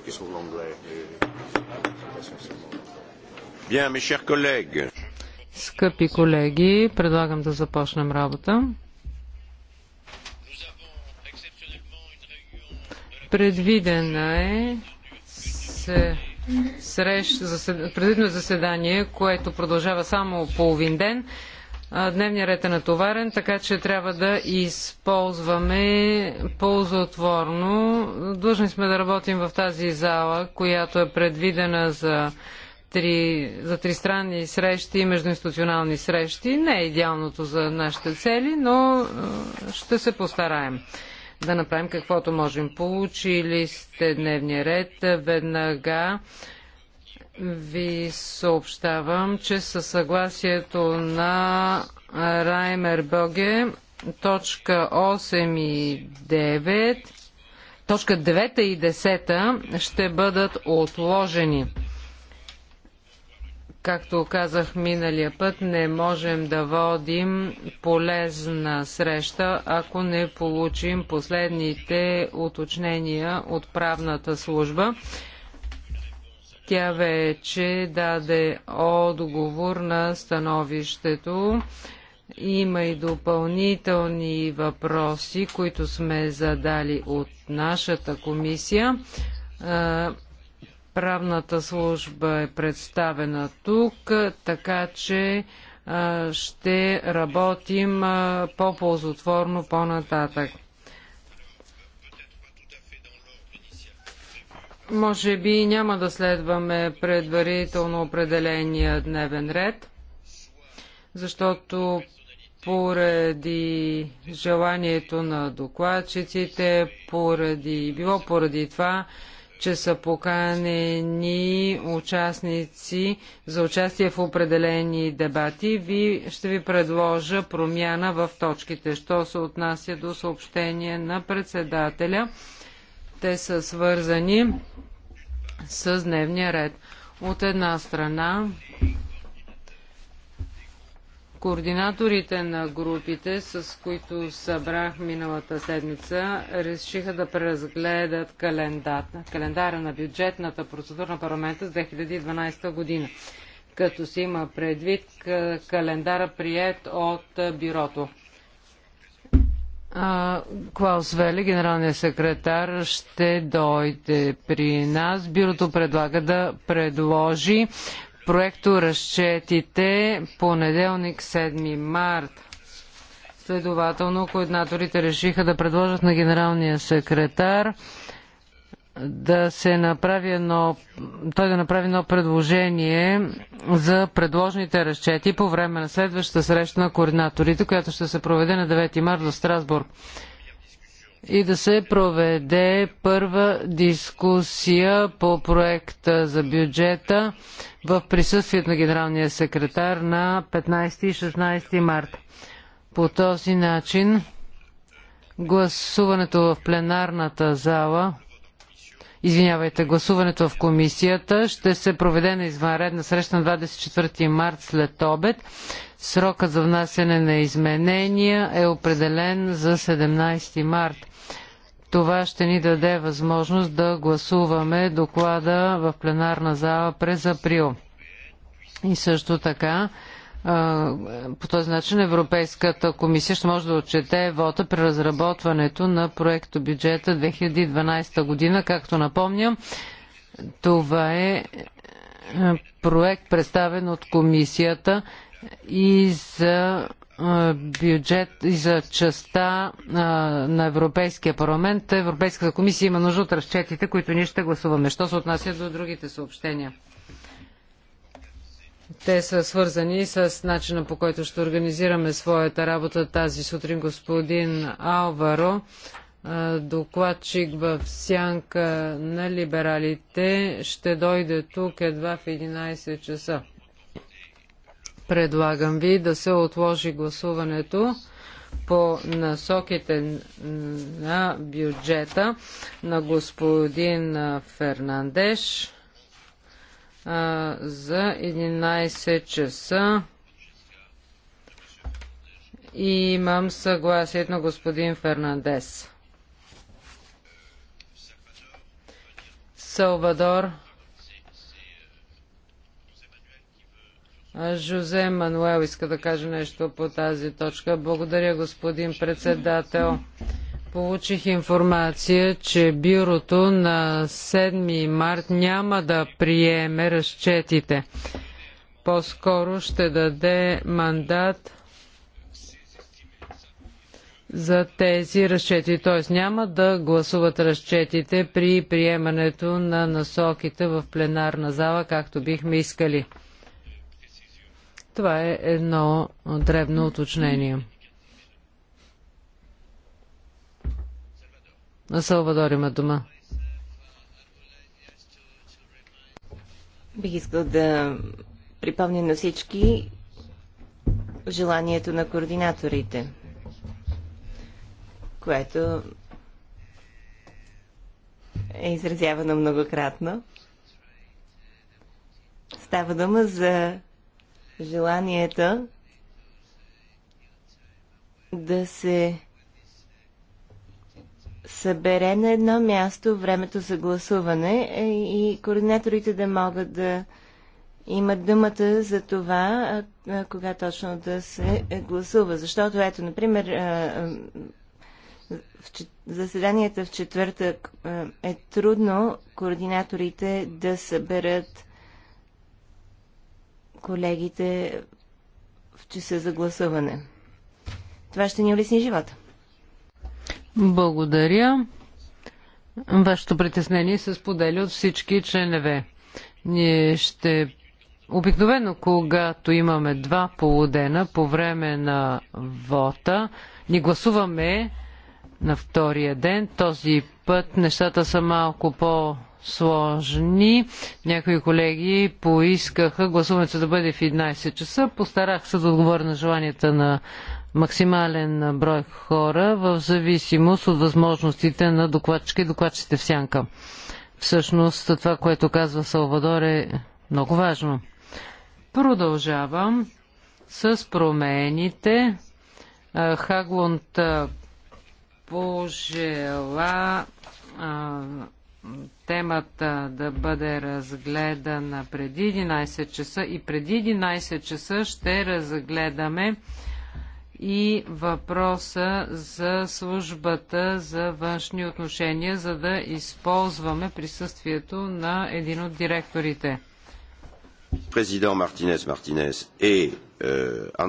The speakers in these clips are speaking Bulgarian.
qu'ils sont Bien, mes chers collègues. Скъпи колеги, предлагам да започнем работа. Предвидена е среща е заседание, което продължава само половин ден. Дневният ред е натоварен, така че трябва да използваме ползотворно. Длъжни сме да работим в тази зала, която е предвидена за, три, за тристранни срещи и междуинституционални срещи. Не е идеалното за нашите цели, но ще се постараем да направим каквото можем. Получили сте дневния ред веднага ви съобщавам, че със съгласието на Раймер Боге, точка 8 и 9, точка 9 и 10 ще бъдат отложени. Както казах миналия път, не можем да водим полезна среща, ако не получим последните уточнения от правната служба. Тя вече даде отговор на становището. Има и допълнителни въпроси, които сме задали от нашата комисия. Правната служба е представена тук, така че ще работим по-ползотворно по-нататък. Може би няма да следваме предварително определения дневен ред, защото поради желанието на докладчиците, поради, било поради това, че са поканени участници за участие в определени дебати, ви, ще ви предложа промяна в точките. Що се отнася до съобщение на председателя – те са свързани с дневния ред. От една страна, координаторите на групите, с които събрах миналата седмица, решиха да преразгледат календара на бюджетната процедура на парламента с 2012 година, като се има предвид календара прият от бюрото. Клаус Вели, генералният секретар, ще дойде при нас. Бюрото предлага да предложи проекто разчетите понеделник 7 март. Следователно, координаторите решиха да предложат на генералния секретар да се направи едно, той да направи едно предложение за предложените разчети по време на следващата среща на координаторите, която ще се проведе на 9 март в Страсбург. И да се проведе първа дискусия по проекта за бюджета в присъствието на генералния секретар на 15 и 16 март. По този начин гласуването в пленарната зала извинявайте, гласуването в комисията ще се проведе на извънредна среща на 24 март след обед. Срока за внасяне на изменения е определен за 17 март. Това ще ни даде възможност да гласуваме доклада в пленарна зала през април. И също така по този начин Европейската комисия ще може да отчете вота при разработването на проекто бюджета 2012 година. Както напомням, това е, е проект представен от комисията и за е, бюджет и за частта е, на Европейския парламент. Европейската комисия има нужда от разчетите, които ние ще гласуваме. Що се отнася до другите съобщения? Те са свързани с начина по който ще организираме своята работа тази сутрин. Господин Алваро, докладчик в сянка на либералите, ще дойде тук едва в 11 часа. Предлагам ви да се отложи гласуването по насоките на бюджета на господин Фернандеш за 11 часа. И имам съгласието на господин Фернандес. Салвадор. Жозе Мануел иска да каже нещо по тази точка. Благодаря, господин председател получих информация, че бюрото на 7 март няма да приеме разчетите. По-скоро ще даде мандат за тези разчети. Т.е. няма да гласуват разчетите при приемането на насоките в пленарна зала, както бихме искали. Това е едно дребно уточнение. Салвадор има дума. Бих искал да припомня на всички желанието на координаторите, което е изразявано многократно. Става дума за желанието да се събере на едно място времето за гласуване е, и координаторите да могат да имат думата за това, кога точно да се е, гласува. Защото, ето, например, в заседанията в четвъртък е трудно координаторите да съберат колегите в часа за гласуване. Това ще ни улесни живота. Благодаря. Вашето притеснение се споделя от всички членове. Ние ще Обикновено, когато имаме два полудена по време на вота, ни гласуваме на втория ден. Този път нещата са малко по-сложни. Някои колеги поискаха гласуването да бъде в 11 часа. Постарах се да отговоря на желанията на максимален брой хора в зависимост от възможностите на докладчика и докладчите в сянка. Всъщност това, което казва Салвадор е много важно. Продължавам с промените. Хаглунд пожела а, темата да бъде разгледана преди 11 часа и преди 11 часа ще разгледаме и въпроса за службата за външни отношения, за да използваме присъствието на един от директорите. Президент Мартинес Мартинес и е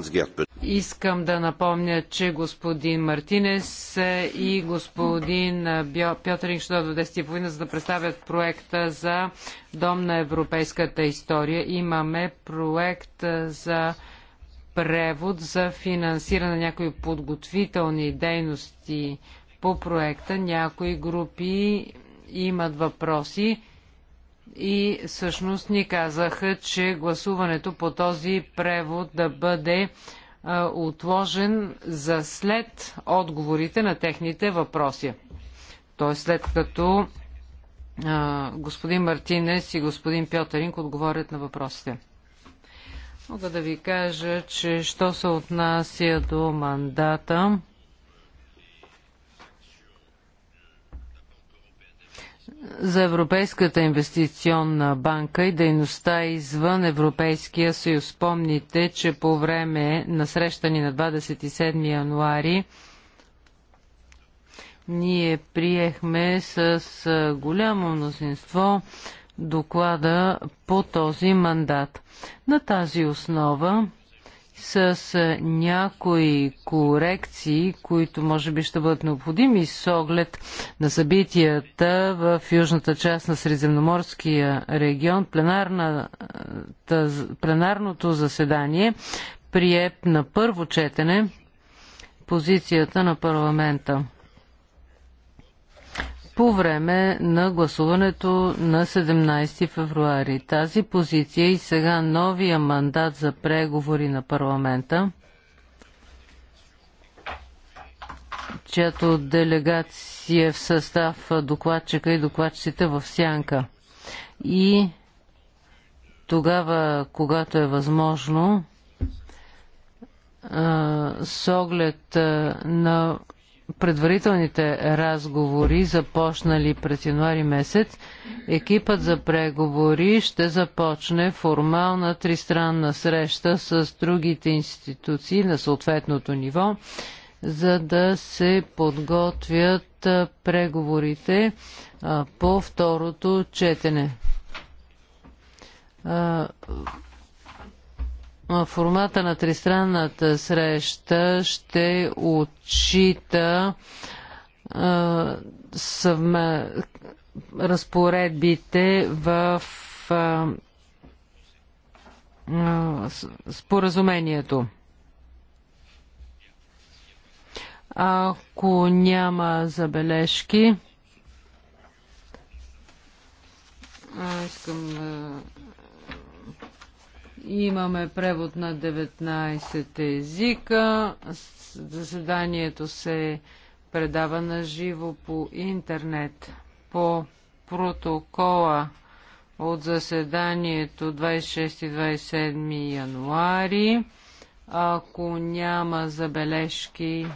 Искам да напомня, че господин Мартинес и господин е, Пьотеринг ще дойдат в 10.30, за да представят проекта за Дом на европейската история. Имаме проект е, за превод за финансиране на някои подготвителни дейности по проекта. Някои групи имат въпроси и всъщност ни казаха, че гласуването по този превод да бъде а, отложен за след отговорите на техните въпроси. Т.е. след като а, господин Мартинес и господин Пьотеринк отговорят на въпросите. Мога да ви кажа, че що се отнася до мандата, за Европейската инвестиционна банка и дейността извън Европейския съюз. Помните, че по време на срещани на 27 януари ние приехме с голямо мнозинство доклада по този мандат. На тази основа с някои корекции, които може би ще бъдат необходими с оглед на събитията в южната част на Средиземноморския регион. Пленарното заседание прие на първо четене позицията на парламента по време на гласуването на 17 февруари. Тази позиция и сега новия мандат за преговори на парламента, чиято делегация в състав докладчика и докладчиците в сянка. И тогава, когато е възможно, с оглед на предварителните разговори, започнали през януари месец, екипът за преговори ще започне формална тристранна среща с другите институции на съответното ниво, за да се подготвят преговорите по второто четене формата на тристранната среща ще отчита а, съвме, разпоредбите в а, а, споразумението. Ако няма забележки, искам Имаме превод на 19 езика. Заседанието се предава на живо по интернет. По протокола от заседанието 26 и 27 януари. Ако няма забележки,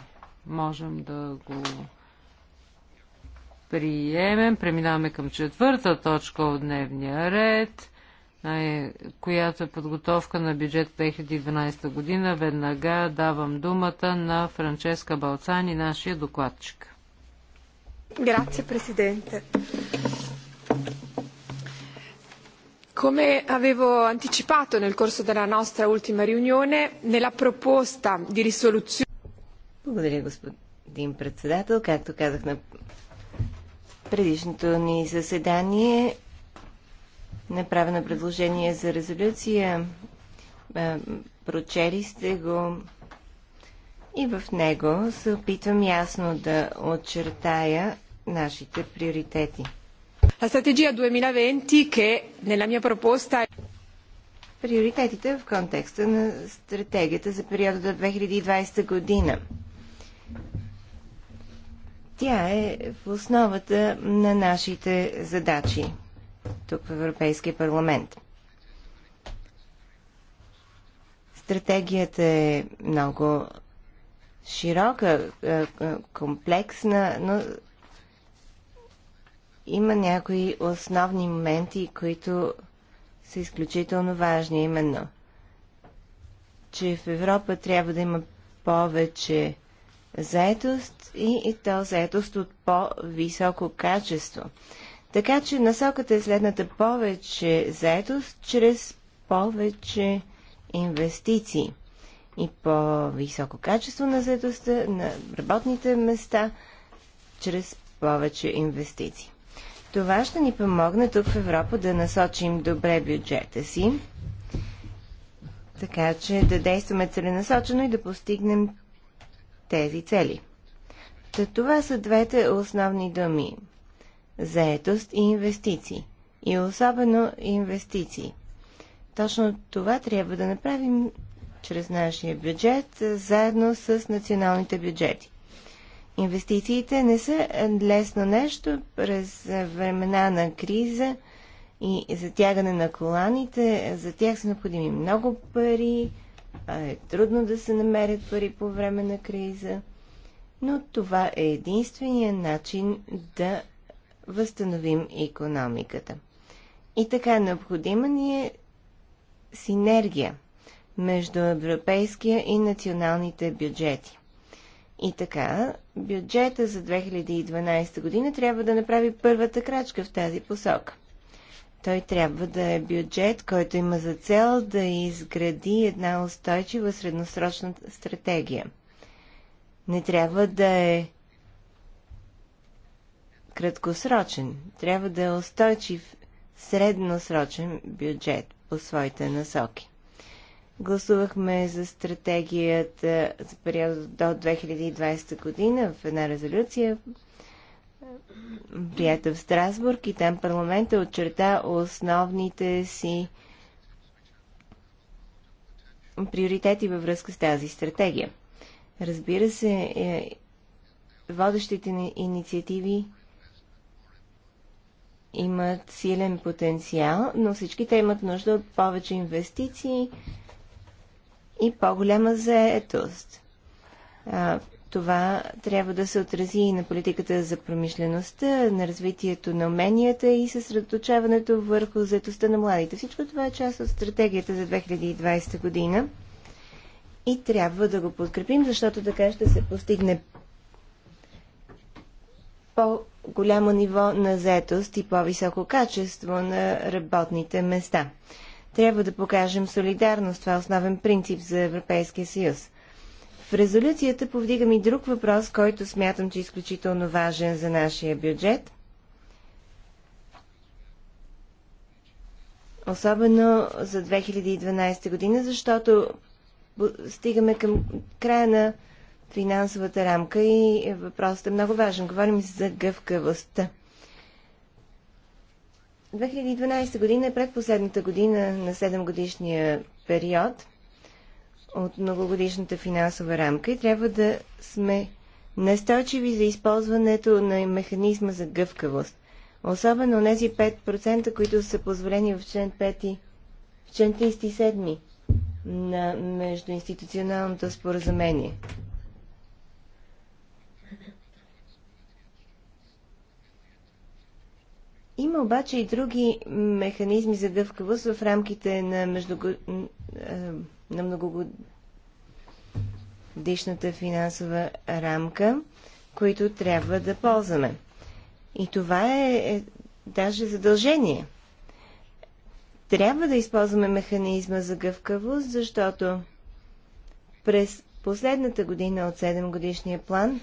можем да го приемем. Преминаваме към четвърта точка от дневния ред. Е, която е подготовка на бюджет 2012 година. Веднага давам думата на Франческа Балцани, нашия докладчик. Грация, Presidente. Come avevo anticipato nel corso della nostra ultima riunione, nella proposta di risoluzione. Благодаря, господин председател. Както казах на предишното ни заседание, направено предложение за резолюция. Е, прочели сте го и в него се опитвам ясно да очертая нашите приоритети. La strategia 2020 che nella mia proposta Приоритетите в контекста на стратегията за периода до 2020 година. Тя е в основата на нашите задачи тук в Европейския парламент. Стратегията е много широка, е, е, комплексна, но има някои основни моменти, които са изключително важни, именно, че в Европа трябва да има повече заетост и, и то заетост от по-високо качество. Така че насоката е следната повече заетост чрез повече инвестиции и по-високо качество на заедостта, на работните места, чрез повече инвестиции. Това ще ни помогне тук в Европа да насочим добре бюджета си, така че да действаме целенасочено и да постигнем тези цели. Та това са двете основни думи заетост и инвестиции. И особено инвестиции. Точно това трябва да направим чрез нашия бюджет, заедно с националните бюджети. Инвестициите не са лесно нещо през времена на криза и затягане на коланите. За тях са необходими много пари, е трудно да се намерят пари по време на криза, но това е единствения начин да възстановим економиката. И така необходима ни е синергия между европейския и националните бюджети. И така, бюджета за 2012 година трябва да направи първата крачка в тази посока. Той трябва да е бюджет, който има за цел да изгради една устойчива средносрочна стратегия. Не трябва да е краткосрочен, трябва да е устойчив средносрочен бюджет по своите насоки. Гласувахме за стратегията за периода до 2020 година в една резолюция, прията в Страсбург и там парламента очерта основните си приоритети във връзка с тази стратегия. Разбира се, е, водещите ни инициативи имат силен потенциал, но всички те имат нужда от повече инвестиции и по-голяма заетост. А, това трябва да се отрази и на политиката за промишлеността, на развитието на уменията и съсредоточаването върху заетостта на младите. Всичко това е част от стратегията за 2020 година и трябва да го подкрепим, защото така ще се постигне по-голямо ниво на заетост и по-високо качество на работните места. Трябва да покажем солидарност, това е основен принцип за Европейския съюз. В резолюцията повдигам и друг въпрос, който смятам, че е изключително важен за нашия бюджет. Особено за 2012 година, защото стигаме към края на финансовата рамка и въпросът е много важен. Говорим за гъвкавостта. 2012 година е предпоследната година на 7 годишния период от многогодишната финансова рамка и трябва да сме настойчиви за използването на механизма за гъвкавост. Особено тези 5%, които са позволени в член 5, в член 37 на междуинституционалното споразумение. Има обаче и други механизми за гъвкавост в рамките на, между... Е, на многогодишната финансова рамка, които трябва да ползваме. И това е, е даже задължение. Трябва да използваме механизма за гъвкавост, защото през последната година от 7 годишния план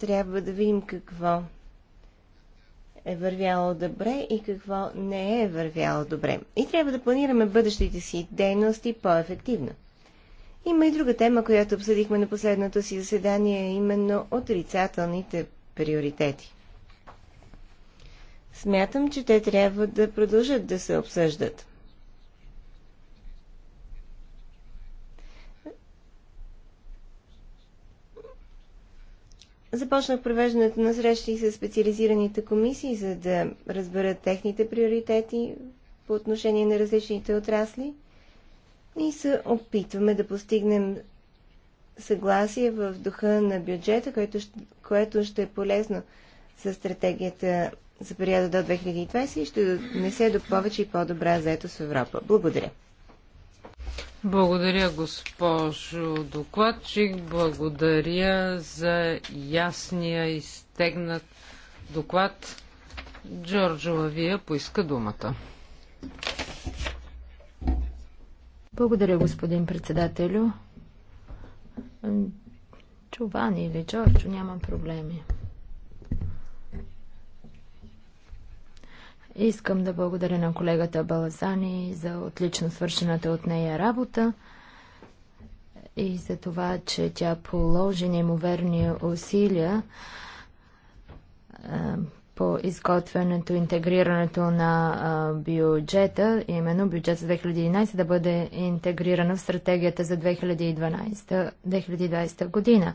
трябва да видим какво е вървяло добре и какво не е вървяло добре. И трябва да планираме бъдещите си дейности по-ефективно. Има и друга тема, която обсъдихме на последното си заседание, именно отрицателните приоритети. Смятам, че те трябва да продължат да се обсъждат. Започнах провеждането на срещи с специализираните комисии, за да разберат техните приоритети по отношение на различните отрасли и се опитваме да постигнем съгласие в духа на бюджета, което ще, което ще е полезно за стратегията за периода до 2020 и ще донесе до повече и по-добра заетост в Европа. Благодаря. Благодаря, госпожо докладчик. Благодаря за ясния и стегнат доклад. Джорджо Лавия поиска думата. Благодаря, господин председателю. Чувани или Джорджо, няма проблеми. Искам да благодаря на колегата Балазани за отлично свършената от нея работа и за това, че тя положи неимоверни усилия по изготвянето, интегрирането на бюджета, именно бюджет за 2011 да бъде интегрирана в стратегията за 2012, 2020 година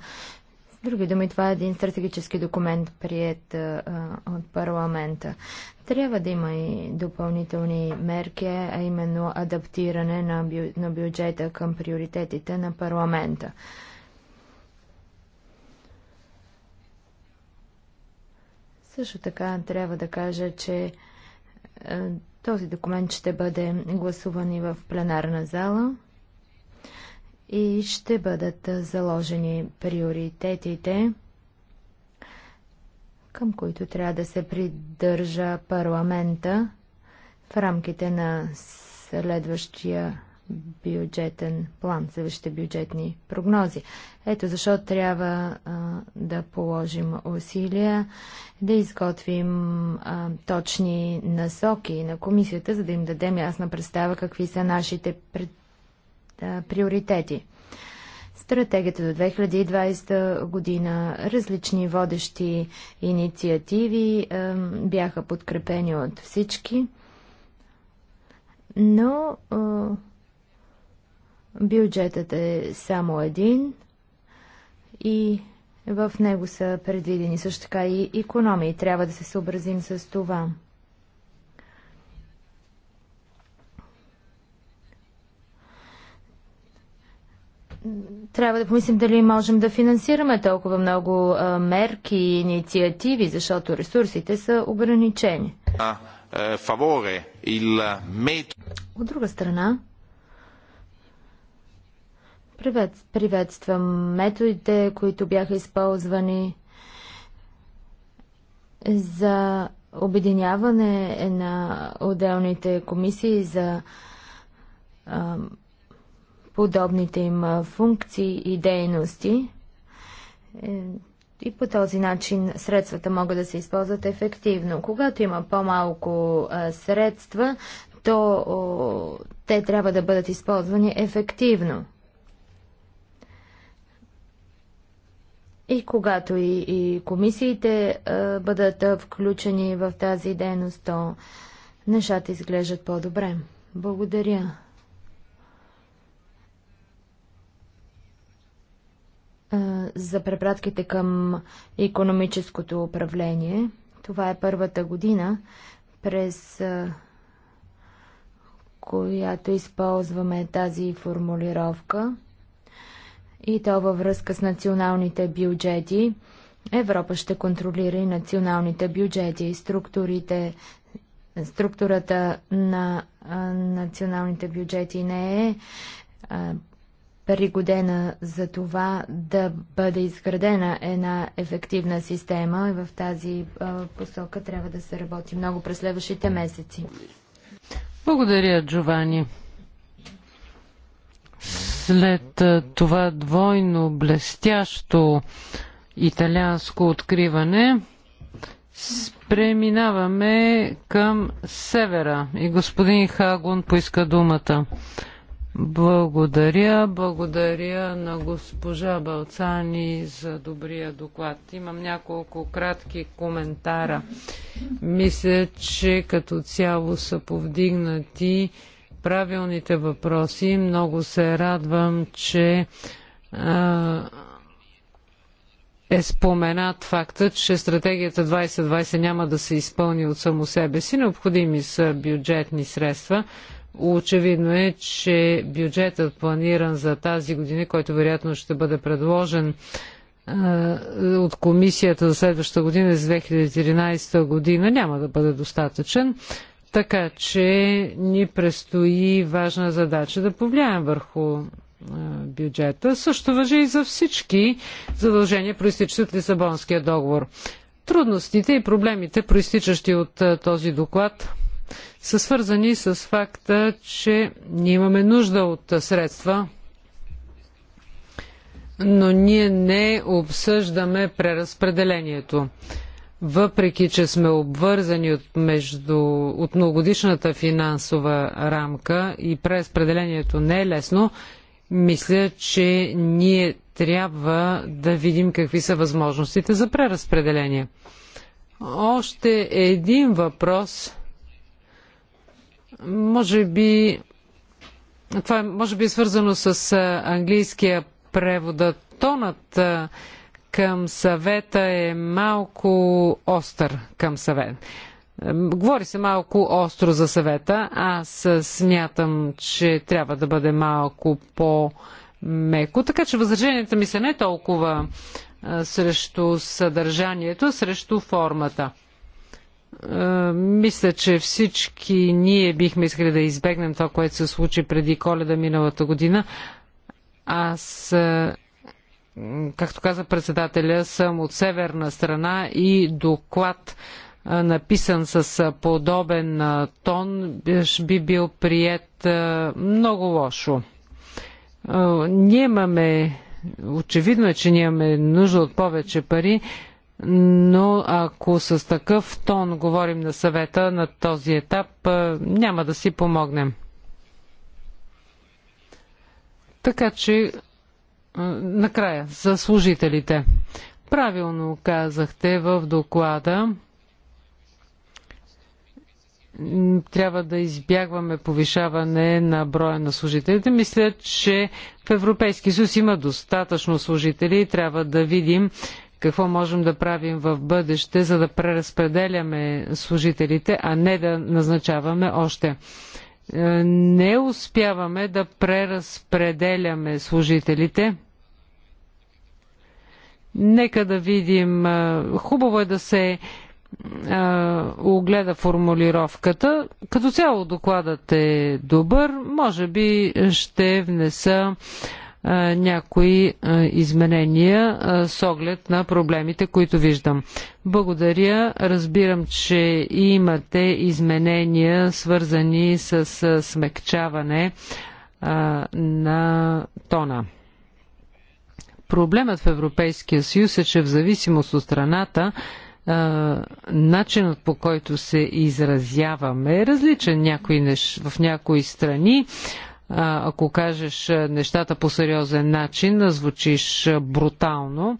други думи, това е един стратегически документ, прият а, от парламента. Трябва да има и допълнителни мерки, а именно адаптиране на, бю, на бюджета към приоритетите на парламента. Също така трябва да кажа, че а, този документ ще бъде гласуван и в пленарна зала и ще бъдат заложени приоритетите, към които трябва да се придържа парламента в рамките на следващия бюджетен план, следващите бюджетни прогнози. Ето защо трябва а, да положим усилия да изготвим а, точни насоки на комисията, за да им дадем ясна представа какви са нашите пред приоритети. Стратегията до 2020 година, различни водещи инициативи бяха подкрепени от всички, но бюджетът е само един и в него са предвидени също така и економии. Трябва да се съобразим с това. трябва да помислим дали можем да финансираме толкова много а, мерки и инициативи, защото ресурсите са ограничени. А, е, фаворе, От друга страна, привет, приветствам методите, които бяха използвани за обединяване на отделните комисии за подобните им функции и дейности. Е, и по този начин средствата могат да се използват ефективно. Когато има по-малко средства, то те трябва да бъдат използвани ефективно. И когато и, и комисиите а, бъдат а, включени в тази дейност, то нещата изглеждат по-добре. Благодаря. за препратките към економическото управление. Това е първата година, през която използваме тази формулировка и то във връзка с националните бюджети. Европа ще контролира и националните бюджети и структурите. Структурата на националните бюджети не е пригодена за това да бъде изградена една ефективна система и в тази посока трябва да се работи много през следващите месеци. Благодаря, Джовани. След това двойно блестящо италианско откриване, преминаваме към севера и господин Хагун поиска думата. Благодаря. Благодаря на госпожа Балцани за добрия доклад. Имам няколко кратки коментара. Мисля, че като цяло са повдигнати правилните въпроси. Много се радвам, че а, е споменат фактът, че стратегията 2020 няма да се изпълни от само себе си. Необходими са бюджетни средства. Очевидно е, че бюджетът планиран за тази година, който вероятно ще бъде предложен от комисията за следващата година, за 2013 година, няма да бъде достатъчен. Така че ни предстои важна задача да повлияем върху бюджета. Също въжи и за всички задължения, проистичат от Лисабонския договор. Трудностите и проблемите, проистичащи от този доклад, са свързани с факта, че ние имаме нужда от средства, но ние не обсъждаме преразпределението. Въпреки, че сме обвързани от, между, от многогодишната финансова рамка и преразпределението не е лесно, мисля, че ние трябва да видим какви са възможностите за преразпределение. Още един въпрос – може би това е, може би е свързано с английския превода. Тонът към съвета е малко остър към съвет. Говори се малко остро за съвета. Аз смятам, че трябва да бъде малко по-меко. Така че възраженията ми са не толкова срещу съдържанието, срещу формата. Е, мисля, че всички ние бихме искали да избегнем това, което се случи преди коледа миналата година. Аз, е, както каза председателя, съм от северна страна и доклад е, написан с подобен тон би бил прият много лошо. Ние имаме, очевидно е, че ние имаме нужда от повече пари, но ако с такъв тон говорим на съвета на този етап, няма да си помогнем. Така че, накрая, за служителите. Правилно казахте в доклада, трябва да избягваме повишаване на броя на служителите. Мисля, че в Европейски съюз има достатъчно служители и трябва да видим какво можем да правим в бъдеще, за да преразпределяме служителите, а не да назначаваме още. Е, не успяваме да преразпределяме служителите. Нека да видим. Е, хубаво е да се е, огледа формулировката. Като цяло докладът е добър. Може би ще внеса някои изменения с оглед на проблемите, които виждам. Благодаря. Разбирам, че имате изменения свързани с смекчаване на тона. Проблемът в Европейския съюз е, че в зависимост от страната, начинът по който се изразяваме е различен. Някои В някои страни ако кажеш нещата по сериозен начин, звучиш брутално.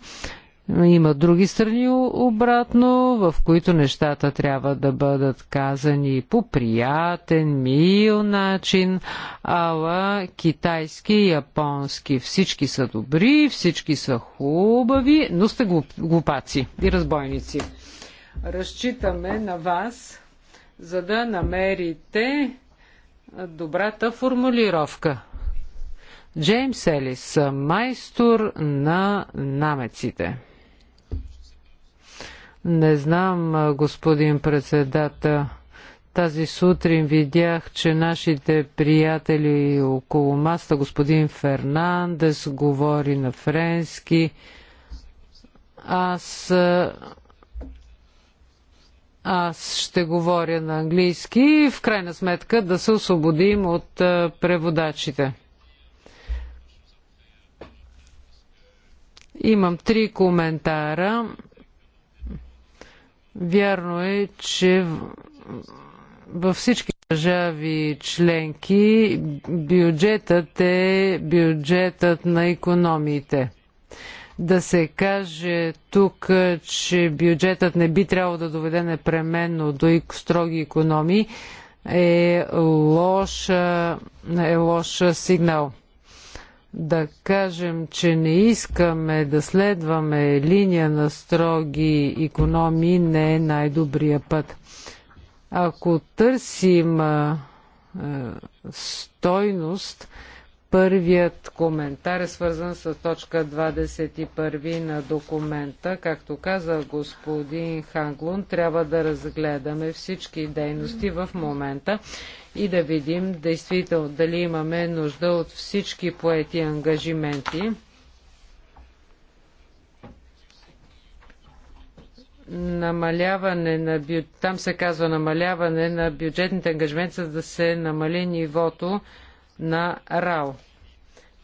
Има други страни обратно, в които нещата трябва да бъдат казани по приятен, мил начин, ала китайски и японски. Всички са добри, всички са хубави, но сте глупаци и разбойници. Разчитаме на вас, за да намерите добрата формулировка. Джеймс Елис, майстор на намеците. Не знам, господин председател. Тази сутрин видях, че нашите приятели около маста, господин Фернандес, говори на френски. Аз аз ще говоря на английски и в крайна сметка да се освободим от преводачите. Имам три коментара. Вярно е, че във всички държави членки бюджетът е бюджетът на економиите да се каже тук, че бюджетът не би трябвало да доведе непременно до строги економии, е лош, е лош сигнал. Да кажем, че не искаме да следваме линия на строги економии, не е най-добрия път. Ако търсим е, стойност, Първият коментар е свързан с точка 21 на документа. Както каза господин Ханглун, трябва да разгледаме всички дейности в момента и да видим действително дали имаме нужда от всички поети ангажименти. намаляване на бю... там се казва намаляване на бюджетните ангажименти, за да се намали нивото на РАО.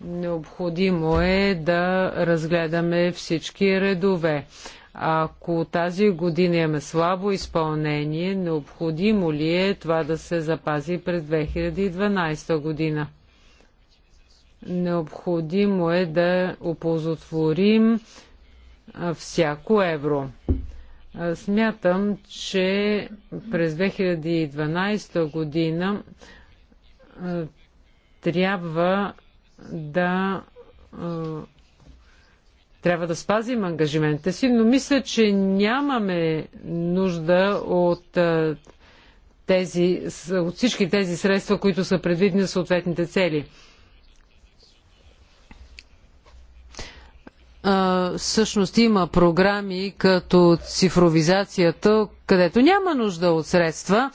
Необходимо е да разгледаме всички редове. Ако тази година имаме слабо изпълнение, необходимо ли е това да се запази през 2012 година? Необходимо е да оползотворим всяко евро. Смятам, че през 2012 година трябва да трябва да спазим ангажимента си, но мисля, че нямаме нужда от, тези, от всички тези средства, които са предвидени за съответните цели. всъщност има програми като цифровизацията, където няма нужда от средства,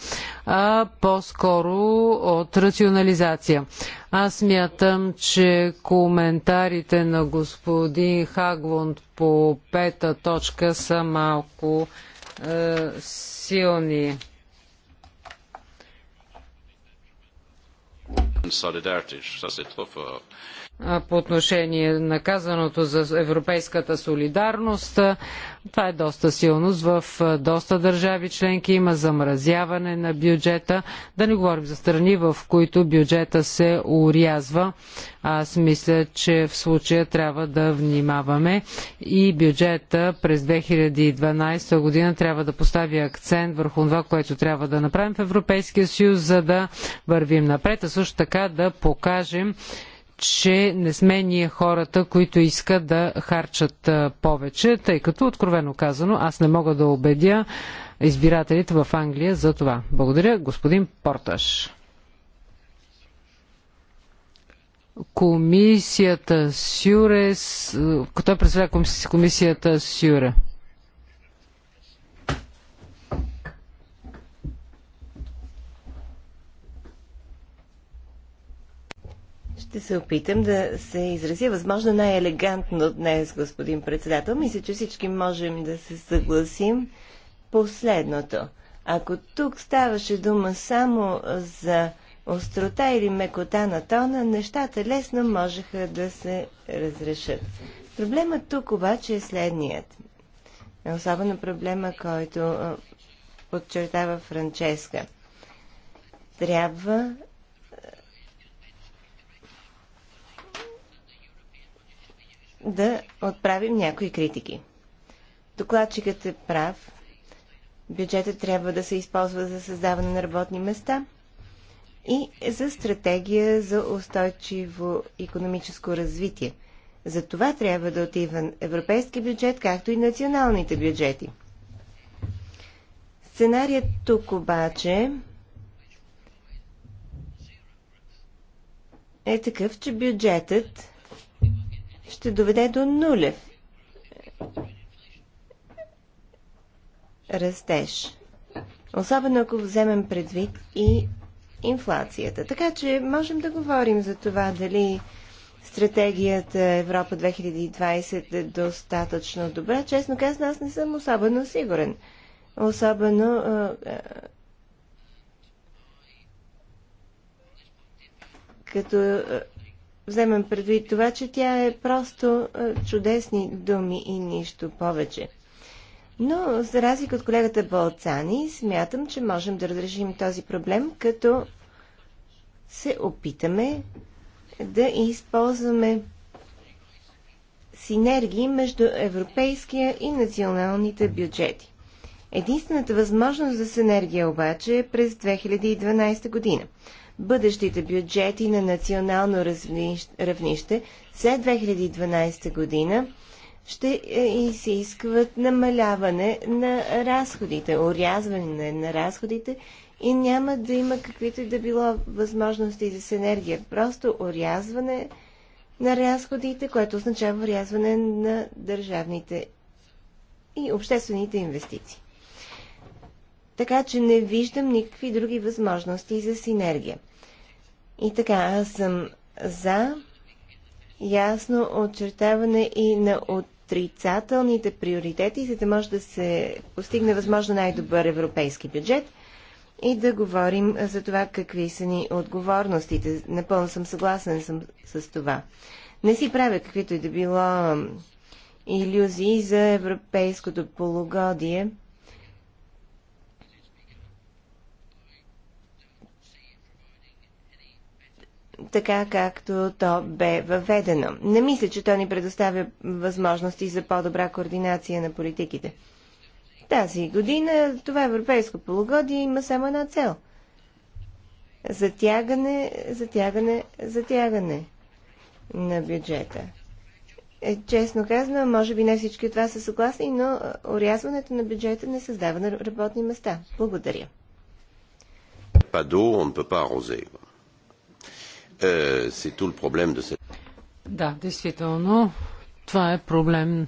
а по-скоро от рационализация. Аз мятам, че коментарите на господин Хагвунд по пета точка са малко е, силни по отношение на казаното за европейската солидарност. Това е доста силно. В доста държави членки има замразяване на бюджета. Да не говорим за страни, в които бюджета се урязва. Аз мисля, че в случая трябва да внимаваме и бюджета през 2012 година трябва да постави акцент върху това, което трябва да направим в Европейския съюз, за да вървим напред, а също така да покажем, че не сме ние хората, които искат да харчат повече, тъй като, откровено казано, аз не мога да убедя избирателите в Англия за това. Благодаря, господин Порташ. Комисията Сюре, като е председател комисията Сюре. Ще се опитам да се изразя възможно най-елегантно днес, господин председател. Мисля, че всички можем да се съгласим последното. Ако тук ставаше дума само за острота или мекота на тона, нещата лесно можеха да се разрешат. Проблемът тук обаче е следният. Особено проблема, който подчертава Франческа. Трябва да отправим някои критики. Докладчикът е прав. Бюджетът трябва да се използва за създаване на работни места и за стратегия за устойчиво економическо развитие. За това трябва да отива европейски бюджет, както и националните бюджети. Сценарият тук обаче е такъв, че бюджетът ще доведе до нулев растеж. Особено ако вземем предвид и инфлацията. Така че можем да говорим за това дали стратегията Европа 2020 е достатъчно добра. Честно казано, аз не съм особено сигурен. Особено като вземем предвид това, че тя е просто е, чудесни думи и нищо повече. Но, за разлика от колегата Балцани, смятам, че можем да разрешим този проблем, като се опитаме да използваме синергии между европейския и националните бюджети. Единствената възможност за синергия обаче е през 2012 година бъдещите бюджети на национално равнище след 2012 година ще е, изискват намаляване на разходите, урязване на разходите и няма да има каквито и да било възможности за синергия. Просто орязване на разходите, което означава орязване на държавните и обществените инвестиции. Така че не виждам никакви други възможности за синергия. И така, аз съм за ясно очертаване и на отрицателните приоритети, за да може да се постигне възможно най-добър европейски бюджет и да говорим за това какви са ни отговорностите. Напълно съм съгласен съм с това. Не си правя каквито и да било иллюзии за европейското полугодие – така както то бе въведено. Не мисля, че то ни предоставя възможности за по-добра координация на политиките. Тази година това европейско полугодие има само една цел. Затягане, затягане, затягане на бюджета. Е, честно казано, може би не всички от вас са съгласни, но орязването на бюджета не създава на работни места. Благодаря. Падо, он не peut pas arroser c'est tout le problème de cette... Да, действително, това е проблем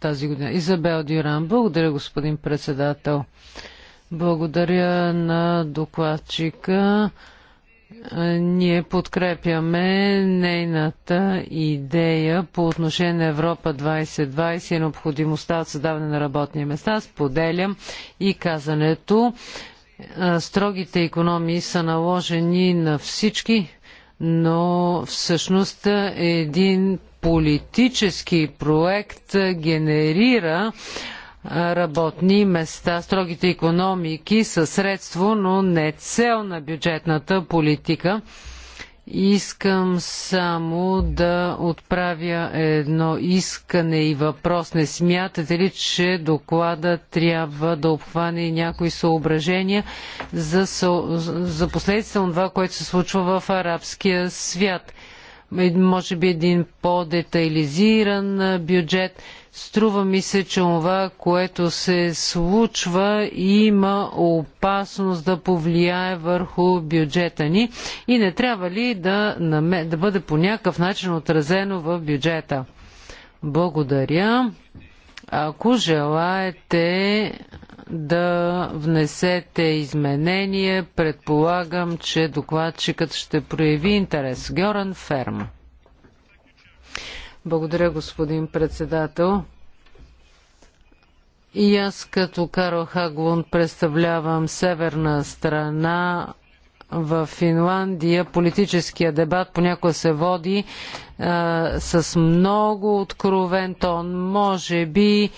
тази година. Изабел Дюран, благодаря господин председател. Благодаря на докладчика. Е, ние подкрепяме нейната идея по отношение на Европа 2020 и необходимостта от създаване на работни места. Споделям и казането. Е, строгите економии са наложени на всички но всъщност един политически проект генерира работни места. Строгите економики са средство, но не цел на бюджетната политика. Искам само да отправя едно искане и въпрос. Не смятате ли, че доклада трябва да обхване някои съображения за, за последствия на това, което се случва в арабския свят? Може би един по-детайлизиран бюджет – Струва ми се, че това, което се случва, има опасност да повлияе върху бюджета ни и не трябва ли да, да бъде по някакъв начин отразено в бюджета. Благодаря. Ако желаете да внесете изменение, предполагам, че докладчикът ще прояви интерес. Гьоран Ферм. Благодаря, господин председател. И аз като Карл Хаглун представлявам северна страна в Финландия. Политическия дебат понякога се води а, с много откровен тон. Може би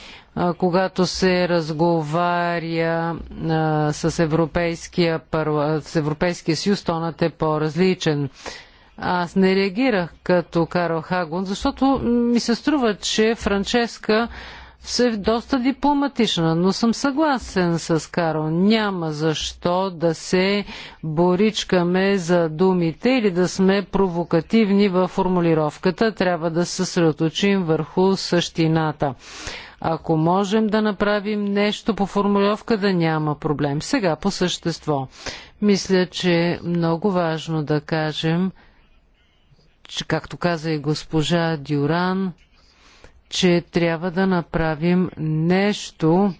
когато се разговаря а, с Европейския, парла... с Европейския съюз, тонът е по-различен. Аз не реагирах като Карл Хагун, защото ми се струва, че Франческа се е доста дипломатична, но съм съгласен с Карл. Няма защо да се боричкаме за думите или да сме провокативни във формулировката. Трябва да се съсредоточим върху същината. Ако можем да направим нещо по формулировка, да няма проблем. Сега по същество. Мисля, че е много важно да кажем, че, както каза и госпожа Дюран, че трябва да направим нещо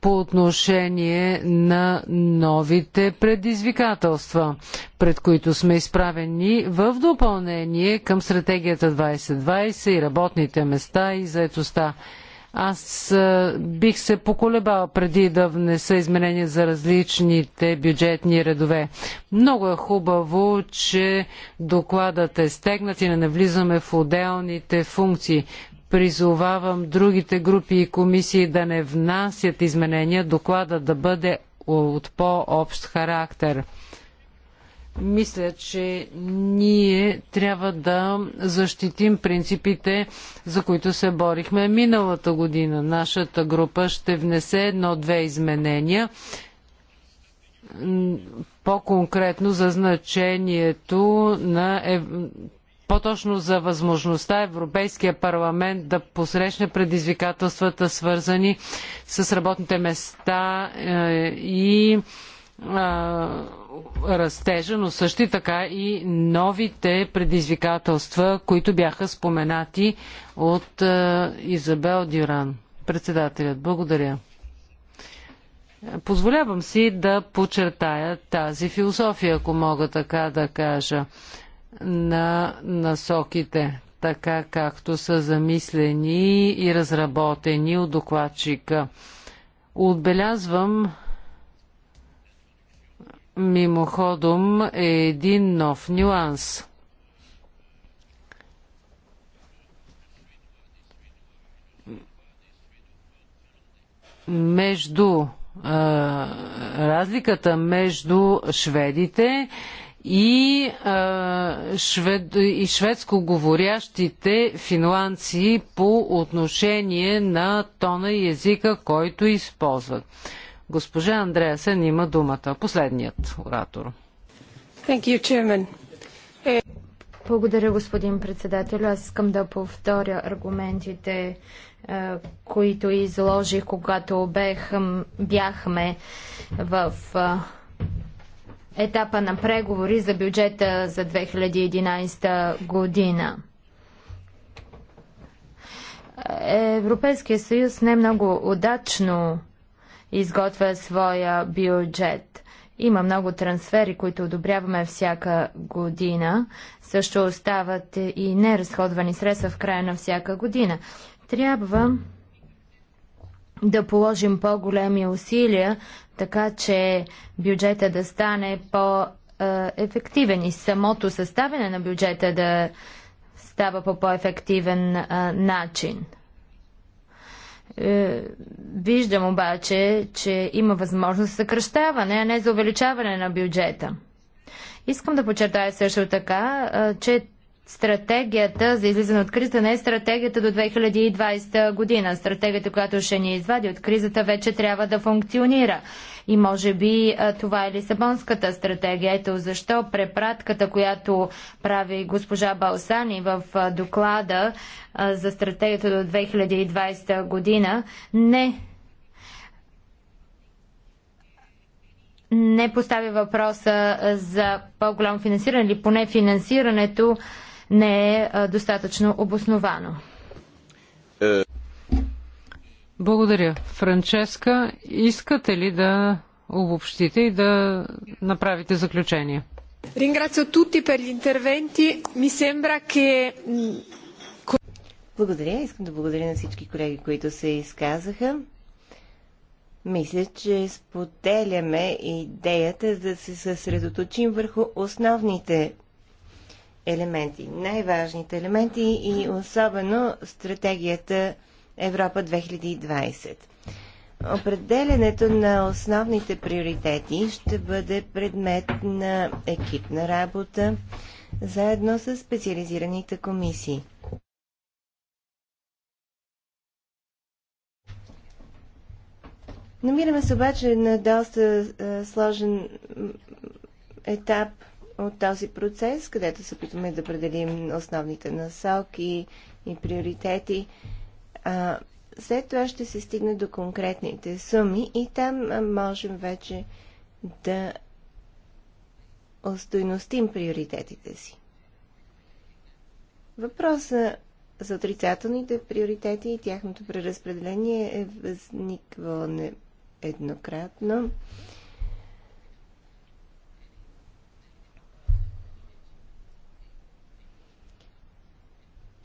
по отношение на новите предизвикателства, пред които сме изправени в допълнение към стратегията 2020 и работните места и заетостта. Аз бих се поколебала преди да внеса изменения за различните бюджетни редове. Много е хубаво, че докладът е стегнат и не навлизаме в отделните функции. Призовавам другите групи и комисии да не внасят изменения, докладът да бъде от по-общ характер. Мисля, че ние трябва да защитим принципите, за които се борихме миналата година. Нашата група ще внесе едно-две изменения по-конкретно за значението на ев... по-точно за възможността Европейския парламент да посрещне предизвикателствата, свързани с работните места е, и растежа, но също така и новите предизвикателства, които бяха споменати от е, Изабел Дюран, председателят. Благодаря. Позволявам си да подчертая тази философия, ако мога така да кажа, на насоките, така както са замислени и разработени от докладчика. Отбелязвам мимоходом е един нов нюанс. Между а, разликата между шведите и, а, швед, и шведско говорящите финландци по отношение на тона и езика, който използват. Госпожа Андреасен има думата. Последният оратор. You, е, Благодаря, господин председател. Аз искам да повторя аргументите, е, които изложих, когато бех, бяхме в е, етапа на преговори за бюджета за 2011 година. Европейския съюз не много удачно изготвя своя бюджет. Има много трансфери, които одобряваме всяка година. Също остават и неразходвани средства в края на всяка година. Трябва да положим по-големи усилия, така че бюджета да стане по-ефективен и самото съставяне на бюджета да става по по-ефективен начин. Е, виждам обаче, че има възможност за съкръщаване, а не за увеличаване на бюджета. Искам да подчертая също така, е, че Стратегията за излизане от кризата не е стратегията до 2020 година. Стратегията, която ще ни извади от кризата, вече трябва да функционира. И може би това е Лисабонската стратегия. Ето защо препратката, която прави госпожа Балсани в доклада за стратегията до 2020 година, не не поставя въпроса за по-голямо финансиране или поне финансирането не е достатъчно обосновано. Е. Благодаря. Франческа, искате ли да обобщите и да направите заключение? благодаря. Искам да благодаря на всички колеги, които се изказаха. Мисля, че споделяме идеята да се съсредоточим върху основните елементи, най-важните елементи и особено стратегията Европа 2020. Определенето на основните приоритети ще бъде предмет на екипна работа заедно с специализираните комисии. Намираме се обаче на доста а, сложен етап – от този процес, където се опитваме да определим основните насоки и приоритети. А, след това ще се стигне до конкретните суми и там можем вече да остойностим приоритетите си. Въпроса за отрицателните приоритети и тяхното преразпределение е възниквало еднократно.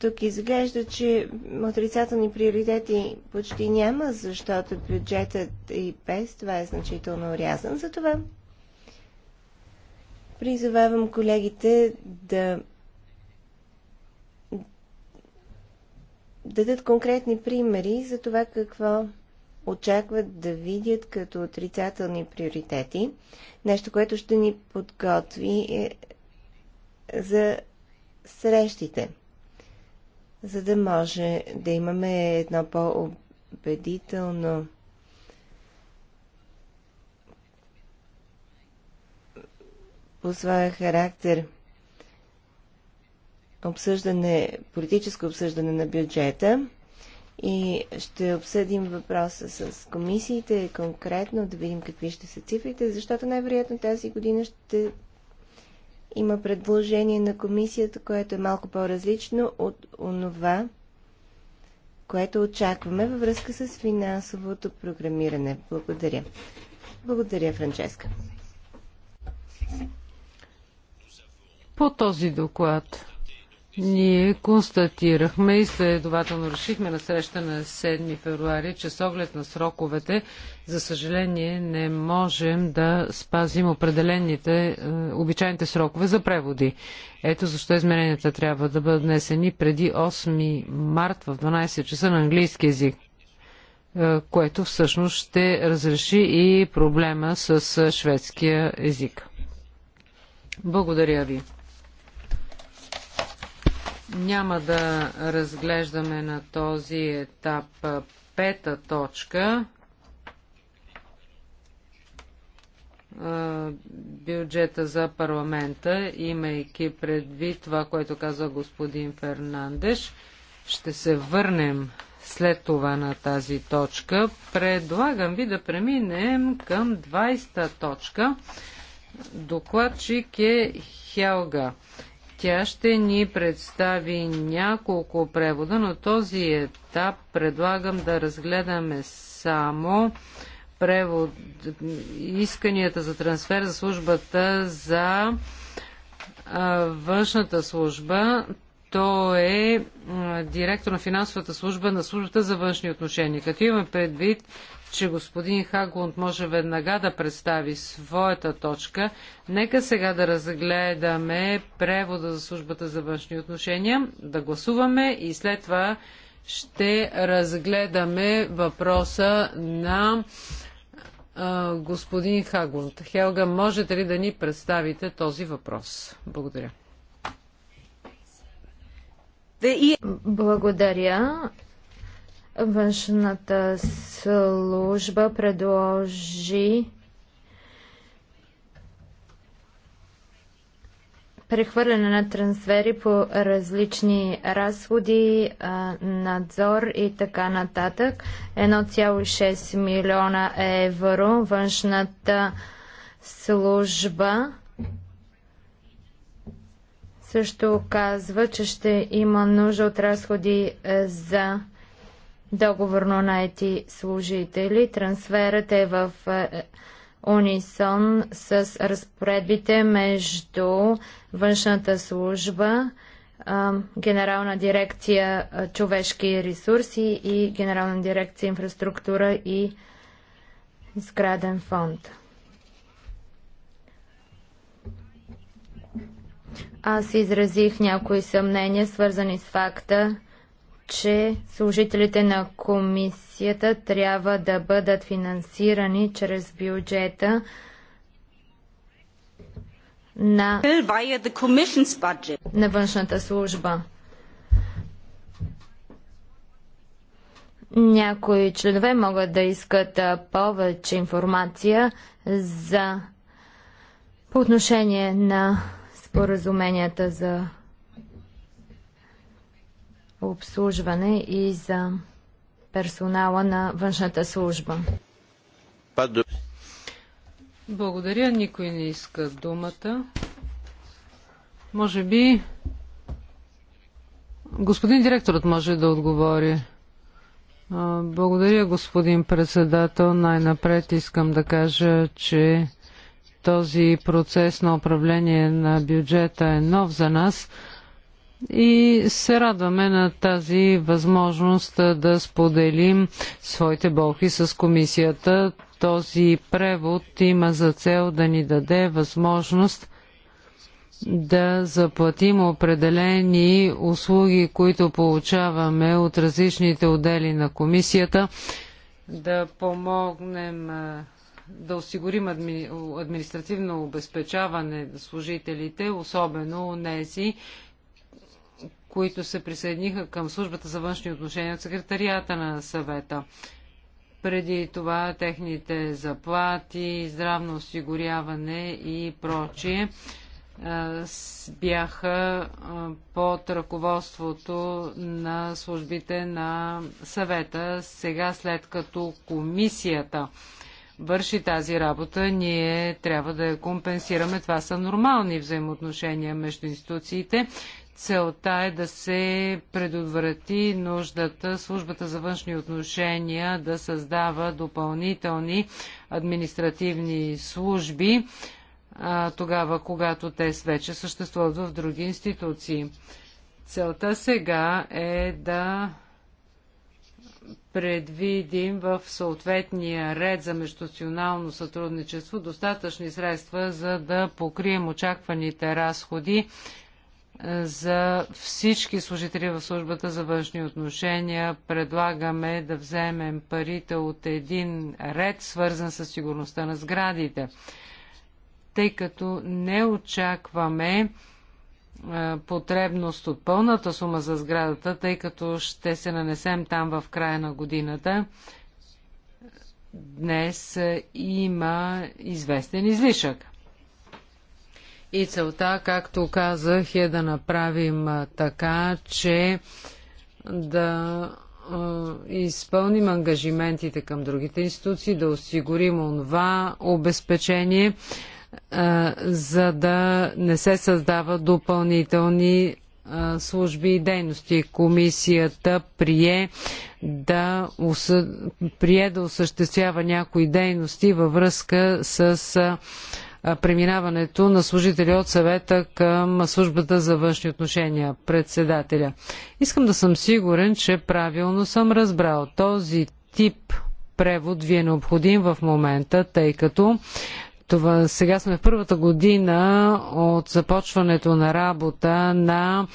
Тук изглежда, че отрицателни приоритети почти няма, защото бюджетът и без това е значително урязан. Затова призовавам колегите да дадат конкретни примери за това какво очакват да видят като отрицателни приоритети. Нещо, което ще ни подготви е за срещите за да може да имаме едно по-убедително по своя характер обсъждане, политическо обсъждане на бюджета и ще обсъдим въпроса с комисиите конкретно, да видим какви ще са цифрите, защото най-вероятно тази година ще има предложение на комисията, което е малко по-различно от онова, което очакваме във връзка с финансовото програмиране. Благодаря. Благодаря, Франческа. По този доклад ние констатирахме и следователно решихме на среща на 7 февруари, че с оглед на сроковете, за съжаление, не можем да спазим определените е, обичайните срокове за преводи. Ето защо измененията трябва да бъдат внесени преди 8 март в 12 часа на английски язик е, което всъщност ще разреши и проблема с е, шведския език. Благодаря ви. Няма да разглеждаме на този етап пета точка. бюджета за парламента, имайки предвид това, което каза господин Фернандеш. Ще се върнем след това на тази точка. Предлагам ви да преминем към 20-та точка. Докладчик е Хелга. Тя ще ни представи няколко превода, но този етап предлагам да разгледаме само превод, исканията за трансфер за службата за а, външната служба. Той е директор на финансовата служба на службата за външни отношения. Като имаме предвид, че господин Хаглунд може веднага да представи своята точка. Нека сега да разгледаме превода за службата за външни отношения, да гласуваме и след това ще разгледаме въпроса на а, господин Хаглунд. Хелга, можете ли да ни представите този въпрос? Благодаря. Благодаря. Външната служба предложи прехвърляне на трансфери по различни разходи, надзор и така нататък. 1,6 милиона евро външната служба също казва, че ще има нужда от разходи е, за договорно ети служители. Трансферът е в е, унисон с разпоредбите между външната служба, Генерална дирекция човешки ресурси и Генерална дирекция инфраструктура и сграден фонд. Аз изразих някои съмнения, свързани с факта, че служителите на комисията трябва да бъдат финансирани чрез бюджета на, на външната служба. Някои членове могат да искат повече информация за по отношение на споразуменията за обслужване и за персонала на външната служба. Благодаря. Никой не иска думата. Може би господин директорът може да отговори. Благодаря, господин председател. Най-напред искам да кажа, че този процес на управление на бюджета е нов за нас – и се радваме на тази възможност да споделим своите болки с комисията. Този превод има за цел да ни даде възможност да заплатим определени услуги, които получаваме от различните отдели на комисията, да помогнем да осигурим адми... административно обезпечаване на служителите, особено нези, които се присъединиха към службата за външни отношения от секретарията на съвета. Преди това техните заплати, здравно осигуряване и прочие бяха под ръководството на службите на съвета. Сега, след като комисията върши тази работа, ние трябва да я компенсираме. Това са нормални взаимоотношения между институциите Целта е да се предотврати нуждата службата за външни отношения да създава допълнителни административни служби тогава, когато те вече съществуват в други институции. Целта сега е да предвидим в съответния ред за междуционално сътрудничество достатъчни средства, за да покрием очакваните разходи за всички служители в службата за външни отношения. Предлагаме да вземем парите от един ред, свързан с сигурността на сградите, тъй като не очакваме потребност от пълната сума за сградата, тъй като ще се нанесем там в края на годината. Днес има известен излишък. И целта, както казах, е да направим така, че да изпълним ангажиментите към другите институции, да осигурим онова обезпечение, за да не се създава допълнителни служби и дейности. Комисията прие да, прие да осъществява някои дейности във връзка с преминаването на служители от съвета към службата за външни отношения, председателя. Искам да съм сигурен, че правилно съм разбрал. Този тип превод ви е необходим в момента, тъй като това, сега сме в първата година от започването на работа на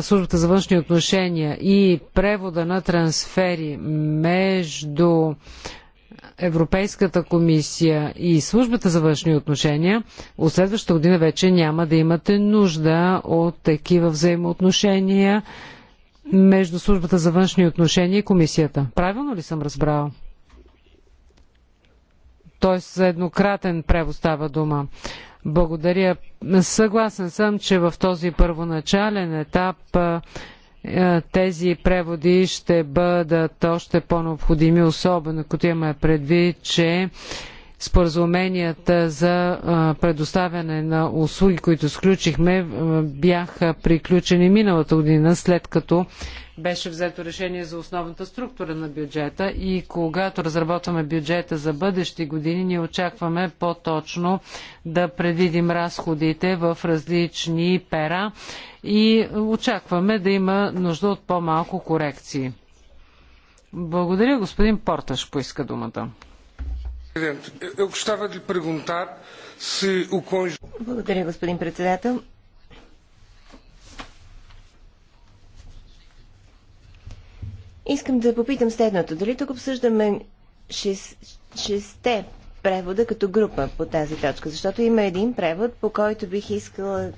службата за външни отношения и превода на трансфери между Европейската комисия и службата за външни отношения, от следващата година вече няма да имате нужда от такива взаимоотношения между службата за външни отношения и комисията. Правилно ли съм разбрала? Тоест за еднократен превод става дума. Благодаря. Съгласен съм, че в този първоначален етап е, тези преводи ще бъдат още по-необходими, особено като имаме предвид, че споразуменията за е, предоставяне на услуги, които сключихме, е, бяха приключени миналата година, след като беше взето решение за основната структура на бюджета и когато разработваме бюджета за бъдещи години, ние очакваме по-точно да предвидим разходите в различни пера и очакваме да има нужда от по-малко корекции. Благодаря, господин Порташ поиска думата. Е, е, Благодаря, господин председател. Искам да попитам следното. Дали тук обсъждаме шест, шесте превода като група по тази точка? Защото има един превод, по който бих искала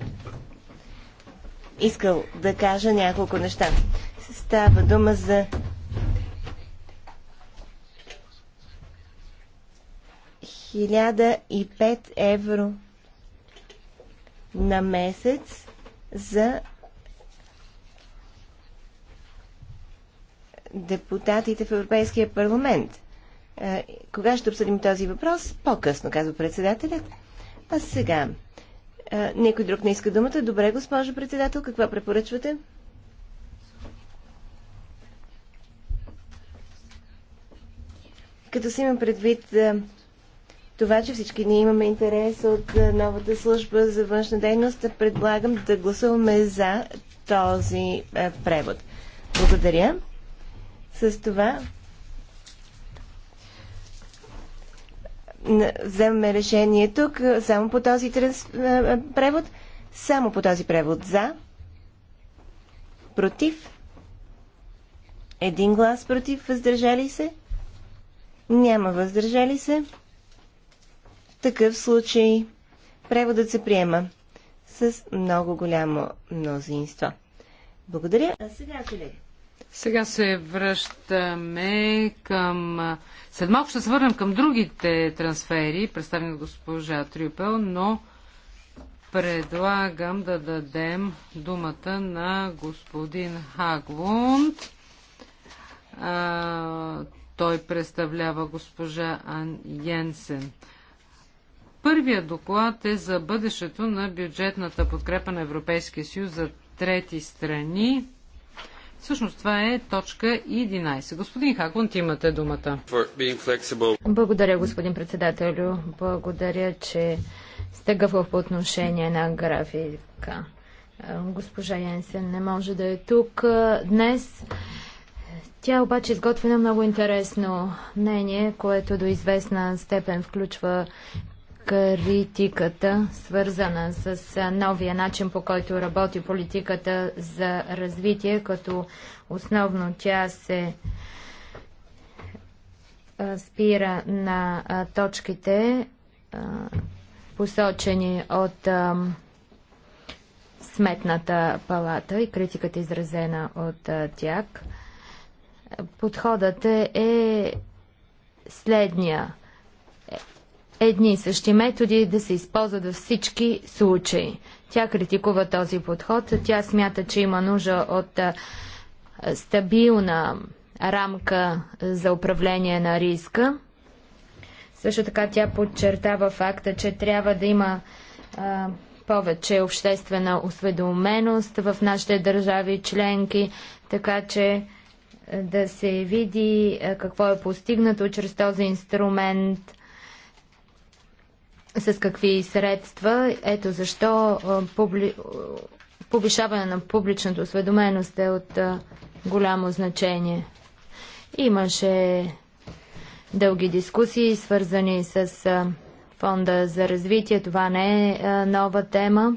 искал да кажа няколко неща. Става дума за хиляда и пет евро на месец за депутатите в Европейския парламент. Кога ще обсъдим този въпрос? По-късно, казва председателят. А сега. Никой друг не иска думата. Добре, госпожо председател, каква препоръчвате? Като си имам предвид това, че всички ние имаме интерес от новата служба за външна дейност, предлагам да гласуваме за този превод. Благодаря. С това вземаме решение тук само по този транс... превод. Само по този превод за. Против. Един глас против. Въздържали се. Няма въздържали се. В такъв случай преводът се приема с много голямо мнозинство. Благодаря. А сега, колеги. Сега се връщаме към... След малко ще се върнем към другите трансфери, представени от госпожа Трюпел, но предлагам да дадем думата на господин Хагвунд. А, той представлява госпожа Ан Йенсен. Първият доклад е за бъдещето на бюджетната подкрепа на Европейския съюз за трети страни. Всъщност това е точка 11. Господин ти имате думата. Благодаря, господин председателю. Благодаря, че сте гъвъл по отношение на графика. Госпожа Янсен не може да е тук днес. Тя обаче изготвя много интересно мнение, което до известна степен включва критиката, свързана с новия начин по който работи политиката за развитие, като основно тя се спира на точките, посочени от Сметната палата и критиката изразена от тях. Подходът е, е следния едни и същи методи да се използват във всички случаи. Тя критикува този подход. Тя смята, че има нужда от стабилна рамка за управление на риска. Също така тя подчертава факта, че трябва да има а, повече обществена осведоменост в нашите държави членки, така че да се види какво е постигнато чрез този инструмент с какви средства. Ето защо публи... повишаване на публичната осведоменост е от голямо значение. Имаше дълги дискусии, свързани с фонда за развитие. Това не е нова тема.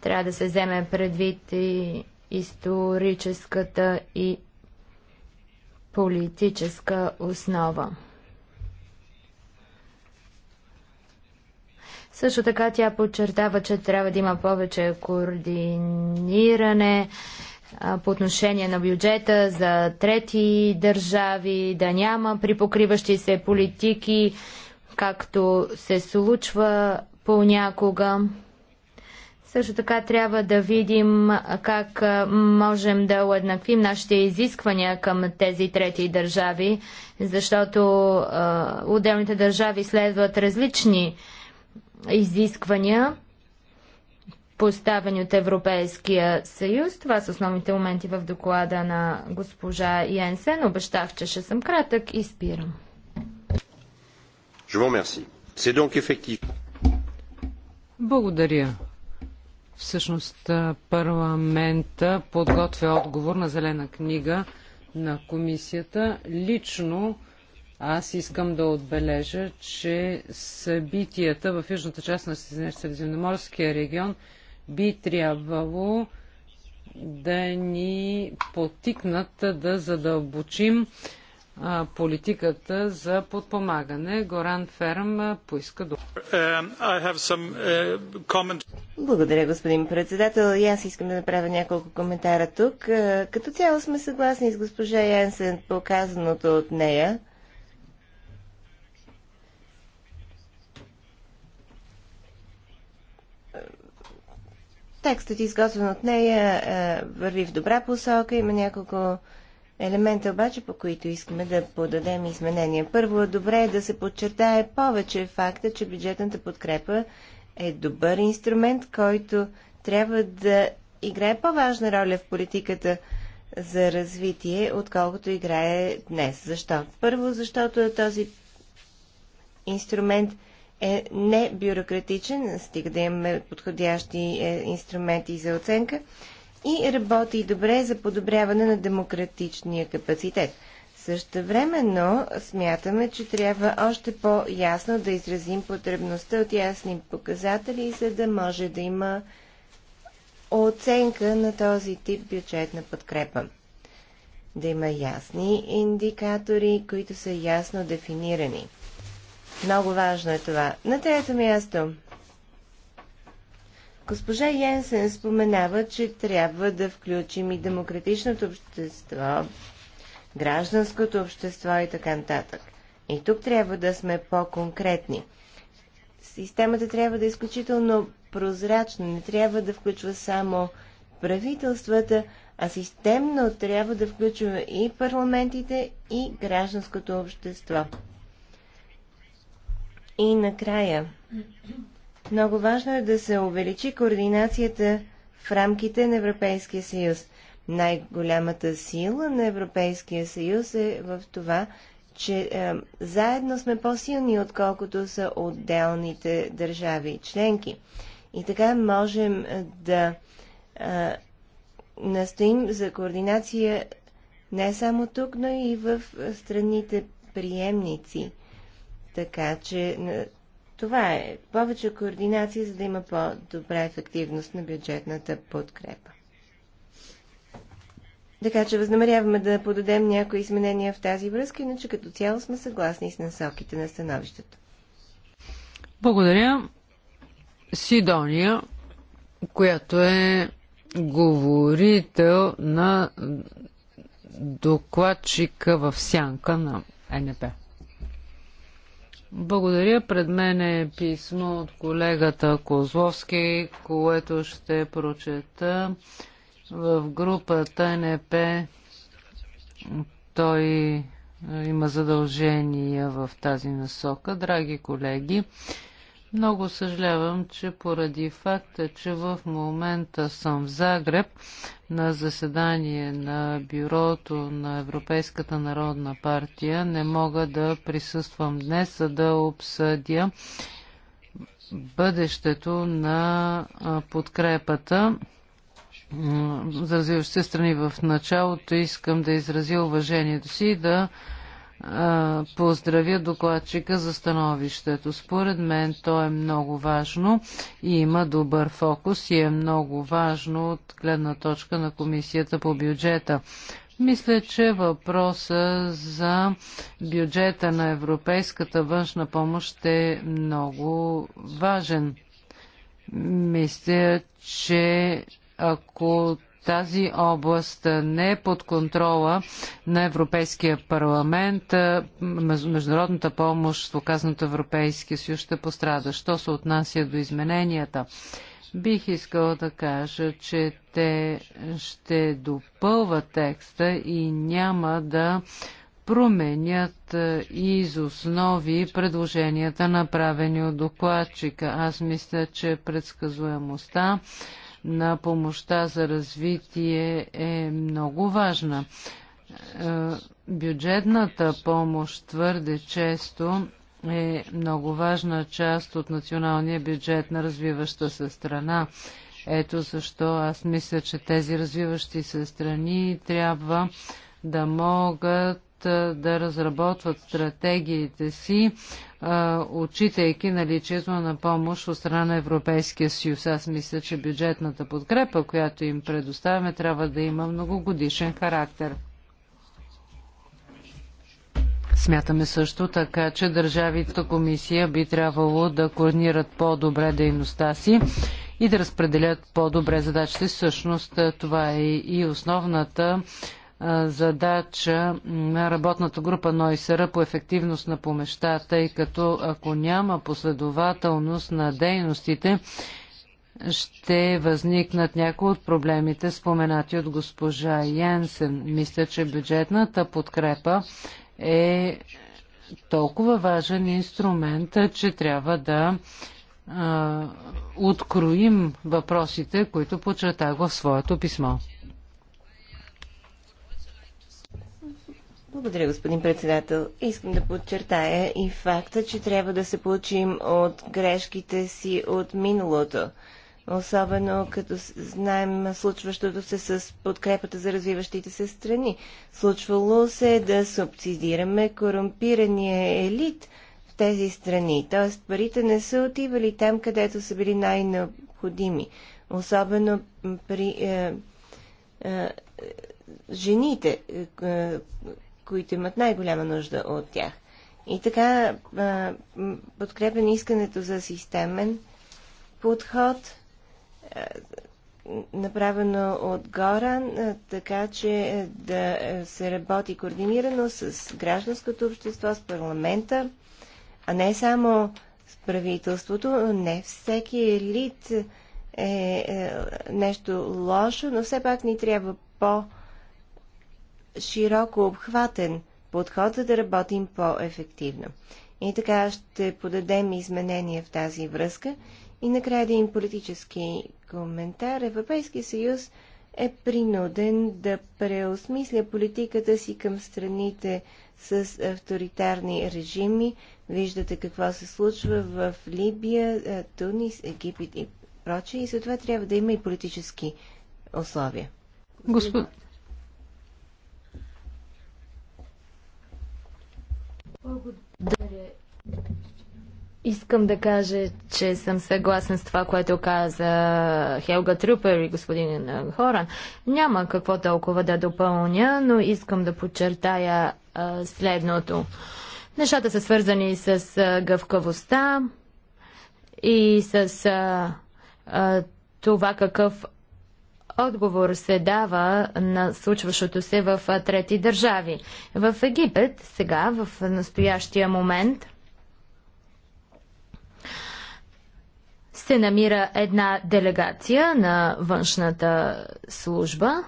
Трябва да се вземе предвид и историческата и политическа основа. Също така тя подчертава, че трябва да има повече координиране по отношение на бюджета за трети държави, да няма припокриващи се политики, както се случва понякога. Също така трябва да видим как можем да уеднаквим нашите изисквания към тези трети държави, защото а, отделните държави следват различни изисквания, поставени от Европейския съюз. Това са основните моменти в доклада на госпожа Йенсен. Обещах, че ще съм кратък и спирам. Благодаря. Всъщност парламента подготвя отговор на зелена книга на комисията. Лично аз искам да отбележа, че събитията в южната част на Средиземноморския регион би трябвало да ни потикнат да задълбочим политиката за подпомагане. Горан Ферм поиска до. Um, uh, Благодаря, господин председател. И аз искам да направя няколко коментара тук. Като цяло сме съгласни с госпожа Янсен по казаното от нея. Текстът, изготвен от нея, е, върви в добра посока. Има няколко елемента обаче, по които искаме да подадем изменения. Първо, добре е да се подчертае повече факта, че бюджетната подкрепа е добър инструмент, който трябва да играе по-важна роля в политиката за развитие, отколкото играе днес. Защо? Първо, защото този инструмент е небюрократичен, стига да имаме подходящи е, инструменти за оценка и работи добре за подобряване на демократичния капацитет. Също но смятаме, че трябва още по-ясно да изразим потребността от ясни показатели, за да може да има оценка на този тип бюджетна подкрепа. Да има ясни индикатори, които са ясно дефинирани – много важно е това. На трето място. Госпожа Йенсен споменава, че трябва да включим и демократичното общество, гражданското общество и така нататък. И тук трябва да сме по-конкретни. Системата трябва да е изключително прозрачна, не трябва да включва само правителствата, а системно трябва да включва и парламентите, и гражданското общество. И накрая, много важно е да се увеличи координацията в рамките на Европейския съюз. Най-голямата сила на Европейския съюз е в това, че е, заедно сме по-силни, отколкото са отделните държави членки. И така можем е, да е, настоим за координация не само тук, но и в е, страните приемници така че това е повече координация, за да има по-добра ефективност на бюджетната подкрепа. Така че възнамеряваме да подадем някои изменения в тази връзка, иначе като цяло сме съгласни с насоките на становището. Благодаря. Сидония, която е говорител на докладчика в сянка на НП. Благодаря. Пред мен е писмо от колегата Козловски, което ще прочета в групата НП. Той е, има задължения в тази насока. Драги колеги, много съжалявам, че поради факта, че в момента съм в Загреб на заседание на бюрото на Европейската народна партия, не мога да присъствам днес, за да обсъдя бъдещето на подкрепата за развиващите страни в началото. Искам да изразя уважението си и да поздравя докладчика за становището. Според мен то е много важно и има добър фокус и е много важно от гледна точка на Комисията по бюджета. Мисля, че въпроса за бюджета на европейската външна помощ е много важен. Мисля, че ако тази област не е под контрола на Европейския парламент. Международната помощ, оказаната Европейския съюз, ще пострада. Що се отнася до измененията? Бих искала да кажа, че те ще допълват текста и няма да променят е, из основи предложенията, направени от докладчика. Аз мисля, че предсказуемостта на помощта за развитие е много важна. Е, бюджетната помощ твърде често е много важна част от националния бюджет на развиваща се страна. Ето защо аз мисля, че тези развиващи се страни трябва да могат да разработват стратегиите си, отчитайки наличието на помощ от страна на Европейския съюз. Аз мисля, че бюджетната подкрепа, която им предоставяме, трябва да има многогодишен характер. Смятаме също така, че държавите комисия би трябвало да координират по-добре дейността си и да разпределят по-добре задачите. Всъщност това е и основната задача на работната група НОИСР по ефективност на помеща, тъй като ако няма последователност на дейностите, ще възникнат някои от проблемите, споменати от госпожа Янсен. Мисля, че бюджетната подкрепа е толкова важен инструмент, че трябва да а, откроим въпросите, които подчертах в своето писмо. Благодаря, господин председател. Искам да подчертая и факта, че трябва да се получим от грешките си от миналото. Особено като знаем случващото се с подкрепата за развиващите се страни. Случвало се е да субсидираме корумпирания елит в тези страни. Т.е. парите не са отивали там, където са били най-необходими. Особено при е, е, жените, е, които имат най-голяма нужда от тях. И така подкрепен искането за системен подход, направено от Горан, така че е, да е, се работи координирано с гражданското общество, с парламента, а не само с правителството. Не всеки елит е, е нещо лошо, но все пак ни трябва по- широко обхватен подход, за да работим по-ефективно. И така ще подадем изменения в тази връзка. И накрая един политически коментар. Европейския съюз е принуден да преосмисля политиката си към страните с авторитарни режими. Виждате какво се случва в Либия, е, Тунис, Египет и прочее. И затова трябва да има и политически условия. Господин, Благодаря. Искам да кажа, че съм съгласен с това, което каза Хелга Трупер и господин Хоран. Няма какво толкова да допълня, но искам да подчертая а, следното. Нещата са свързани с а, гъвкавостта и с а, това какъв отговор се дава на случващото се в трети държави. В Египет сега, в настоящия момент, се намира една делегация на външната служба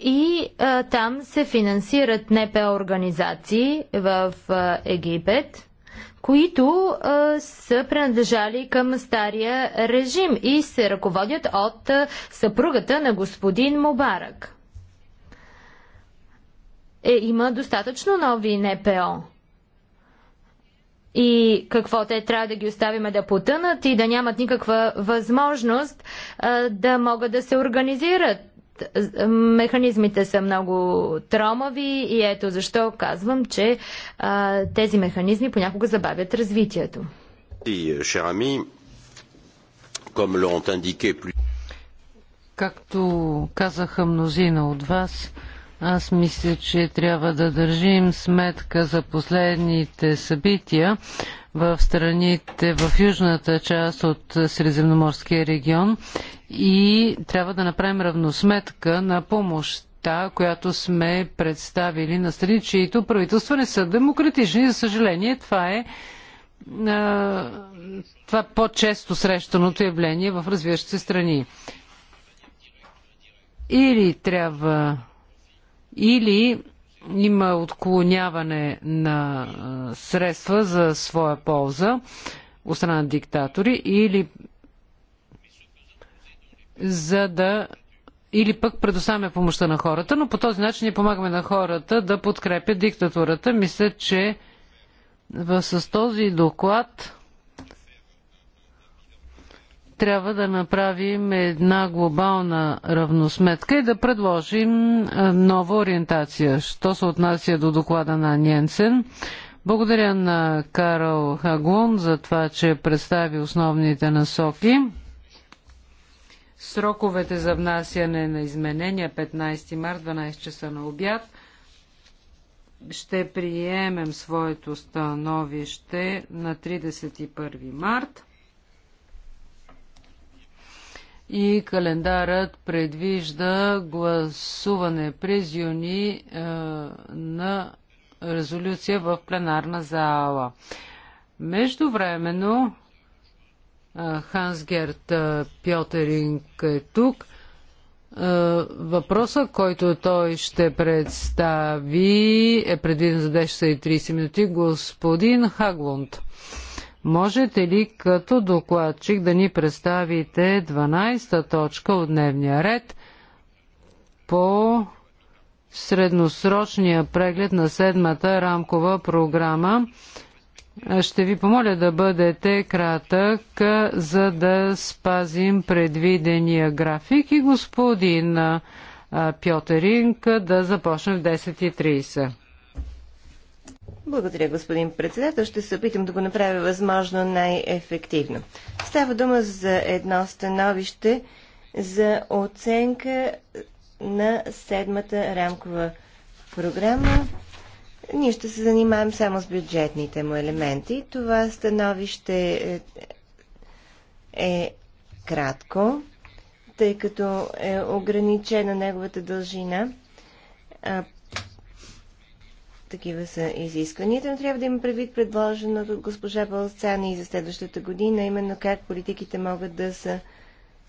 и а, там се финансират НПО организации в а, Египет – които а, са принадлежали към стария режим и се ръководят от а, съпругата на господин Мубарак. Е, има достатъчно нови НПО. И какво те трябва да ги оставиме да потънат и да нямат никаква възможност а, да могат да се организират. Е, е, механизмите са много тромави и ето защо казвам, че а, е, тези механизми понякога забавят развитието. Както казаха мнозина от вас, аз мисля, че трябва да държим сметка за последните събития в страните в южната част от Средиземноморския регион и трябва да направим равносметка на помощта, която сме представили на страни, чието правителства не са демократични. За съжаление, това е това по-често срещаното явление в развиващите страни. Или трябва или има отклоняване на средства за своя полза от страна на диктатори или за да или пък предоставяме помощта на хората, но по този начин ни помагаме на хората да подкрепят диктатурата. Мисля, че с този доклад трябва да направим една глобална равносметка и да предложим нова ориентация. Що се отнася до доклада на Ненсен, благодаря на Карл Хаглун за това, че представи основните насоки. Сроковете за внасяне на изменения 15 март 12 часа на обяд ще приемем своето становище на 31 март и календарът предвижда гласуване през юни е, на резолюция в пленарна зала. Междувременно е, Ханс Герт е, Пьотеринг е тук. Е, Въпросът, който той ще представи, е предвиден за 10.30 минути. Господин Хаглунд. Можете ли като докладчик да ни представите 12-та точка от дневния ред по средносрочния преглед на седмата рамкова програма? Ще ви помоля да бъдете кратък, за да спазим предвидения график и господин Пьотеринг да започне в 10.30. Благодаря, господин председател. Ще се опитам да го направя възможно най-ефективно. Става дума за едно становище за оценка на седмата рамкова програма. Ние ще се занимаем само с бюджетните му елементи. Това становище е, е кратко, тъй като е ограничена неговата дължина такива са изискванията, но трябва да има предвид предложеното от госпожа Балцани и за следващата година, именно как политиките могат да са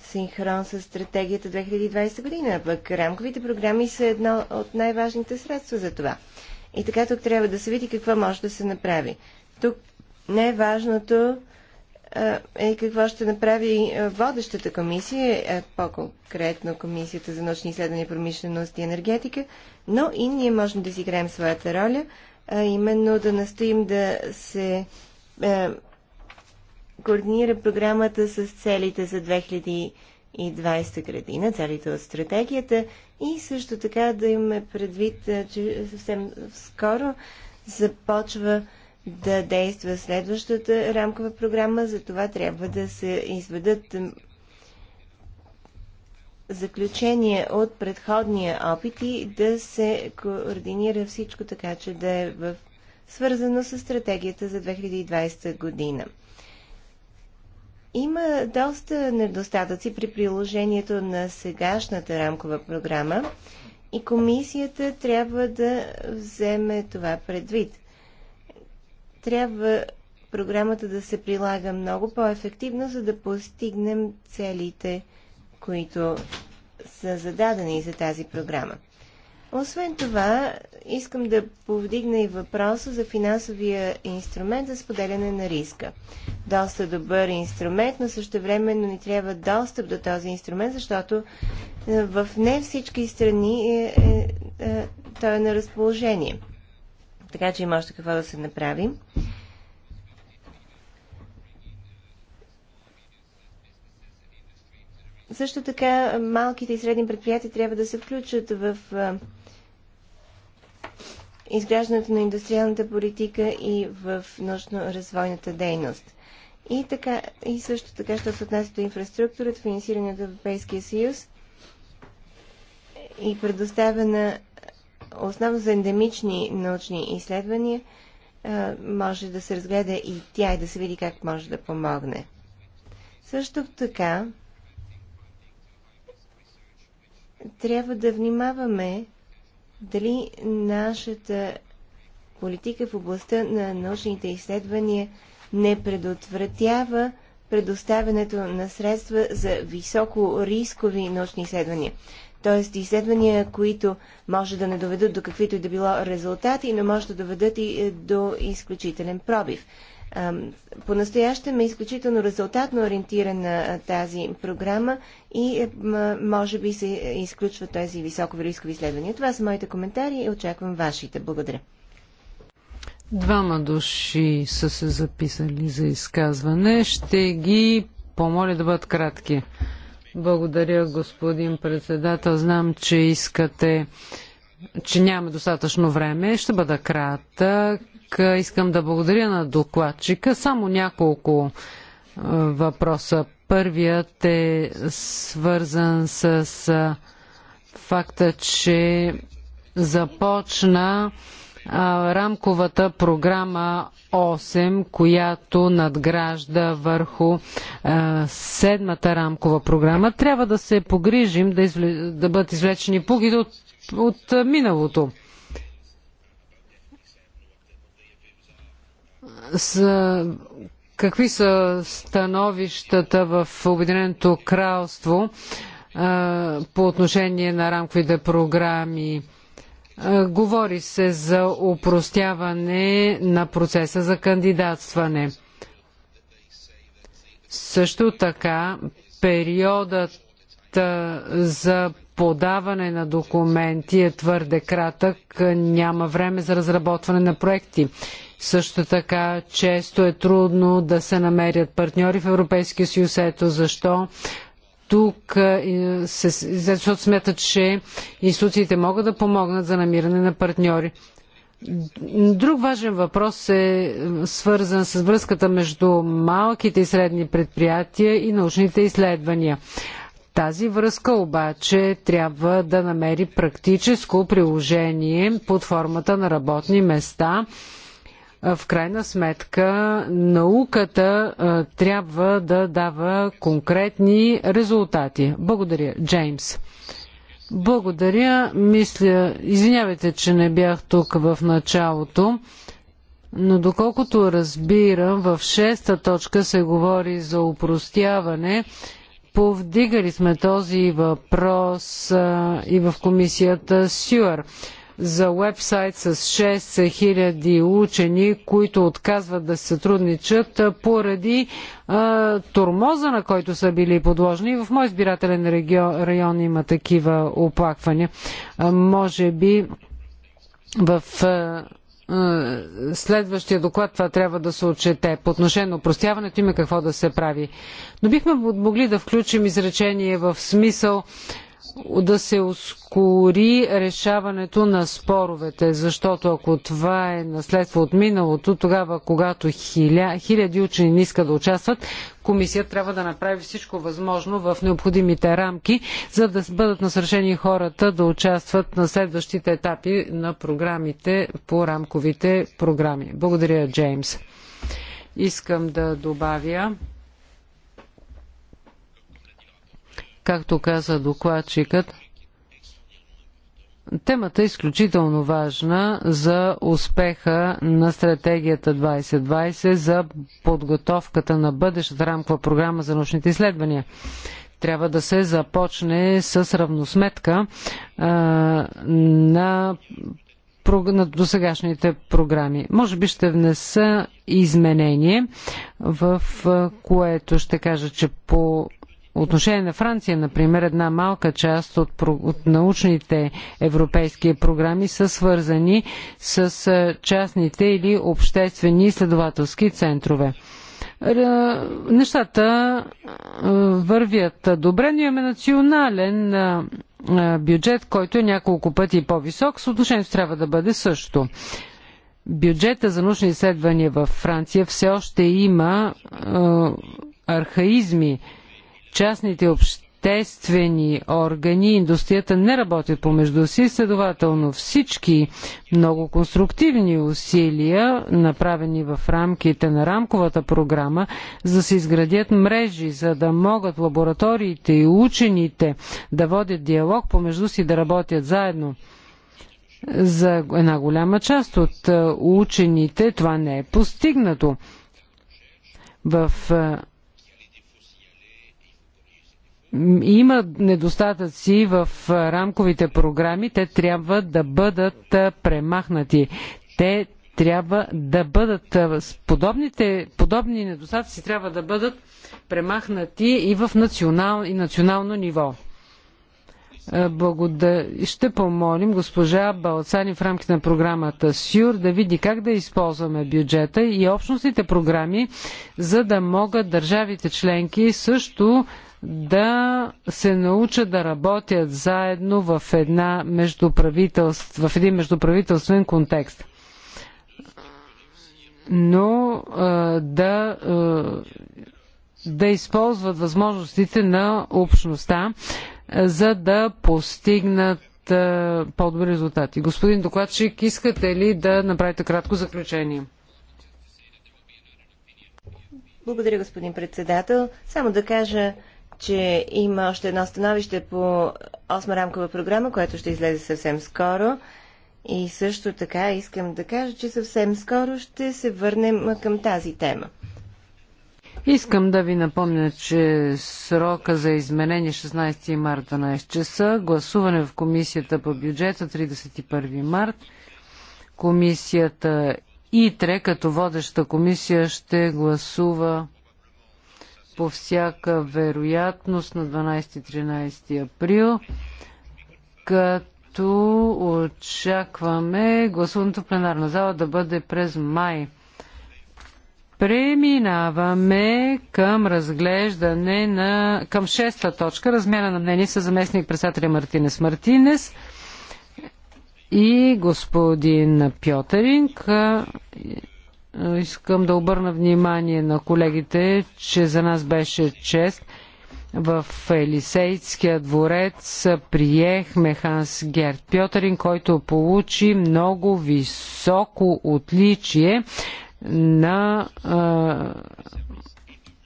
синхрон с стратегията 2020 година. Пък рамковите програми са едно от най-важните средства за това. И така тук трябва да се види какво може да се направи. Тук най-важното е какво ще направи водещата комисия, по-конкретно Комисията за научни изследвания, промишленост и енергетика, но и ние можем да изиграем своята роля, а именно да настоим да се е, координира програмата с целите за 2020 градина, целите от стратегията и също така да имаме предвид, че съвсем скоро започва да действа следващата рамкова програма, за това трябва да се изведат заключения от предходния опит и да се координира всичко така, че да е в... свързано с стратегията за 2020 година. Има доста недостатъци при приложението на сегашната рамкова програма и комисията трябва да вземе това предвид – трябва програмата да се прилага много по-ефективно, за да постигнем целите, които са зададени за тази програма. Освен това, искам да повдигна и въпроса за финансовия инструмент за споделяне на риска. Доста добър инструмент, но също време ни трябва достъп до този инструмент, защото е, в не всички страни е, е, е, той е на разположение. Така че има още какво да се направи. Също така малките и средни предприятия трябва да се включат в изграждането на индустриалната политика и в научно-развойната дейност. И, така, и също така, що се отнася до инфраструктурата, финансирането на Европейския съюз и предоставена основно за ендемични научни изследвания, може да се разгледа и тя и да се види как може да помогне. Също така, трябва да внимаваме дали нашата политика в областта на научните изследвания не предотвратява предоставянето на средства за високо рискови научни изследвания. Т.е. изследвания, които може да не доведат до каквито и да било резултати, но може да доведат и е, до изключителен пробив. По-настоящем е изключително резултатно ориентирана тази програма и е, може би се е, изключва тези високо рискови изследвания. Това са моите коментари и очаквам вашите. Благодаря. Двама души са се записали за изказване. Ще ги помоля да бъдат кратки. Благодаря, господин председател. Знам, че искате, че нямаме достатъчно време. Ще бъда кратък. Искам да благодаря на докладчика. Само няколко е, въпроса. Първият е свързан с е, факта, че започна рамковата програма 8, която надгражда върху седмата рамкова програма. Трябва да се погрижим да, извле... да бъдат извлечени пугите от, от миналото. С, какви са становищата в Обединеното кралство а, по отношение на рамковите програми? Е, говори се за упростяване на процеса за кандидатстване. Също така, периодът е, за подаване на документи е твърде кратък, няма време за разработване на проекти. Също така, често е трудно да се намерят партньори в Европейския съюз. Ето защо тук, е, защото смятат, че институциите могат да помогнат за намиране на партньори. Друг важен въпрос е, е свързан с връзката между малките и средни предприятия и научните изследвания. Тази връзка обаче трябва да намери практическо приложение под формата на работни места в крайна сметка науката трябва да дава конкретни резултати. Благодаря, Джеймс. Благодаря. Мисля, извинявайте, че не бях тук в началото, но доколкото разбирам, в шеста точка се говори за упростяване. Повдигали сме този въпрос а, и в комисията Сюар. Sure за уебсайт с 6000 учени, които отказват да се сътрудничат поради а, турмоза, на който са били подложени. В мой избирателен регион, район има такива оплаквания. А, може би в а, следващия доклад това трябва да се отчете. По отношение на упростяването има какво да се прави. Но бихме могли да включим изречение в смисъл да се ускори решаването на споровете, защото ако това е наследство от миналото, тогава когато хиля, хиляди учени не искат да участват, комисията трябва да направи всичко възможно в необходимите рамки, за да бъдат насрешени хората да участват на следващите етапи на програмите по рамковите програми. Благодаря, Джеймс. Искам да добавя Както каза докладчикът, темата е изключително важна за успеха на стратегията 2020 за подготовката на бъдещата рамкова програма за научните изследвания трябва да се започне с равносметка а, на, на досегашните програми. Може би ще внеса изменение, в което ще кажа, че по отношение на Франция, например, една малка част от, от научните европейски програми са свързани с частните или обществени изследователски центрове нещата вървят добре, но имаме национален бюджет, който е няколко пъти по-висок. Съотношението трябва да бъде също. Бюджета за научни изследвания във Франция все още има архаизми частните обществени органи и индустрията не работят помежду си, следователно всички много конструктивни усилия, направени в рамките на рамковата програма, за да се изградят мрежи, за да могат лабораториите и учените да водят диалог помежду си, да работят заедно. За една голяма част от е, учените това не е постигнато. В е, има недостатъци в рамковите програми, те трябва да бъдат премахнати. Те трябва да бъдат подобните, подобни недостатъци трябва да бъдат премахнати и в национал, и национално ниво. Благодаря. Ще помолим госпожа Балцани в рамките на програмата СЮР да види как да използваме бюджета и общностните програми, за да могат държавите членки също да се научат да работят заедно в, една междуправителств, в един междуправителствен контекст. Но да, да използват възможностите на общността, за да постигнат по-добри резултати. Господин докладчик, искате ли да направите кратко заключение? Благодаря, господин председател. Само да кажа, че има още едно становище по 8 рамкова програма, което ще излезе съвсем скоро. И също така искам да кажа, че съвсем скоро ще се върнем към тази тема. Искам да ви напомня, че срока за изменение 16 марта на часа, гласуване в комисията по бюджета 31 март, комисията ИТРЕ като водеща комисия ще гласува по всяка вероятност на 12-13 април, като очакваме гласуването в пленарна зала да бъде през май. Преминаваме към разглеждане на... към шеста точка, размяна на мнение с заместник председателя Мартинес Мартинес и господин Пьотеринг е, искам да обърна внимание на колегите, че за нас беше чест. В Елисейския дворец приехме Ханс Герт Пьотерин, който получи много високо отличие на а,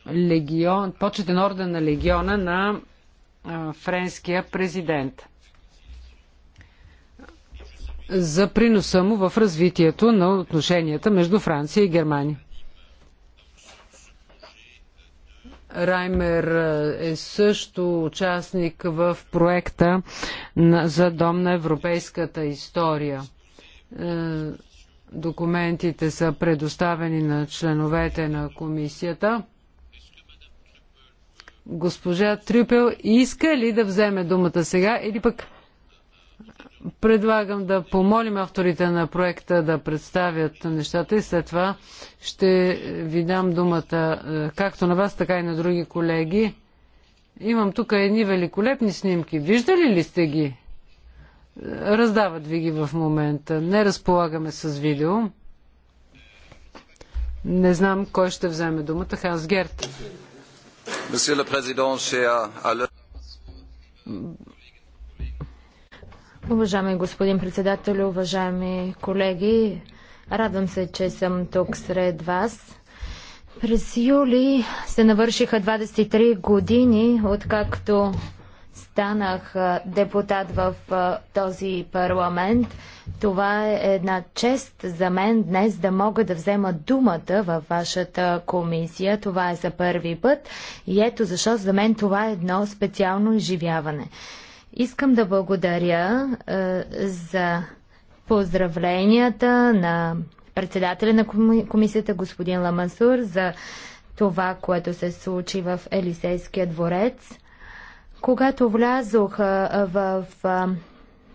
е, легион, почетен орден на легиона на а, е, френския президент за приноса му в развитието на отношенията между Франция и Германия. Раймер е също участник в проекта за Дом на европейската история. Е, документите са предоставени на членовете на комисията. Госпожа Трюпел иска ли да вземе думата сега или пък Предлагам да помолим авторите на проекта да представят нещата и след това ще ви дам думата е, както на вас, така и на други колеги. Имам тук едни великолепни снимки. Виждали ли сте ги? Раздават ви ги в момента. Не разполагаме с видео. Не знам кой ще вземе думата. хаз Герт. Уважаеми господин председател, уважаеми колеги, радвам се, че съм тук сред вас. През юли се навършиха 23 години, откакто станах депутат в този парламент. Това е една чест за мен днес да мога да взема думата във вашата комисия. Това е за първи път и ето защо за мен това е едно специално изживяване. Искам да благодаря е, за поздравленията на председателя на комисията господин Ламасур за това, което се случи в Елисейския дворец. Когато влязох в е,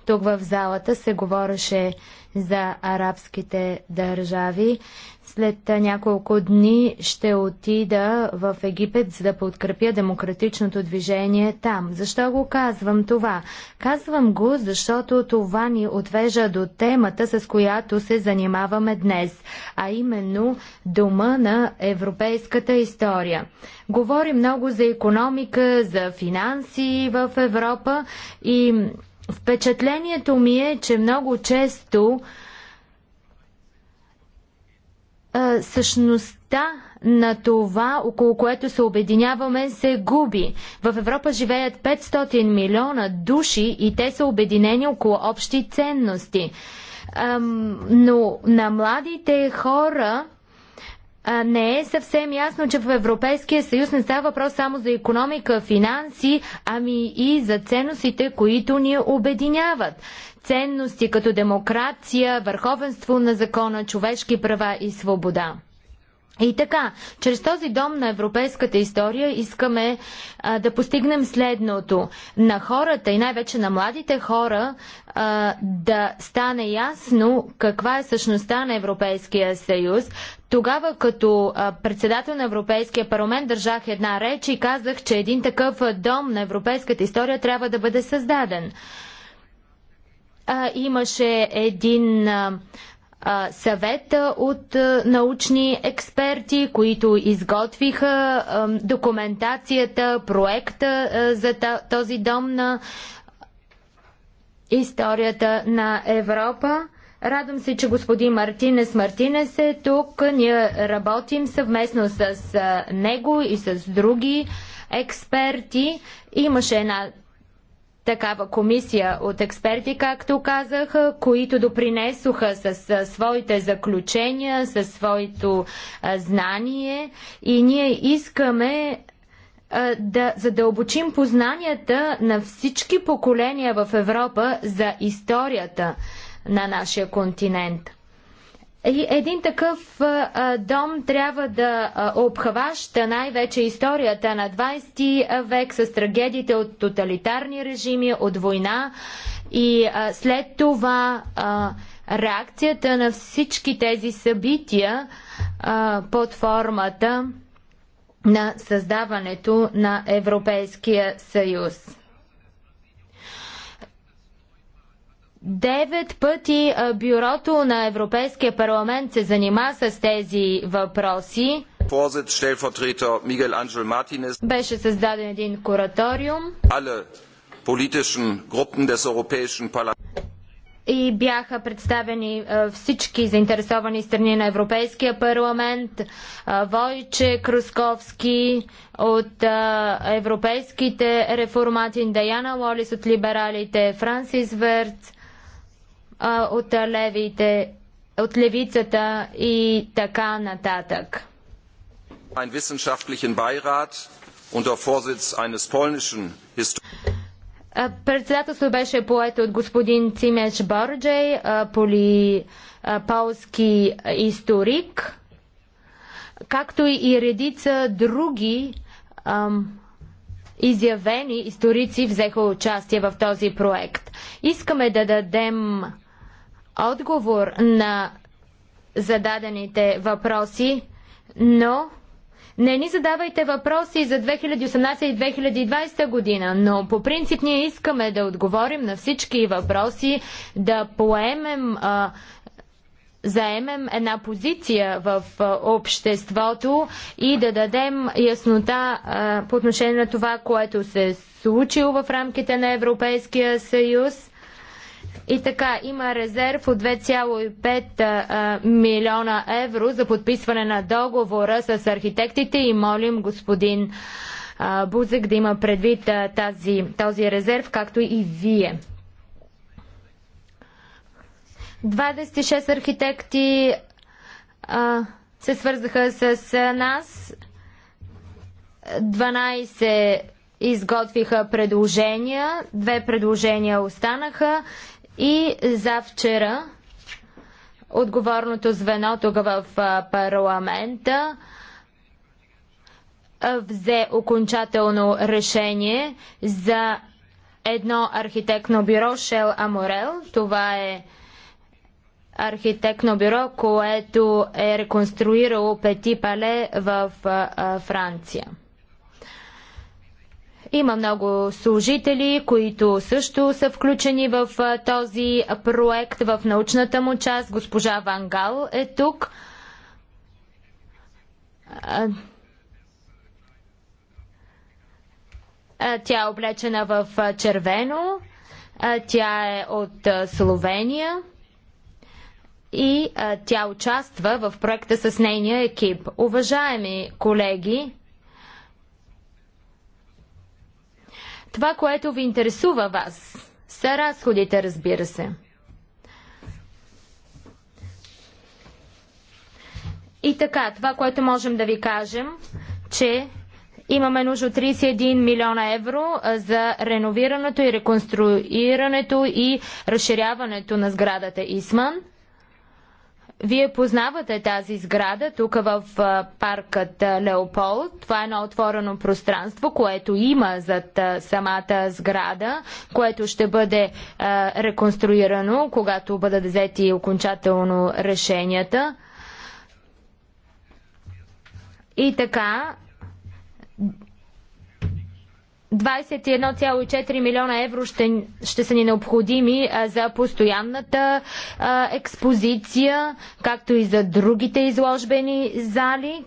тук в залата се говореше за арабските държави. След няколко дни ще отида в Египет, за да подкрепя демократичното движение там. Защо го казвам това? Казвам го, защото това ни отвежа до темата, с която се занимаваме днес, а именно дома на европейската история. Говори много за економика, за финанси в Европа и Впечатлението ми е, че много често а, същността на това, около което се обединяваме, се губи. В Европа живеят 500 милиона души и те са обединени около общи ценности. Ам, но на младите хора не е съвсем ясно, че в Европейския съюз не става въпрос само за економика, финанси, ами и за ценностите, които ни обединяват. Ценности като демокрация, върховенство на закона, човешки права и свобода. И така, чрез този дом на европейската история искаме а, да постигнем следното. На хората и най-вече на младите хора а, да стане ясно каква е същността на Европейския съюз. Тогава като а, председател на Европейския парламент държах една реч и казах, че един такъв дом на европейската история трябва да бъде създаден. А, имаше един. А, съвет от научни експерти, които изготвиха документацията, проекта за този дом на историята на Европа. Радвам се, че господин Мартинес Мартинес е тук. Ние работим съвместно с него и с други експерти. Имаше една такава комисия от експерти, както казах, които допринесоха с своите заключения, със своето знание и ние искаме да задълбочим познанията на всички поколения в Европа за историята на нашия континент. Е, един такъв дом трябва да обхваща най-вече историята на 20 век с трагедиите от тоталитарни режими, от война и след това реакцията на всички тези събития под формата на създаването на Европейския съюз. Девет пъти бюрото на Европейския парламент се занима с тези въпроси. Беше създаден един кураториум. И бяха представени всички заинтересовани страни на Европейския парламент, Войче Крусковски от европейските реформати, Даяна Лолис от либералите, Франсис Верц, а, от, левите, от левицата и така нататък. Ein wissenschaftlichen Beirat unter Vorsitz eines polnischen Председателство беше поет от господин Цимеш Борджей, поли, полски историк, както и редица други ам, изявени историци взеха участие в този проект. Искаме да дадем отговор на зададените въпроси, но не ни задавайте въпроси за 2018 и 2020 година, но по принцип ние искаме да отговорим на всички въпроси, да поемем, а, заемем една позиция в а, обществото и да дадем яснота а, по отношение на това, което се е случило в рамките на Европейския съюз и така, има резерв от 2,5 милиона евро за подписване на договора с архитектите и молим господин Бузек да има предвид тази, този резерв, както и вие. 26 архитекти а, се свързаха с нас. 12 изготвиха предложения, две предложения останаха и за вчера отговорното звено тук в парламента взе окончателно решение за едно архитектно бюро Шел Аморел. Това е архитектно бюро, което е реконструирало Пети Пале в Франция. Има много служители, които също са включени в този проект, в научната му част. Госпожа Вангал е тук. Тя е облечена в червено. Тя е от Словения и тя участва в проекта с нейния екип. Уважаеми колеги, Това, което ви интересува вас, са разходите, разбира се. И така, това, което можем да ви кажем, че имаме нужда от 31 милиона евро за реновирането и реконструирането и разширяването на сградата Исман. Вие познавате тази сграда тук в паркът Леополд. Това е едно отворено пространство, което има зад самата сграда, което ще бъде реконструирано, когато бъдат взети окончателно решенията. И така, 21,4 милиона евро ще, ще са ни необходими а, за постоянната а, експозиция, както и за другите изложбени зали.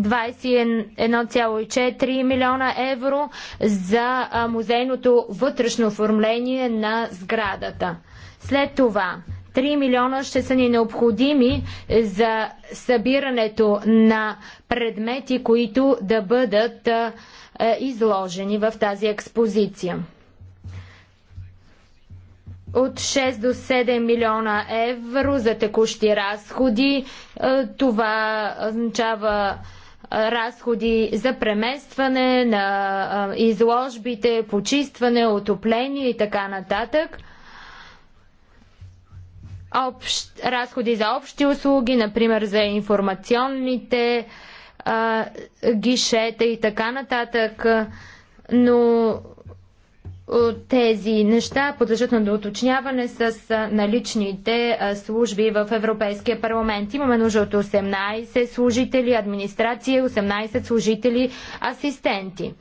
21,4 милиона евро за а, музейното вътрешно оформление на сградата. След това 3 милиона ще са ни необходими за събирането на предмети, които да бъдат а, е, изложени в тази експозиция. От 6 до 7 милиона евро за текущи разходи. Е, това означава е, разходи за преместване на изложбите, почистване, отопление и така нататък. Общ, разходи за общи услуги, например за информационните а, гишета и така нататък, но тези неща подлежат на доуточняване с наличните служби в Европейския парламент. Имаме нужда от 18 служители, администрация, 18 служители, асистенти.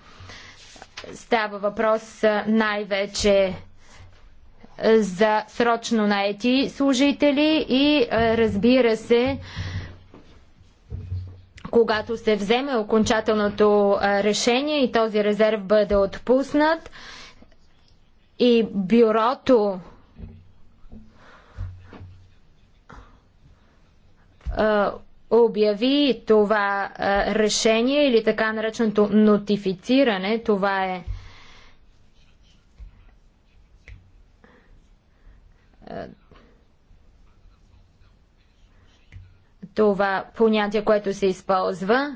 Става въпрос най-вече за срочно наети служители и разбира се, когато се вземе окончателното решение и този резерв бъде отпуснат и бюрото обяви това решение или така нареченото нотифициране, това е това понятие, което се използва.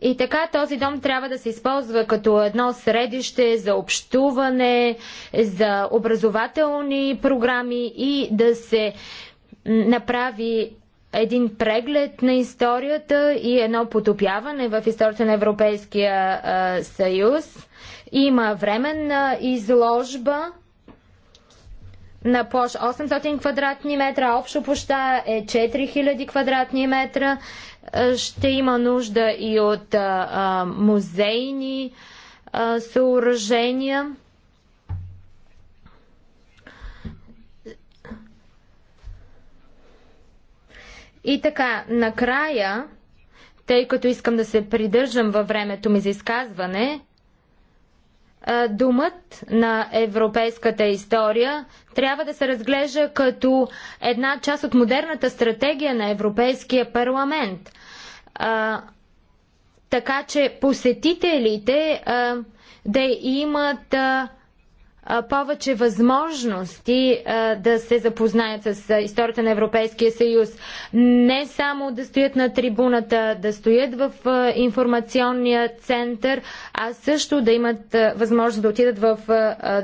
И така този дом трябва да се използва като едно средище за общуване, за образователни програми и да се направи един преглед на историята и едно потопяване в историята на Европейския съюз. Има временна изложба на площ 800 квадратни метра, общо площа е 4000 квадратни метра. Е, ще има нужда и от а, музейни а, съоръжения. И така, накрая, тъй като искам да се придържам във времето ми за изказване, Думът на европейската история трябва да се разглежда като една част от модерната стратегия на Европейския парламент. А, така че посетителите а, да имат а, повече възможности да се запознаят с историята на Европейския съюз. Не само да стоят на трибуната, да стоят в информационния център, а също да имат възможност да отидат в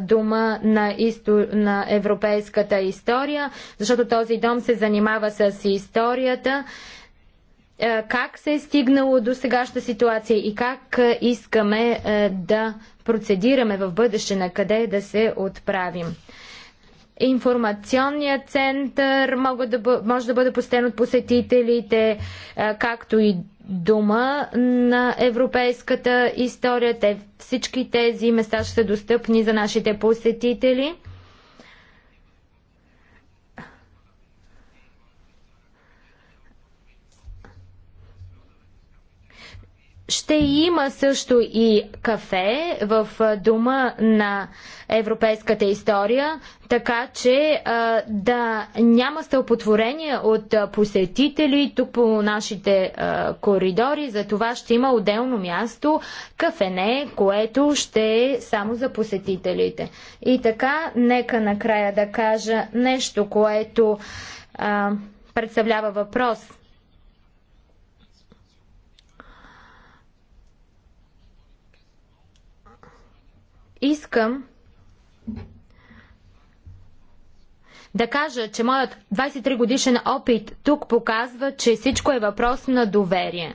дома на, исто... на европейската история, защото този дом се занимава с историята е, как се е стигнало до сегашната ситуация и как е, искаме е, да процедираме в бъдеще, на къде да се отправим. Информационният център може да бъде постен от посетителите, както и дума на европейската история. Те, всички тези места ще са достъпни за нашите посетители – Ще има също и кафе в Дома на европейската история, така че а, да няма стълпотворение от посетители тук по нашите а, коридори. За това ще има отделно място, кафене, което ще е само за посетителите. И така, нека накрая да кажа нещо, което а, представлява въпрос – Искам да кажа, че моят 23 годишен опит тук показва, че всичко е въпрос на доверие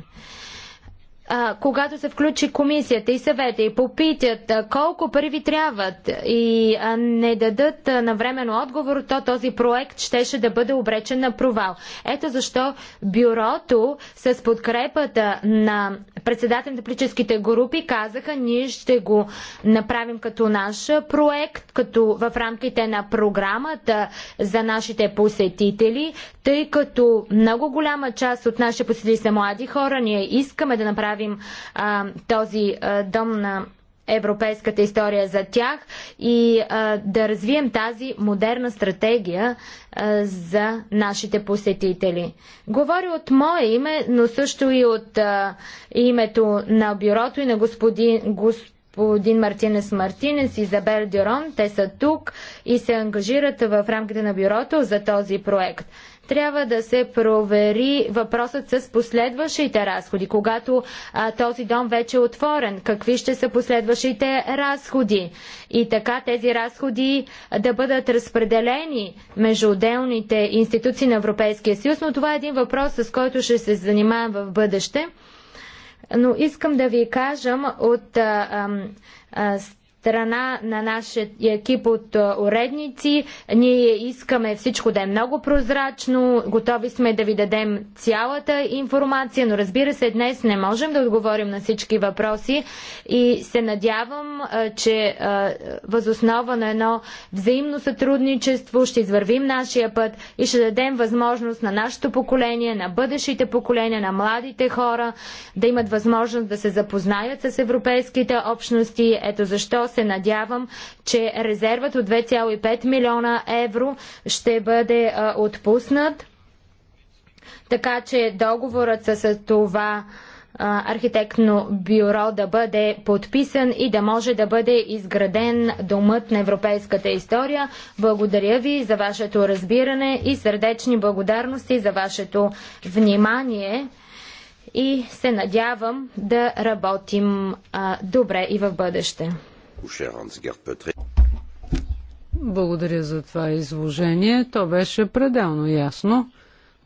а, когато се включи комисията и съвета и попитат а, колко пари ви трябват и а, не дадат а, навременно отговор, то този проект щеше да бъде обречен на провал. Ето защо бюрото с подкрепата на председател на политическите групи казаха, ние ще го направим като наш проект, като в рамките на програмата за нашите посетители, тъй като много голяма част от нашите посетители са млади хора, ние искаме да направим направим а, този а, дом на европейската история за тях и а, да развием тази модерна стратегия а, за нашите посетители. Говори от мое име, но също и от а, името на бюрото и на господин, господин Мартинес Мартинес, Изабел Дюрон. Те са тук и се ангажират в рамките на бюрото за този проект. Трябва да се провери въпросът с последващите разходи. Когато а, този дом вече е отворен, какви ще са последващите разходи? И така тези разходи да бъдат разпределени между отделните институции на Европейския съюз, но това е един въпрос, с който ще се занимавам в бъдеще. Но искам да ви кажам от а, а, страна на нашия екип от уредници. Ние искаме всичко да е много прозрачно, готови сме да ви дадем цялата информация, но разбира се, днес не можем да отговорим на всички въпроси и се надявам, че възоснова на едно взаимно сътрудничество ще извървим нашия път и ще дадем възможност на нашето поколение, на бъдещите поколения, на младите хора да имат възможност да се запознаят с европейските общности. Ето защо се надявам, че резервът от 2,5 милиона евро ще бъде а, отпуснат. Така че договорът с това а, архитектно бюро да бъде подписан и да може да бъде изграден домът на европейската история. Благодаря ви за вашето разбиране и сърдечни благодарности за вашето внимание и се надявам да работим а, добре и в бъдеще. Благодаря за това изложение. То беше пределно ясно.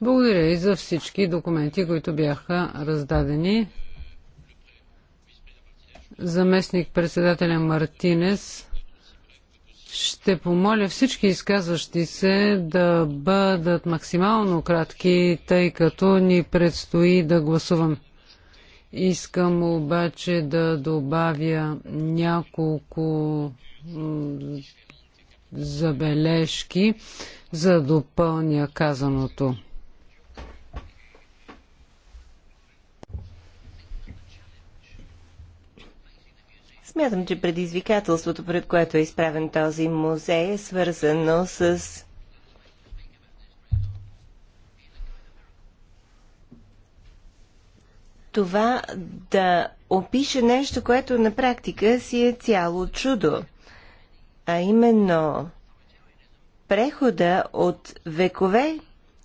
Благодаря и за всички документи, които бяха раздадени. Заместник председателя Мартинес ще помоля всички изказващи се да бъдат максимално кратки, тъй като ни предстои да гласуваме. Искам обаче да добавя няколко забележки, за да допълня казаното. Смятам, че предизвикателството, пред което е изправен този музей, е свързано с това да опише нещо, което на практика си е цяло чудо, а именно прехода от векове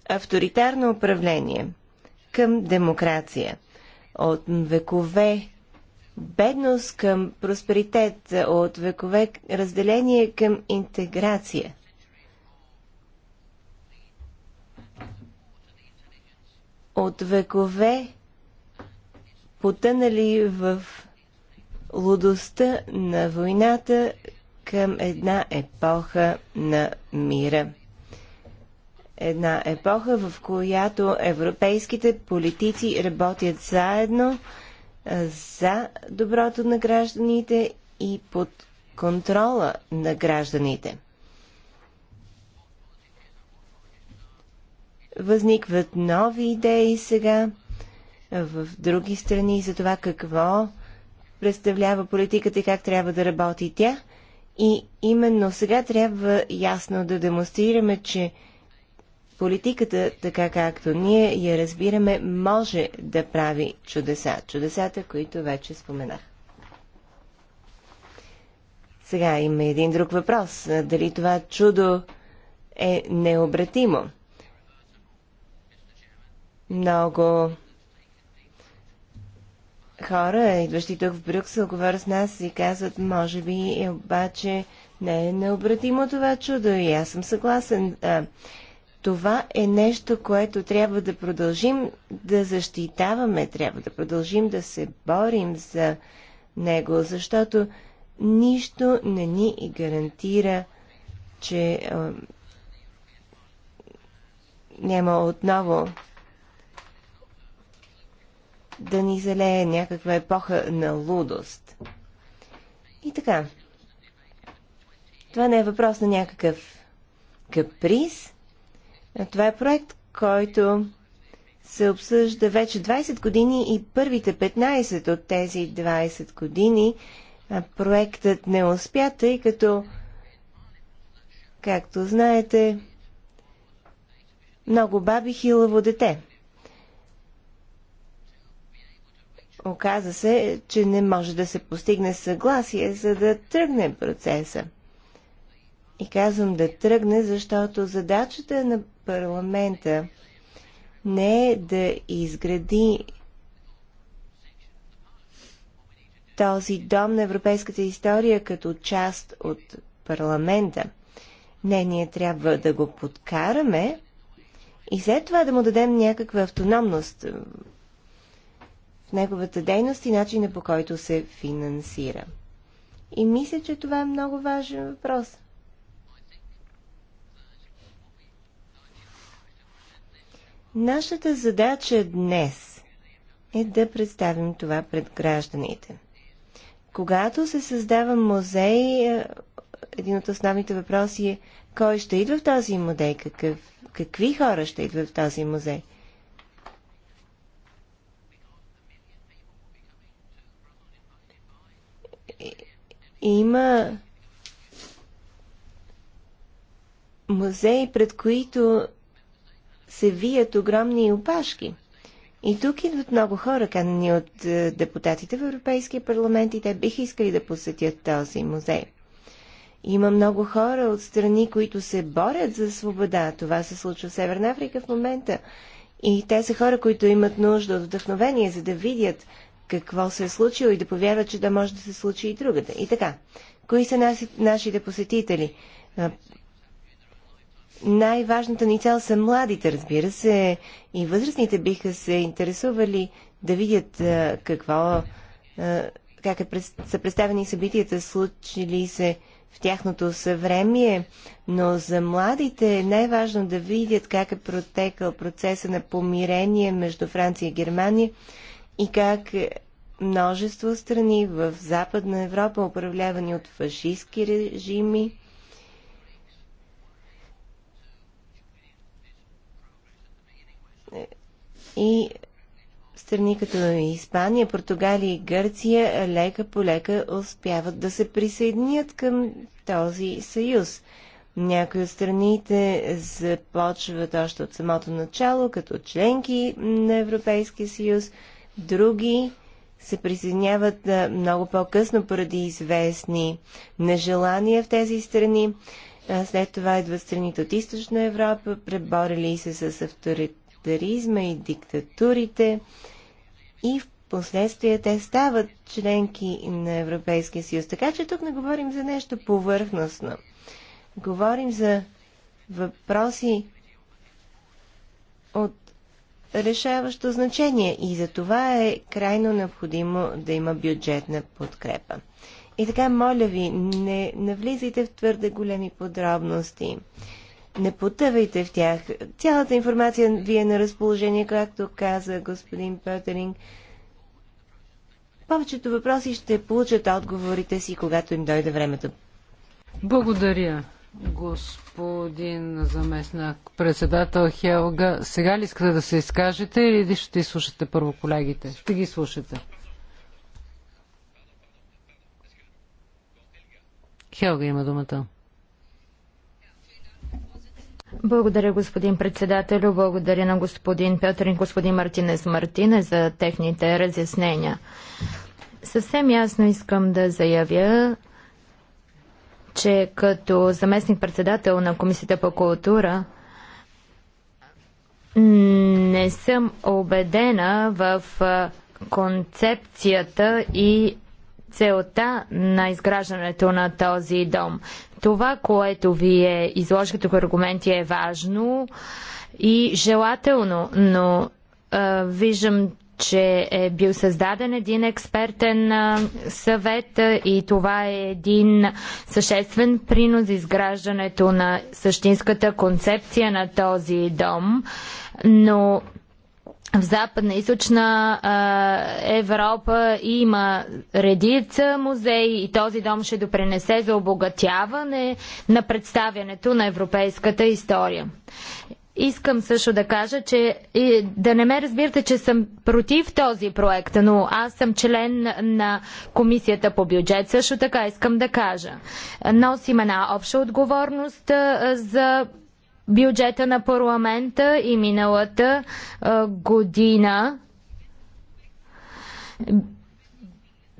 авторитарно управление към демокрация, от векове бедност към просперитет, от векове разделение към интеграция. От векове потънали в лудостта на войната към една епоха на мира. Една епоха, в която европейските политици работят заедно за доброто на гражданите и под контрола на гражданите. Възникват нови идеи сега, в други страни за това какво представлява политиката и как трябва да работи тя. И именно сега трябва ясно да демонстрираме, че политиката, така както ние я разбираме, може да прави чудеса. Чудесата, които вече споменах. Сега има един друг въпрос. Дали това чудо е необратимо? Много хора, идващи тук в Брюксел, говорят с нас и казват, може би, обаче не е необратимо това чудо и аз съм съгласен. А, това е нещо, което трябва да продължим да защитаваме, трябва да продължим да се борим за него, защото нищо не ни гарантира, че а, няма отново да ни залее някаква епоха на лудост. И така. Това не е въпрос на някакъв каприз. Това е проект, който се обсъжда вече 20 години и първите 15 от тези 20 години проектът не успя, тъй като, както знаете, много баби хилаво дете. Оказа се, че не може да се постигне съгласие, за да тръгне процеса. И казвам да тръгне, защото задачата на парламента не е да изгради този дом на европейската история като част от парламента. Не, ние трябва да го подкараме и след това да му дадем някаква автономност неговата дейност и начина по който се финансира. И мисля, че това е много важен въпрос. Нашата задача днес е да представим това пред гражданите. Когато се създава музей, е, един от основните въпроси е кой ще идва в този музей, какъв, какви хора ще идват в този музей. Има музеи, пред които се вият огромни опашки. И тук идват много хора, канени от е, депутатите в Европейския парламент и те биха искали да посетят този музей. Има много хора от страни, които се борят за свобода. Това се случва в Северна Африка в момента. И те са хора, които имат нужда от вдъхновение, за да видят какво се е случило и да повярват, че да може да се случи и другата. И така, кои са наши, нашите посетители? Най-важната ни цел са младите, разбира се, и възрастните биха се интересували да видят какво, как е, са представени събитията, случили се в тяхното съвремие, но за младите е най-важно да видят как е протекал процеса на помирение между Франция и Германия, и как множество страни в Западна Европа, управлявани от фашистски режими, и страни като Испания, Португалия и Гърция лека по лека успяват да се присъединят към този съюз. Някои от страните започват още от самото начало като членки на Европейския съюз, Други се присъединяват много по-късно поради известни нежелания в тези страни. След това идват страните от Източна Европа, преборили се с авторитаризма и диктатурите и в последствие те стават членки на Европейския съюз. Така че тук не говорим за нещо повърхностно. Говорим за въпроси от решаващо значение и за това е крайно необходимо да има бюджетна подкрепа. И така, моля ви, не навлизайте в твърде големи подробности. Не потъвайте в тях. Цялата информация ви е на разположение, както каза господин Пътеринг. Повечето въпроси ще получат отговорите си, когато им дойде времето. Благодаря, господин господин заместник председател Хелга. Сега ли искате да се изкажете или ще изслушате първо колегите? Ще ги слушате. Хелга има думата. Благодаря, господин председателю. Благодаря на господин Петър и господин Мартинес Мартине за техните разяснения. Съвсем ясно искам да заявя, че като заместник-председател на Комисията по култура не съм убедена в концепцията и целта на изграждането на този дом. Това, което вие изложихте като аргументи е важно и желателно, но а, виждам, че е бил създаден един експертен съвет и това е един съществен принос за изграждането на същинската концепция на този дом. Но в Западна и Източна Европа има редица музеи и този дом ще допренесе за обогатяване на представянето на европейската история. Искам също да кажа, че и, да не ме разбирате, че съм против този проект, но аз съм член на Комисията по бюджет. Също така искам да кажа. Носим една обща отговорност за бюджета на парламента и миналата година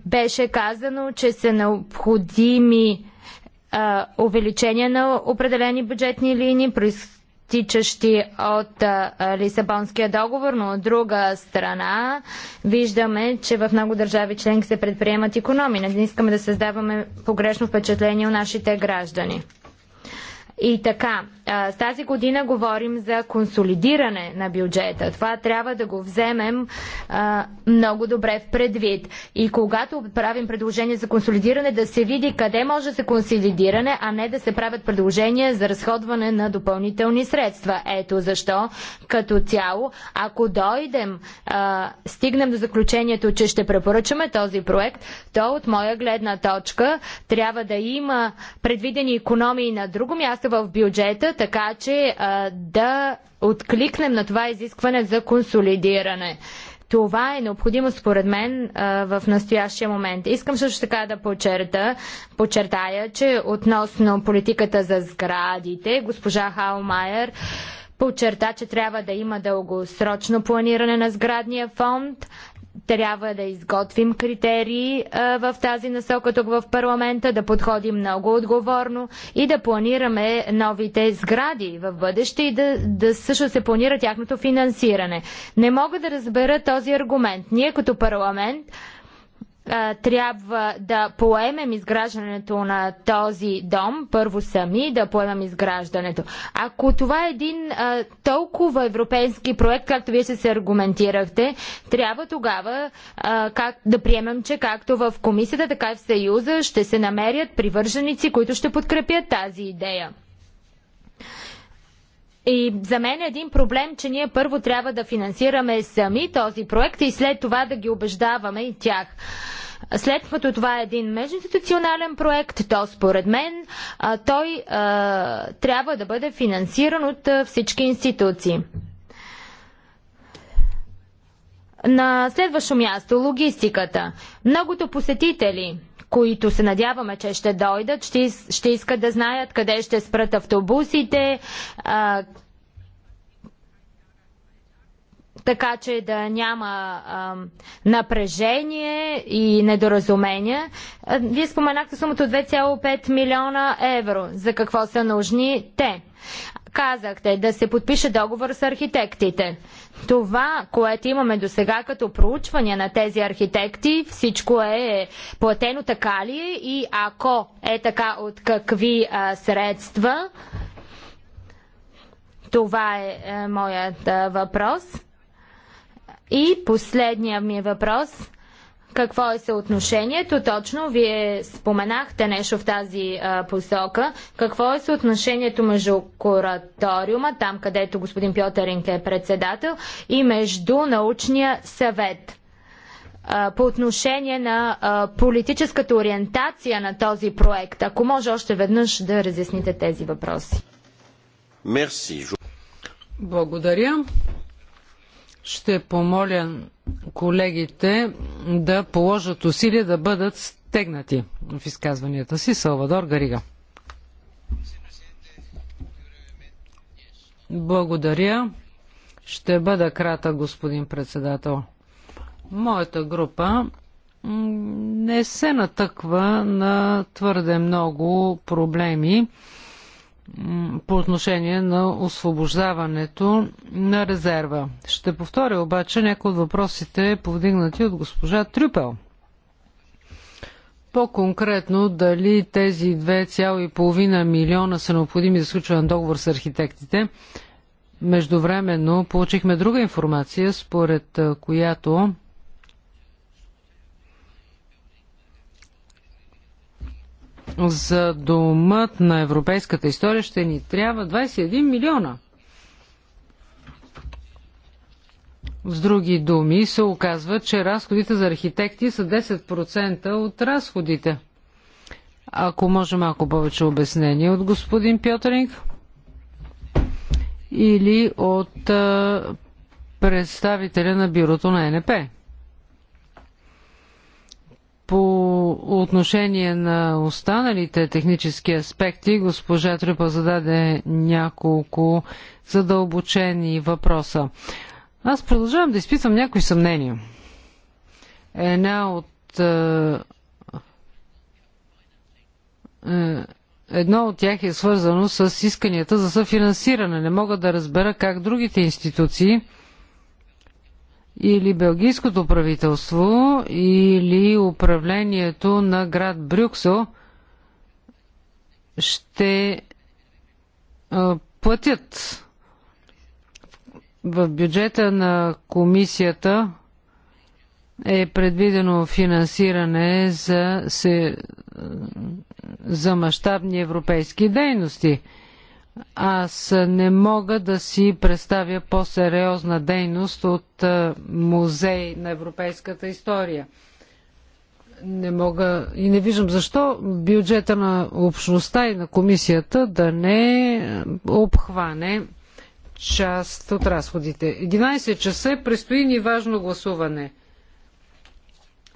беше казано, че са необходими а, увеличения на определени бюджетни линии, проистичащи от Лисабонския договор, но от друга страна виждаме, че в много държави членки се предприемат економи. Не искаме да създаваме погрешно впечатление у нашите граждани. И така, а, тази година говорим за консолидиране на бюджета. Това трябва да го вземем а, много добре в предвид. И когато правим предложение за консолидиране, да се види къде може да се консолидиране, а не да се правят предложения за разходване на допълнителни средства. Ето защо, като цяло, ако дойдем, а, стигнем до заключението, че ще препоръчаме този проект, то от моя гледна точка трябва да има предвидени економии на друго място в бюджета, така че а, да откликнем на това изискване за консолидиране. Това е необходимо според мен а, в настоящия момент. Искам също така да почерта, почертая, че относно политиката за сградите, госпожа Хаумайер подчерта, че трябва да има дългосрочно планиране на сградния фонд трябва да изготвим критерии а, в тази насока тук в парламента, да подходим много отговорно и да планираме новите сгради в бъдеще и да, да също се планира тяхното финансиране. Не мога да разбера този аргумент. Ние като парламент трябва да поемем изграждането на този дом, първо сами да поемем изграждането. Ако това е един а, толкова европейски проект, както вие ще се аргументирахте, трябва тогава а, как, да приемем, че както в комисията, така и в Съюза ще се намерят привърженици, които ще подкрепят тази идея. И за мен е един проблем, че ние първо трябва да финансираме сами този проект и след това да ги убеждаваме и тях. След като това е един междуинституционален проект, то според мен той трябва да бъде финансиран от всички институции. На следващо място логистиката. Многото посетители – които се надяваме, че ще дойдат, ще, ще искат да знаят къде ще спрат автобусите, а, така че да няма а, напрежение и недоразумения. Вие споменахте сумата от 2,5 милиона евро. За какво са нужни те? казахте, да се подпише договор с архитектите. Това, което имаме до сега като проучване на тези архитекти, всичко е платено така ли е и ако е така от какви а, средства? Това е а, е, моят а, въпрос. И последният ми въпрос – какво е съотношението? Точно вие споменахте нещо в тази а, посока. Какво е съотношението между кураториума, там където господин Пьотеринг е председател, и между научния съвет? А, по отношение на а, политическата ориентация на този проект, ако може още веднъж да разясните тези въпроси. Мерси. Благодаря. Ще помоля колегите да положат усилия да бъдат стегнати в изказванията си. Салвадор Гарига. Благодаря. Ще бъда крата, господин председател. Моята група не се натъква на твърде много проблеми по отношение на освобождаването на резерва. Ще повторя обаче някои от въпросите, повдигнати от госпожа Трюпел. По-конкретно, дали тези 2,5 милиона са необходими за случване на договор с архитектите? Междувременно получихме друга информация, според която за домът на европейската история ще ни трябва 21 милиона. С други думи се оказва, че разходите за архитекти са 10% от разходите. Ако може малко повече обяснение от господин Пьотеринг или от представителя на бюрото на НП. отношение на останалите технически аспекти, госпожа Трюпа зададе няколко задълбочени въпроса. Аз продължавам да изпитвам някои съмнения. Една от е, е, Едно от тях е свързано с исканията за съфинансиране. Не мога да разбера как другите институции или белгийското правителство, или управлението на град Брюксел ще платят в бюджета на комисията е предвидено финансиране за, се, за мащабни европейски дейности – аз не мога да си представя по-сериозна дейност от музей на европейската история. Не мога и не виждам защо бюджета на общността и на комисията да не обхване част от разходите. 11 часа предстои ни важно гласуване.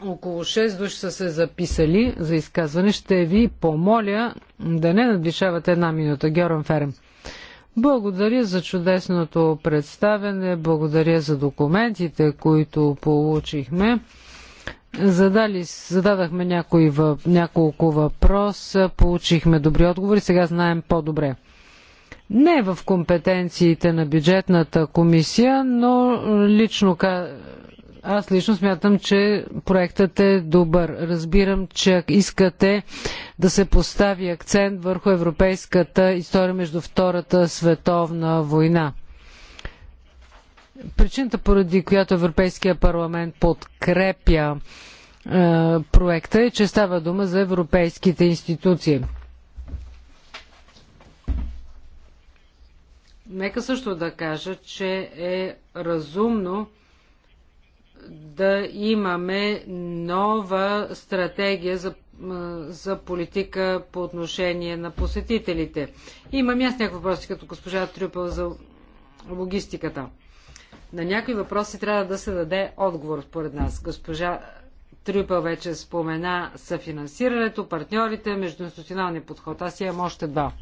Около 6 души са се записали за изказване. Ще ви помоля да не надвишавате една минута. Георан Ферем. Благодаря за чудесното представене, благодаря за документите, които получихме. Задали, зададахме някои, въп, няколко въпроса, получихме добри отговори, сега знаем по-добре. Не в компетенциите на бюджетната комисия, но лично аз лично смятам, че проектът е добър. Разбирам, че искате да се постави акцент върху европейската история между Втората световна война. Причината, поради която Европейския парламент подкрепя е, проекта е, че става дума за европейските институции. Нека също да кажа, че е разумно да имаме нова стратегия за, за политика по отношение на посетителите. Имам аз някакви въпроси, като госпожа Трюпел за логистиката. На някои въпроси трябва да се даде отговор, според нас. Госпожа Трюпел вече спомена съфинансирането, партньорите, междуинституционалния подход. Аз имам още два.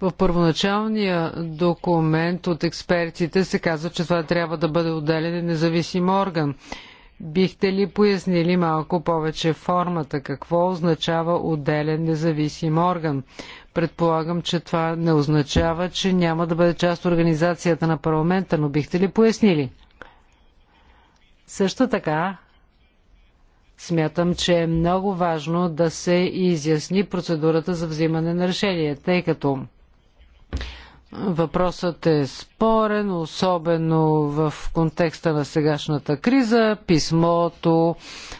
В първоначалния документ от експертите се казва, че това трябва да бъде отделен и независим орган. Бихте ли пояснили малко повече формата? Какво означава отделен независим орган? Предполагам, че това не означава, че няма да бъде част от организацията на парламента, но бихте ли пояснили? Също така, смятам, че е много важно да се изясни процедурата за взимане на решение, тъй като Въпросът е спорен, особено в контекста на сегашната криза. Писмото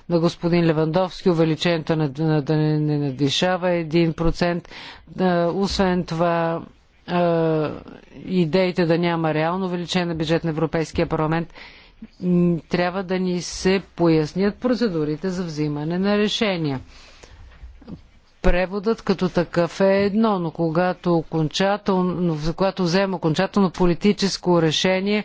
на господин Левандовски, увеличението на, да не, не надвишава 1%. Е, освен това, е, идеите да няма реално увеличение на бюджет на Европейския парламент трябва да ни се пояснят процедурите за взимане на решения преводът като такъв е едно, но когато, окончателно, когато взема окончателно политическо решение,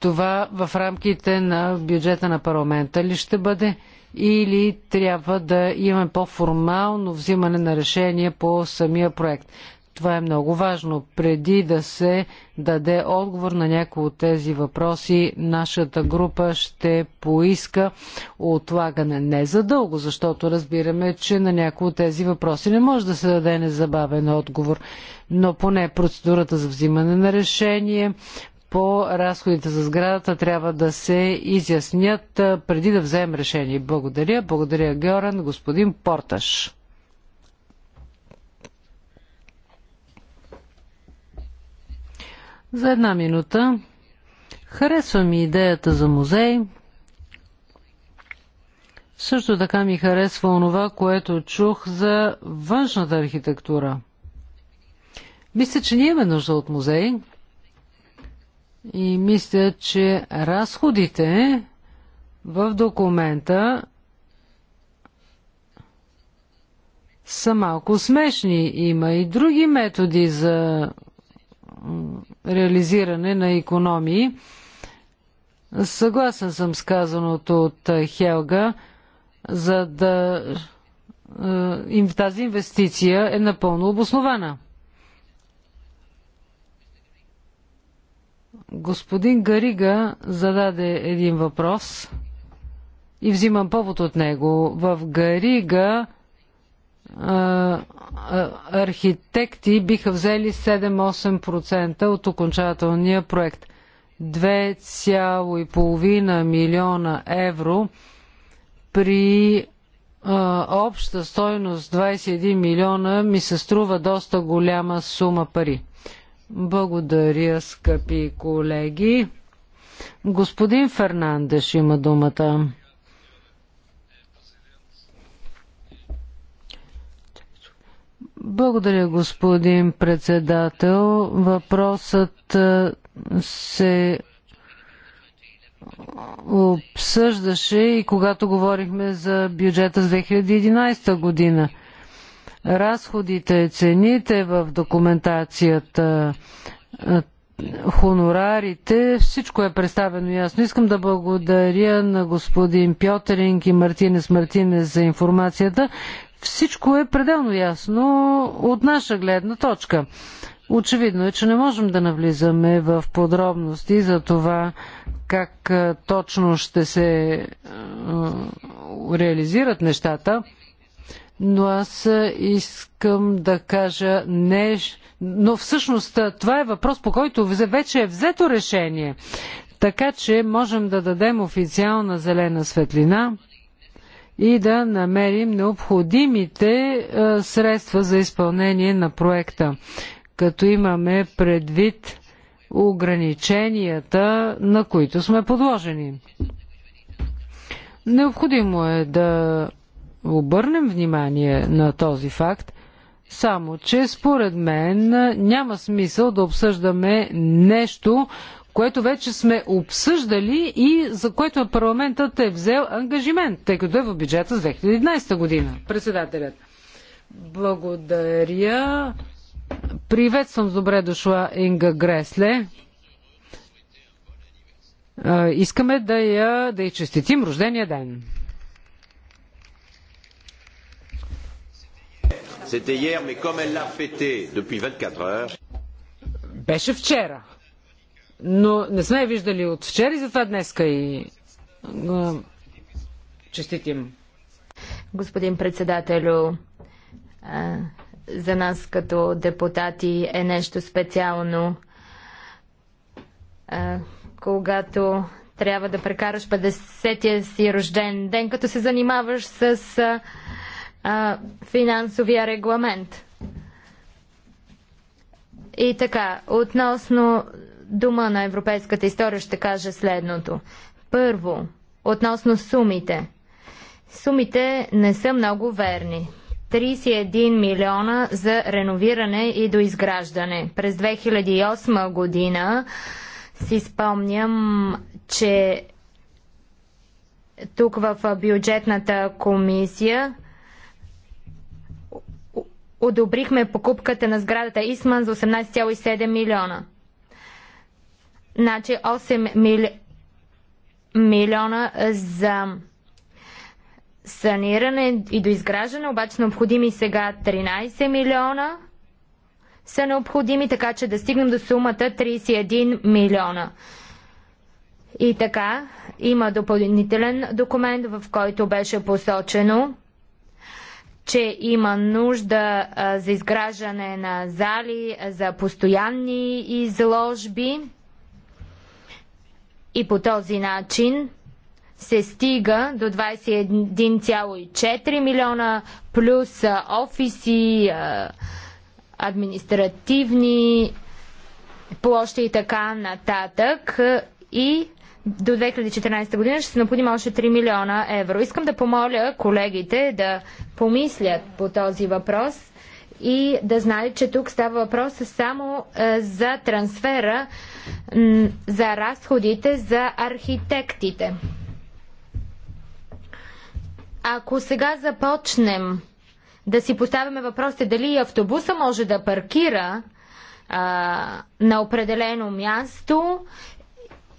това в рамките на бюджета на парламента ли ще бъде или трябва да имаме по-формално взимане на решение по самия проект. Това е много важно. Преди да се даде отговор на някои от тези въпроси, нашата група ще поиска отлагане. Не за дълго, защото разбираме, че на някои от тези въпроси не може да се даде незабавен отговор, но поне процедурата за взимане на решение по разходите за сградата трябва да се изяснят преди да вземем решение. Благодаря. Благодаря, Георан. Господин Порташ. За една минута. Харесва ми идеята за музей. Също така ми харесва онова, което чух за външната архитектура. Мисля, че ние имаме нужда от музей. И мисля, че разходите в документа са малко смешни. Има и други методи за реализиране на економии. Съгласен съм с казаното от Хелга, за да им тази инвестиция е напълно обоснована. Господин Гарига зададе един въпрос и взимам повод от него. В Гарига архитекти биха взели 7-8% от окончателния проект. 2,5 милиона евро при а, обща стойност 21 милиона ми се струва доста голяма сума пари. Благодаря, скъпи колеги. Господин Фернандеш има думата. Благодаря, господин председател. Въпросът се обсъждаше и когато говорихме за бюджета за 2011 година. Разходите, цените в документацията, хонорарите, всичко е представено ясно. Искам да благодаря на господин Пьотеринг и Мартинес Мартинес за информацията. Всичко е пределно ясно от наша гледна точка. Очевидно е, че не можем да навлизаме в подробности за това как точно ще се реализират нещата, но аз искам да кажа не. Но всъщност това е въпрос, по който вече е взето решение. Така че можем да дадем официална зелена светлина и да намерим необходимите средства за изпълнение на проекта, като имаме предвид ограниченията, на които сме подложени. Необходимо е да обърнем внимание на този факт, само че според мен няма смисъл да обсъждаме нещо, което вече сме обсъждали и за което парламентът е взел ангажимент, тъй като е в бюджета за 2011 година. Председателят. Благодаря. Приветствам с добре дошла Инга Гресле. Искаме да я, да я честитим рождения ден. Беше вчера но не сме я виждали от вчера и затова днеска и а, честитим. Господин председателю, за нас като депутати е нещо специално, когато трябва да прекараш 50-я си рожден ден, като се занимаваш с а, финансовия регламент. И така, относно дума на европейската история ще кажа следното. Първо, относно сумите. Сумите не са много верни. 31 милиона за реновиране и доизграждане. През 2008 година си спомням, че тук в бюджетната комисия одобрихме покупката на сградата Исман за 18,7 милиона. Значи 8 мили... милиона за саниране и доизграждане, обаче необходими сега 13 милиона са необходими, така че да стигнем до сумата 31 милиона. И така, има допълнителен документ, в който беше посочено, че има нужда а, за изграждане на зали, за постоянни изложби. И по този начин се стига до 21,4 милиона плюс офиси, административни площи и така нататък. И до 2014 година ще се необходим още 3 милиона евро. Искам да помоля колегите да помислят по този въпрос и да знаят, че тук става въпрос само за трансфера за разходите за архитектите. Ако сега започнем да си поставяме въпросите дали автобуса може да паркира а, на определено място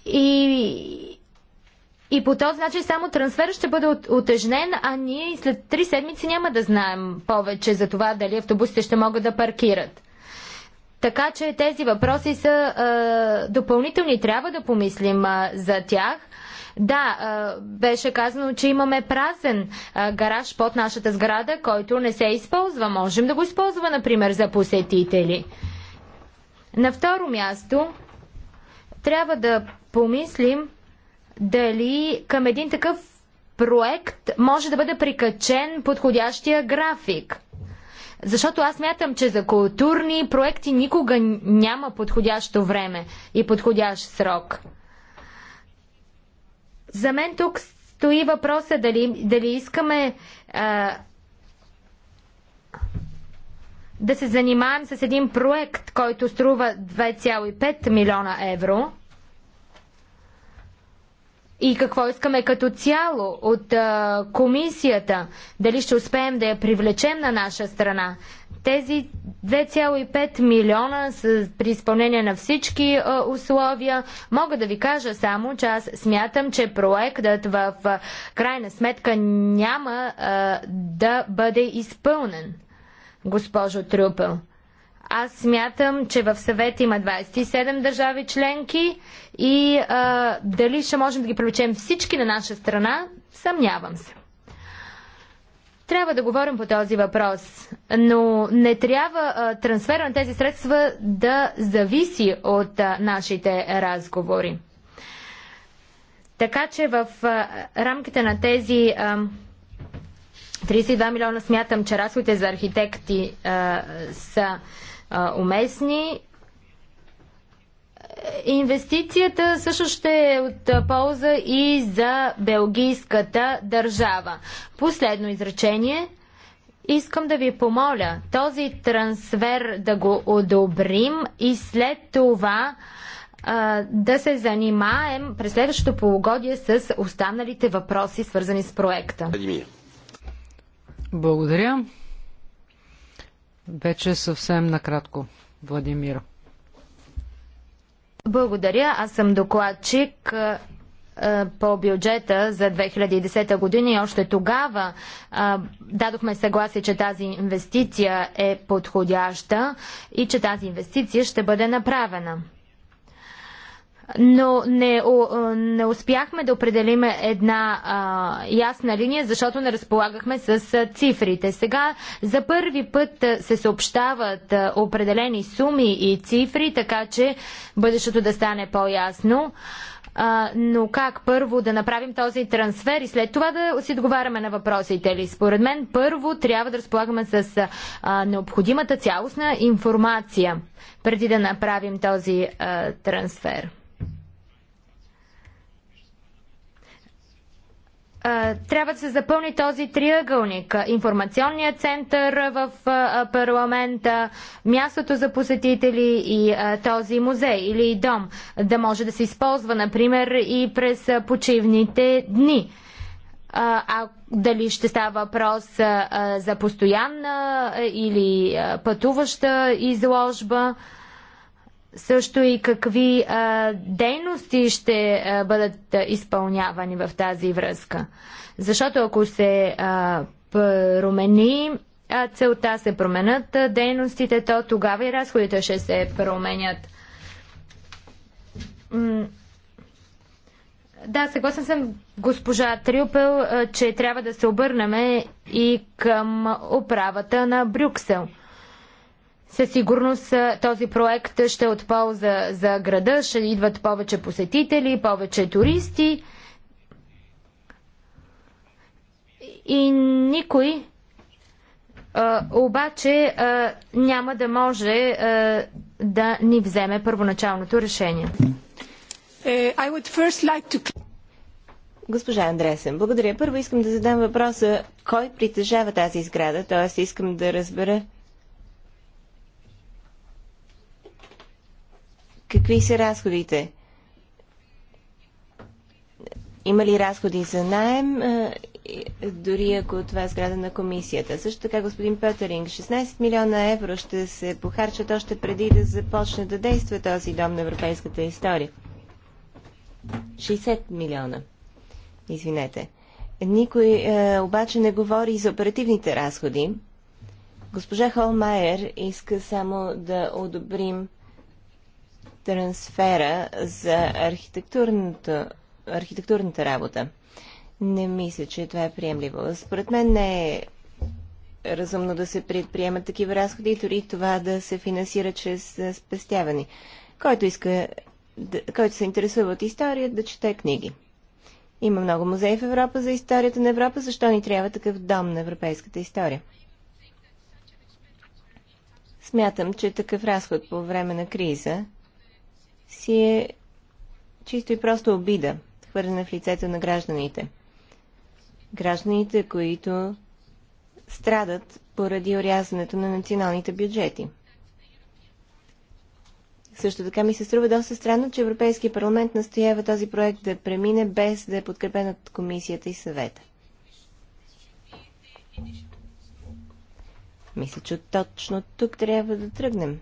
и, и по този начин само трансфер ще бъде отежнен, а ние след три седмици няма да знаем повече за това дали автобусите ще могат да паркират. Така че тези въпроси са а, допълнителни. Трябва да помислим а, за тях. Да, а, беше казано, че имаме празен а, гараж под нашата сграда, който не се използва. Можем да го използваме, например, за посетители. На второ място, трябва да помислим дали към един такъв проект може да бъде прикачен подходящия график – защото аз мятам, че за културни проекти никога няма подходящо време и подходящ срок. За мен тук стои въпроса дали, дали искаме а, да се занимаем с един проект, който струва 2,5 милиона евро – и какво искаме като цяло от а, комисията. Дали ще успеем да я привлечем на наша страна. Тези 2,5 милиона с, при изпълнение на всички а, условия, мога да ви кажа само, че аз смятам, че проектът в а, крайна сметка няма а, да бъде изпълнен, госпожо Трюпел. Аз смятам, че в съвет има 27 държави членки и а, дали ще можем да ги привлечем всички на наша страна, съмнявам се. Трябва да говорим по този въпрос, но не трябва а, трансфера на тези средства да зависи от а, нашите разговори. Така че в а, рамките на тези а, 32 милиона смятам, че разходите за архитекти а, са а, уместни. Инвестицията също ще е от полза и за белгийската държава. Последно изречение. Искам да ви помоля този трансфер да го одобрим и след това а, да се занимаем през следващото полугодие с останалите въпроси, свързани с проекта. Благодаря. Вече съвсем накратко, Владимира. Благодаря. Аз съм докладчик по бюджета за 2010 година и още тогава а, дадохме съгласие, че тази инвестиция е подходяща и че тази инвестиция ще бъде направена но не, не успяхме да определим една а, ясна линия, защото не разполагахме с цифрите. Сега за първи път се съобщават определени суми и цифри, така че бъдещето да стане по-ясно. но как първо да направим този трансфер и след това да си договаряме на въпросите ли? Според мен първо трябва да разполагаме с а, необходимата цялостна информация преди да направим този а, трансфер. трябва да се запълни този триъгълник. Информационният център в парламента, мястото за посетители и този музей или дом да може да се използва, например, и през почивните дни. А дали ще става въпрос за постоянна или пътуваща изложба? също и какви а, дейности ще а, бъдат а, изпълнявани в тази връзка. Защото ако се а, промени а, целта, се променят а, дейностите, то тогава и разходите ще се променят. М да, съгласен съм госпожа Трюпел, а, че трябва да се обърнем и към управата на Брюксел – със сигурност този проект ще е от полза за града, ще идват повече посетители, повече туристи. И никой а, обаче а, няма да може а, да ни вземе първоначалното решение. Е, like to... Госпожа Андресен, благодаря. Първо искам да задам въпроса кой притежава тази сграда, т.е. искам да разбера Какви са разходите? Има ли разходи за найем, е, дори ако това е сграда на комисията? Също така, господин Петеринг, 16 милиона евро ще се похарчат още преди да започне да действа този дом на европейската история. 60 милиона. Извинете. Никой е, обаче не говори за оперативните разходи. Госпожа Холмайер иска само да одобрим трансфера за архитектурната работа. Не мисля, че това е приемливо. Според мен не е разумно да се предприемат такива разходи и дори това да се финансира чрез спестяване. Който, иска, да, който се интересува от история, да чете книги. Има много музеи в Европа за историята на Европа. Защо ни трябва такъв дом на европейската история? Смятам, че такъв разход по време на криза си е чисто и просто обида, хвърлена в лицето на гражданите. Гражданите, които страдат поради орязването на националните бюджети. Също така ми се струва доста странно, че Европейския парламент настоява този проект да премине без да е подкрепен от комисията и съвета. Мисля, че точно тук трябва да тръгнем.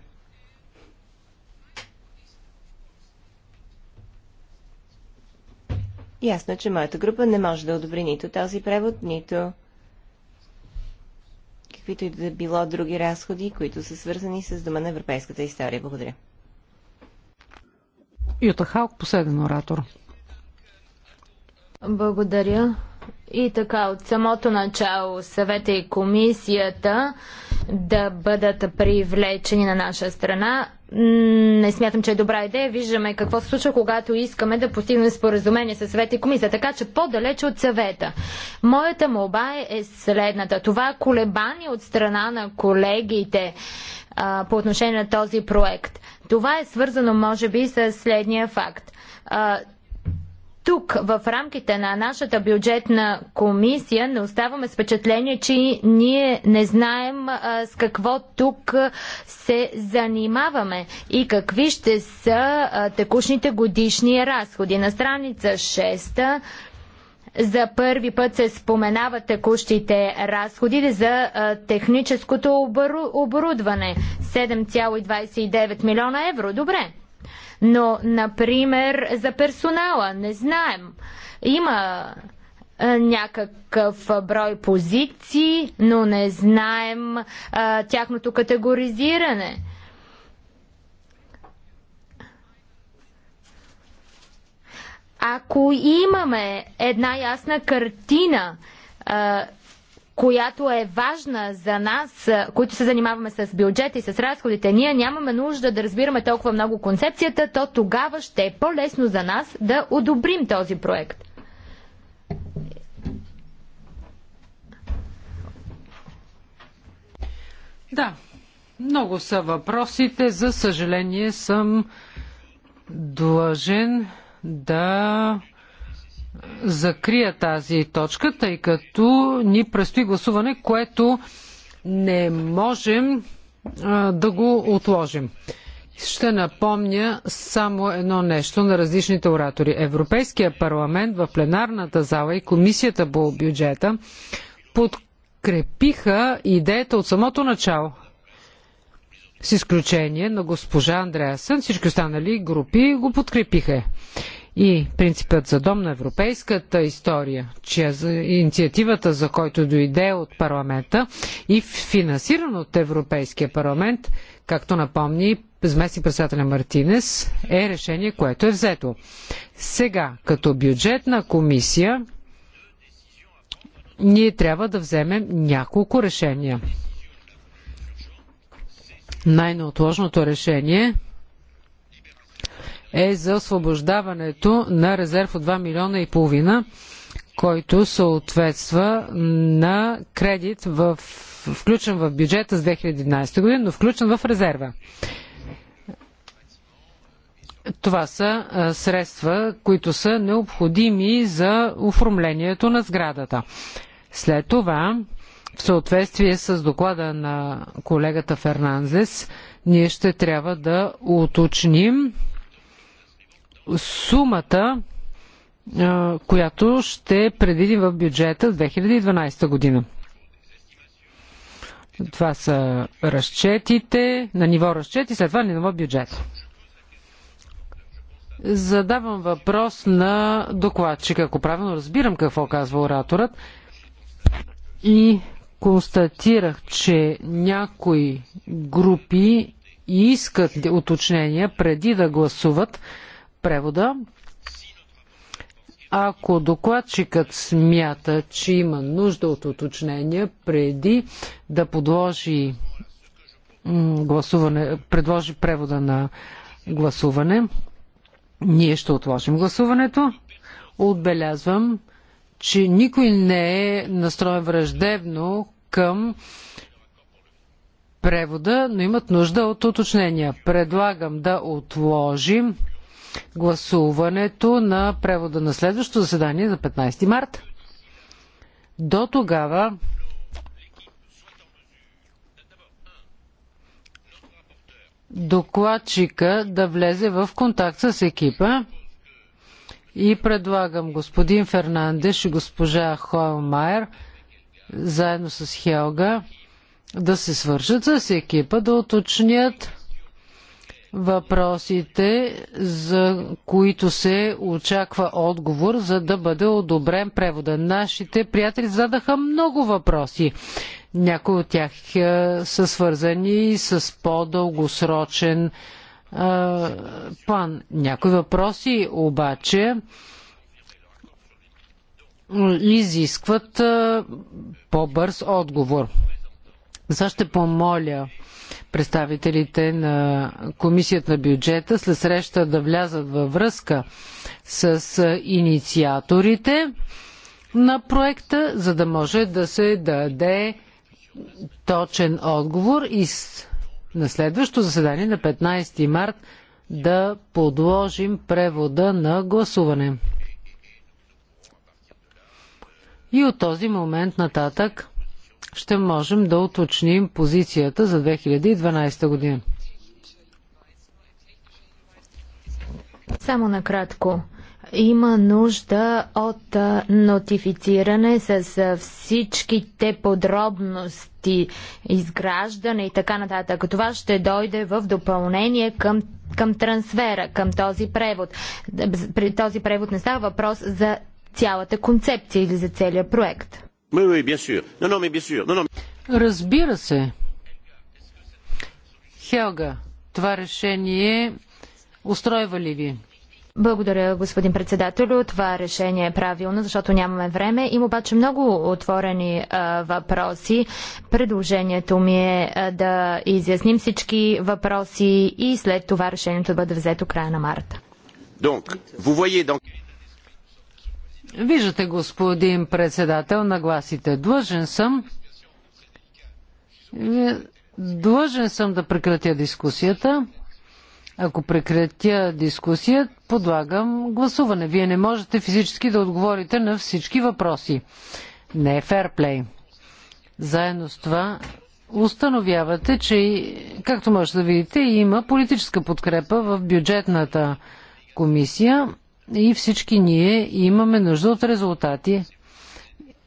Ясно че моята група не може да одобри нито този превод, нито каквито и да било други разходи, които са свързани с Дома на европейската история. Благодаря. Юта Халк, последен оратор. Благодаря. И така, от самото начало съвета и комисията да бъдат привлечени на наша страна. Не смятам, че е добра идея. Виждаме какво се случва, когато искаме да постигнем споразумение с съвета и комисия. Така че по-далече от съвета. Моята молба е, е следната. Това колебание от страна на колегите а, по отношение на този проект. Това е свързано, може би, с следния факт. А, тук, в рамките на нашата бюджетна комисия, не оставаме с впечатление, че ние не знаем а, с какво тук се занимаваме и какви ще са а, текущните годишни разходи. На страница 6 за първи път се споменават текущите разходи за а, техническото оборудване 7,29 милиона евро. Добре. Но, например, за персонала не знаем. Има е, някакъв брой позиции, но не знаем а, е, тяхното категоризиране. Ако имаме една ясна картина а, е, която е важна за нас, които се занимаваме с бюджета и с разходите, ние нямаме нужда да разбираме толкова много концепцията, то тогава ще е по-лесно за нас да одобрим този проект. Да, много са въпросите. За съжаление съм длъжен да закрия тази точка, тъй като ни предстои гласуване, което не можем а, да го отложим. Ще напомня само едно нещо на различните оратори. Европейския парламент в пленарната зала и комисията по бюджета подкрепиха идеята от самото начало. С изключение на госпожа Андреасън, всички останали групи го подкрепиха. И принципът за дом на европейската история, че инициативата, за който дойде от парламента и финансиран от Европейския парламент, както напомни заместник председателя Мартинес, е решение, което е взето. Сега, като бюджетна комисия, ние трябва да вземем няколко решения. Най-неотложното решение е за освобождаването на резерв от 2 милиона и половина, който съответства на кредит в, включен в бюджета с 2011 година, но включен в резерва. Това са средства, които са необходими за оформлението на сградата. След това, в съответствие с доклада на колегата Фернандес, ние ще трябва да уточним сумата, която ще предвидим в бюджета 2012 година. Това са разчетите, на ниво разчети, след това на ниво бюджет. Задавам въпрос на докладчика, ако правилно разбирам какво казва ораторът. И констатирах, че някои групи искат уточнения преди да гласуват превода. Ако докладчикът смята, че има нужда от уточнения преди да подложи гласуване, предложи превода на гласуване, ние ще отложим гласуването. Отбелязвам, че никой не е настроен враждебно към превода, но имат нужда от уточнения. Предлагам да отложим гласуването на превода на следващото заседание за 15 март. До тогава докладчика да влезе в контакт с екипа и предлагам господин Фернандеш и госпожа Холмайер заедно с Хелга да се свържат с екипа, да уточнят въпросите, за които се очаква отговор, за да бъде одобрен превода. Нашите приятели задаха много въпроси. Някои от тях е, са свързани с по-дългосрочен е, план. Някои въпроси обаче изискват е, по-бърз отговор. Сега ще помоля представителите на Комисията на бюджета след среща да влязат във връзка с инициаторите на проекта, за да може да се даде точен отговор и на следващото заседание на 15 март да подложим превода на гласуване. И от този момент нататък ще можем да уточним позицията за 2012 година. Само накратко. Има нужда от нотифициране с всичките подробности, изграждане и така нататък. Това ще дойде в допълнение към към трансфера, към този превод. При този превод не става въпрос за цялата концепция или за целият проект. Разбира се. Хелга, това решение устройва ли ви? Благодаря, господин председател, Това решение е правилно, защото нямаме време. Има обаче много отворени а, въпроси. Предложението ми е а, да изясним всички въпроси и след това решението да бъде взето края на марта. Donc, vous voyez Виждате, господин председател, нагласите. Длъжен съм. Длъжен съм да прекратя дискусията. Ако прекратя дискусия, подлагам гласуване. Вие не можете физически да отговорите на всички въпроси. Не е ферплей. Заедно с това установявате, че, както можете да видите, има политическа подкрепа в бюджетната комисия и всички ние имаме нужда от резултати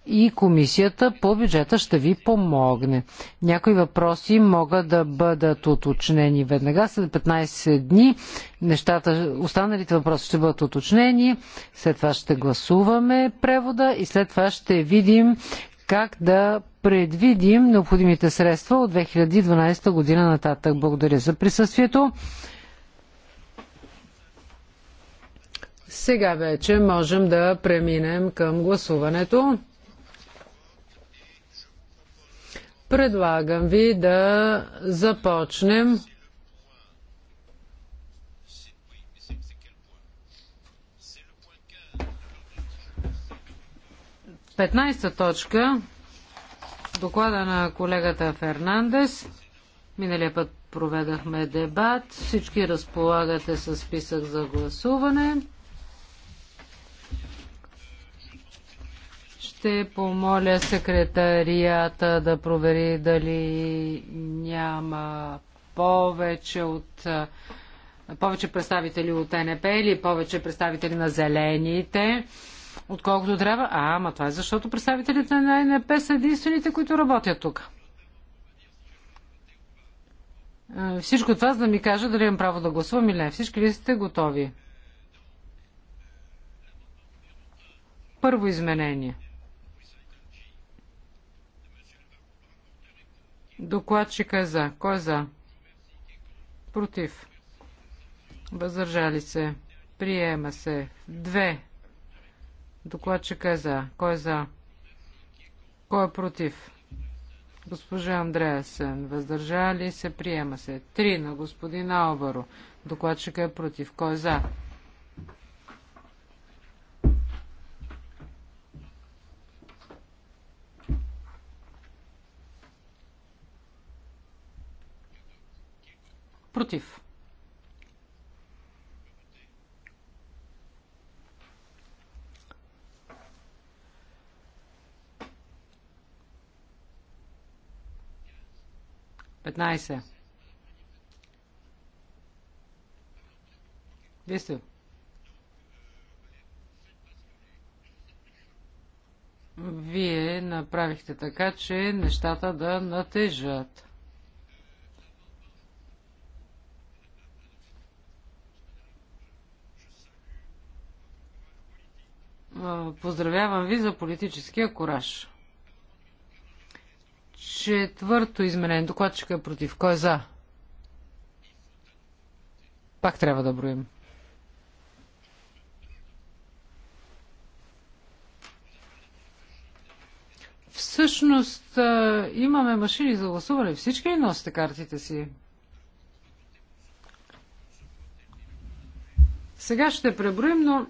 и комисията по бюджета ще ви помогне. Някои въпроси могат да бъдат уточнени веднага след 15 дни. Нещата, останалите въпроси ще бъдат уточнени. След това ще гласуваме превода и след това ще видим как да предвидим необходимите средства от 2012 година нататък. Благодаря за присъствието. Сега вече можем да преминем към гласуването. Предлагам ви да започнем Петнайста точка доклада на колегата Фернандес. Миналия път проведахме дебат. Всички разполагате с списък за гласуване. ще помоля секретарията да провери дали няма повече от повече представители от НП или повече представители на зелените, отколкото трябва. А, ама това е защото представителите на НП са единствените, които работят тук. Е, всичко това, за да ми кажа дали имам право да гласувам или не. Всички ли сте готови? Първо изменение. Докладчика е за. Кой е за? Против. Въздържали се. Приема се. Две. Докладчика е за. Кой е за? Кой е против? Госпожа Андреасен. Въздържали се. Приема се. Три на господин Албаро. Докладчика е против. Кой е за? Против. Петнайсе. Вие сте. Вие направихте така, че нещата да натежат. Поздравявам ви за политическия кораж. Четвърто изменение. Докладчика е против. Кой е за? Пак трябва да броим. Всъщност имаме машини за гласуване. Всички ли носите картите си? Сега ще преброим, но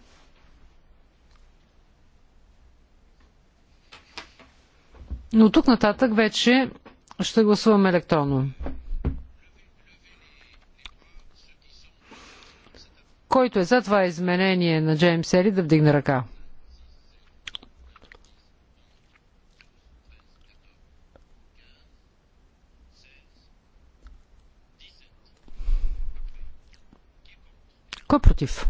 Но тук нататък вече ще гласуваме електронно. Който е за това изменение на Джеймс Ели да вдигне ръка. Кой е против?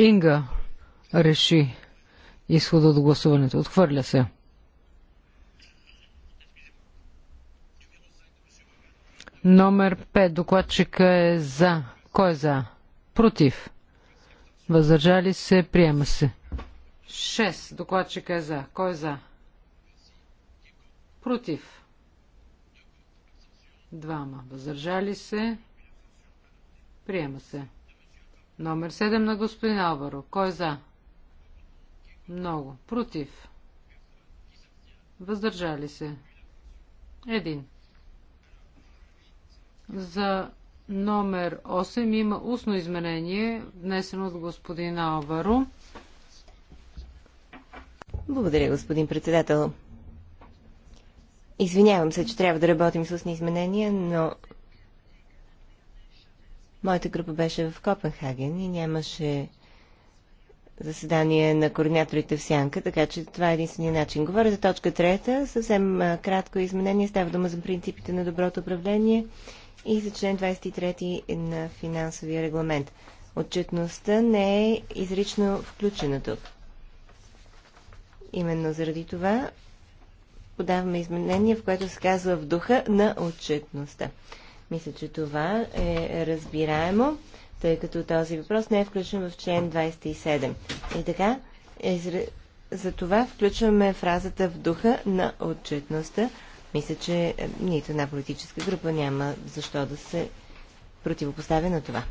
Инга реши изхода от гласуването. Отхвърля се. Номер 5. Докладчика е за. Кой е за? Против. Въздържали се. Приема се. 6. Докладчика е за. Кой е за? Против. Двама. Въздържали се. Приема се. Номер 7 на господин Алваро. Кой е за? Много. Против. Въздържали се. Един. За номер 8 има устно изменение, внесено от господин Алваро. Благодаря, господин председател. Извинявам се, че трябва да работим с изменения, но Моята група беше в Копенхаген и нямаше заседание на координаторите в Сянка, така че това е единствения начин. Говоря за точка трета, съвсем кратко изменение. Става дума за принципите на доброто управление и за член 23 на финансовия регламент. Отчетността не е изрично включена тук. Именно заради това подаваме изменение, в което се казва в духа на отчетността. Мисля, че това е разбираемо, тъй като този въпрос не е включен в член 27. И така, изр... за това включваме фразата в духа на отчетността. Мисля, че е, нито една политическа група няма защо да се противопоставя на това.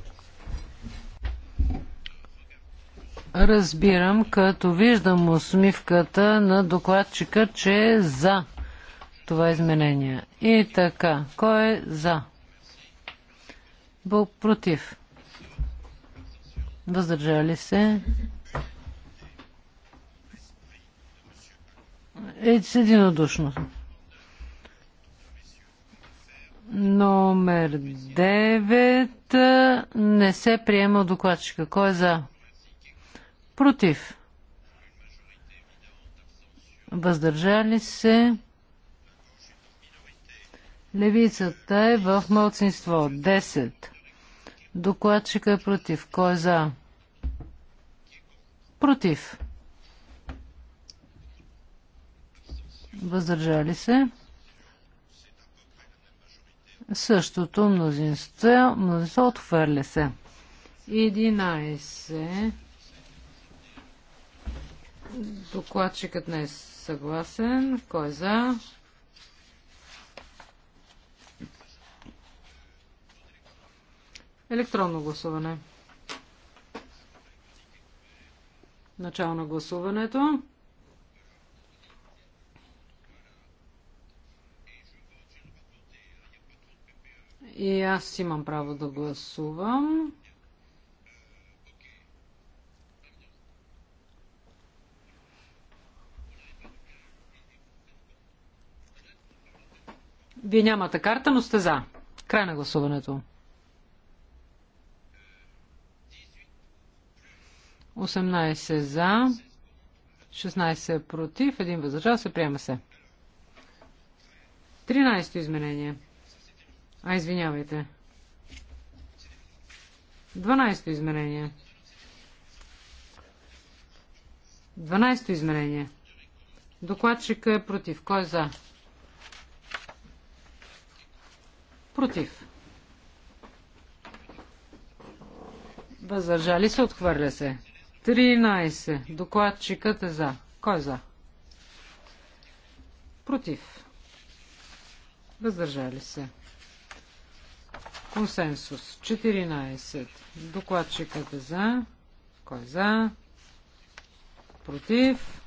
Разбирам, като виждам усмивката на докладчика, че е за това изменение. И така, кой е за? Бог против. Въздържали се. Е, с единодушно. Номер 9 не се приема докладчика. Кой е за? Против. Въздържали се. Левицата е в мълцинство. 10. Докладчика е против. Кой е за? Против. Въздържали се. Същото мнозинство, мнозинство отхвърля се. 11. Докладчикът не е съгласен. Кой е за? Електронно гласуване. Начало на гласуването. И аз имам право да гласувам. Вие нямате карта, но сте за. Край на гласуването. 18 за, 16 против, 1 въздържал се, приема се. 13 изменение. А, извинявайте. 12 изменение. 12 изменение. Докладчика е против. Кой е за? Против. Въздържали се, отхвърля се. 13. Докладчикът е за. Кой е за? Против. Въздържали се. Консенсус. 14. Докладчикът е за. Кой е за? Против.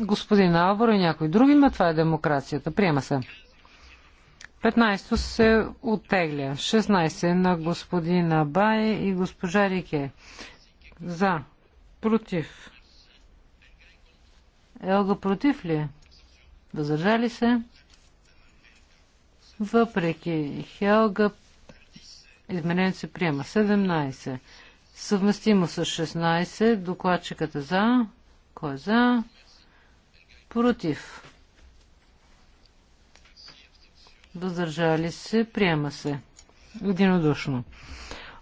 Господин Алваро и някой други, но това е демокрацията. Приема се. 15 се оттегля. 16 на господина Бае и госпожа Рике. За. Против. Елга против ли е? Въздържали се? Въпреки Хелга, изменението се приема. 17. Съвместимо с 16. Докладчикът е за. Кой е за? Против въздържали се, приема се. Единодушно.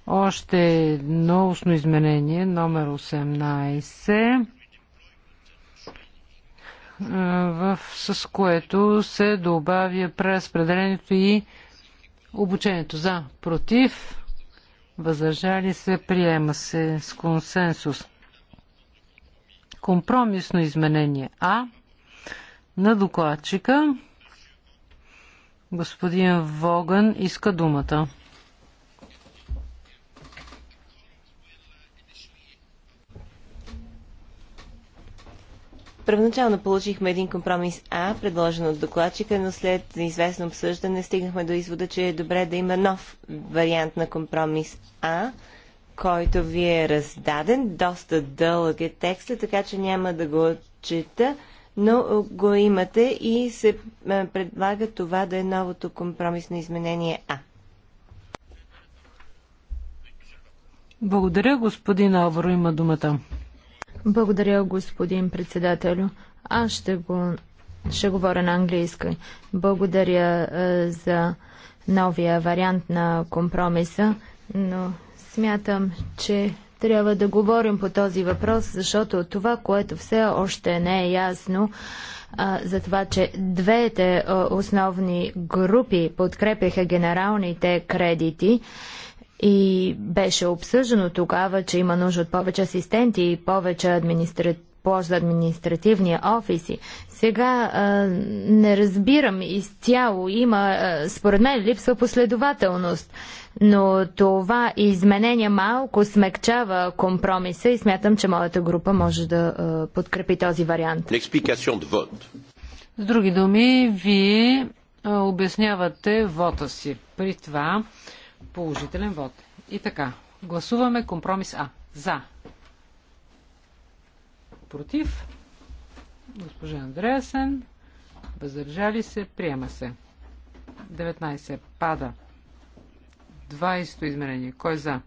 Още едно устно изменение, номер 18, в, с което се добавя преразпределението и обучението за против, въздържали се, приема се с консенсус. Компромисно изменение А на докладчика. Господин Воган иска думата. Първоначално получихме един компромис А, предложен от докладчика, но след известно обсъждане стигнахме до извода, че е добре да има нов вариант на компромис А, който ви е раздаден. Доста дълъг е текста, така че няма да го чета но е, го имате и се е, предлага това да е новото компромисно изменение А. Благодаря, господин Алваро има думата. Благодаря, господин председателю. Аз ще, го, ще говоря на английски. Благодаря е, за новия вариант на компромиса, но смятам, че трябва да говорим по този въпрос, защото това, което все още не е ясно, за това, че двете основни групи подкрепяха генералните кредити и беше обсъждано тогава, че има нужда от повече асистенти и повече административни площ за административни офиси. Сега а, не разбирам изцяло, има, а, според мен липсва последователност, но това изменение малко смекчава компромиса и смятам, че моята група може да а, подкрепи този вариант. С други думи, вие обяснявате вота си. При това положителен вод. И така, гласуваме компромис А. За против, госпожа Андреасен, въздържали се, приема се. 19. Пада. 20 измерение. Кой е за?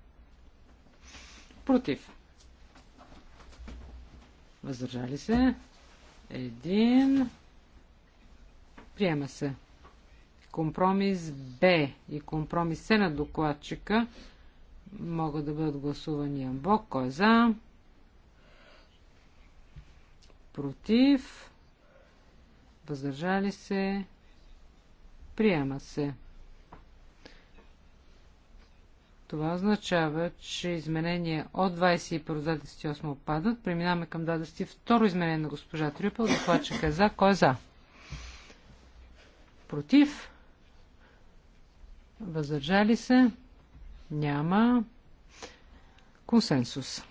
Против. Въздържали се. Един. Приема се. Компромис Б и компромис С на докладчика могат да бъдат гласувани амбок. Кой е за? против, въздържали се, приема се. Това означава, че изменения от 21 до 28 опадат. Преминаваме към 22 изменение на госпожа Трюпел. че е за. Кой е за? Против? Въздържали се? Няма. Консенсус.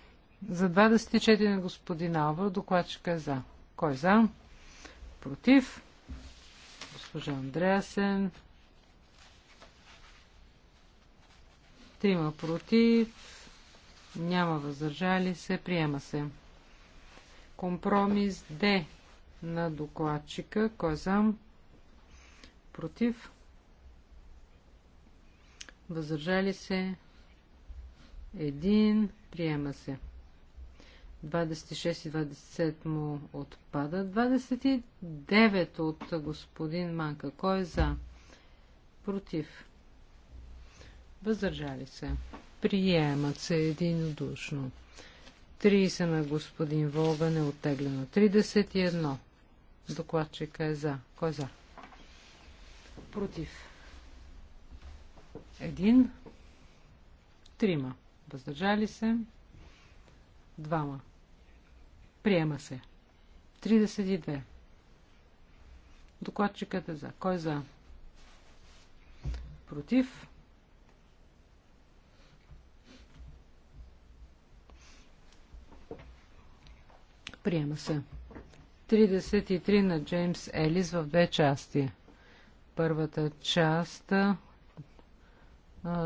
За 24 на господин Алвар, докладчика е за. Кой е за? Против. Госпожа Андреасен. Трима против. Няма въздържали се. Приема се. Компромис Д на докладчика. Кой е за? Против. Въздържали се. Един. Приема се. 26 и 27 отпада. 29 от господин Манка. Кой е за? Против. Въздържали се. Приемат се единодушно. 30 на господин Волган е оттеглено. 31. Докладчика е за. Кой е за? Против. Един. Трима. Въздържали се. Двама. Приема се. 32. Докладчикът е за. Кой е за? Против. Приема се. 33 на Джеймс Елис в две части. Първата част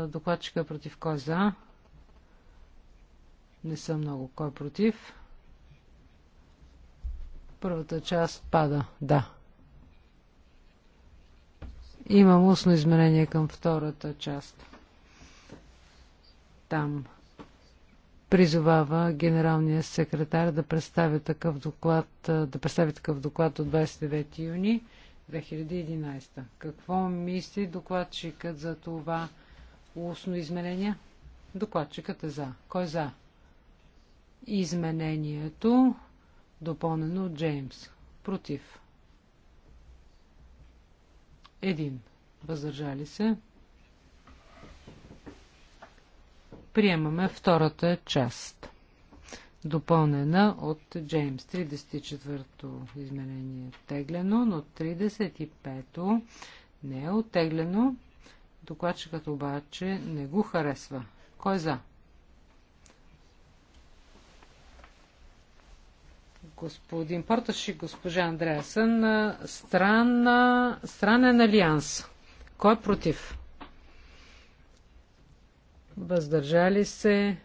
докладчика е против кой е за? Не съм много кой против. Първата част пада. Да. Имам устно изменение към втората част. Там призовава генералния секретар да представи такъв доклад, да представи такъв доклад от 29 юни 2011. Какво мисли докладчикът за това устно изменение? Докладчикът е за. Кой е за? Изменението допълнено от Джеймс. Против. Един. Въздържали се. Приемаме втората част. Допълнена от Джеймс. 34-то изменение е теглено, но 35-то не е оттеглено. Докладчикът обаче не го харесва. Кой е за? господин Порташ и госпожа Андреасън. Странна, странен алианс. Кой е против? Въздържали се.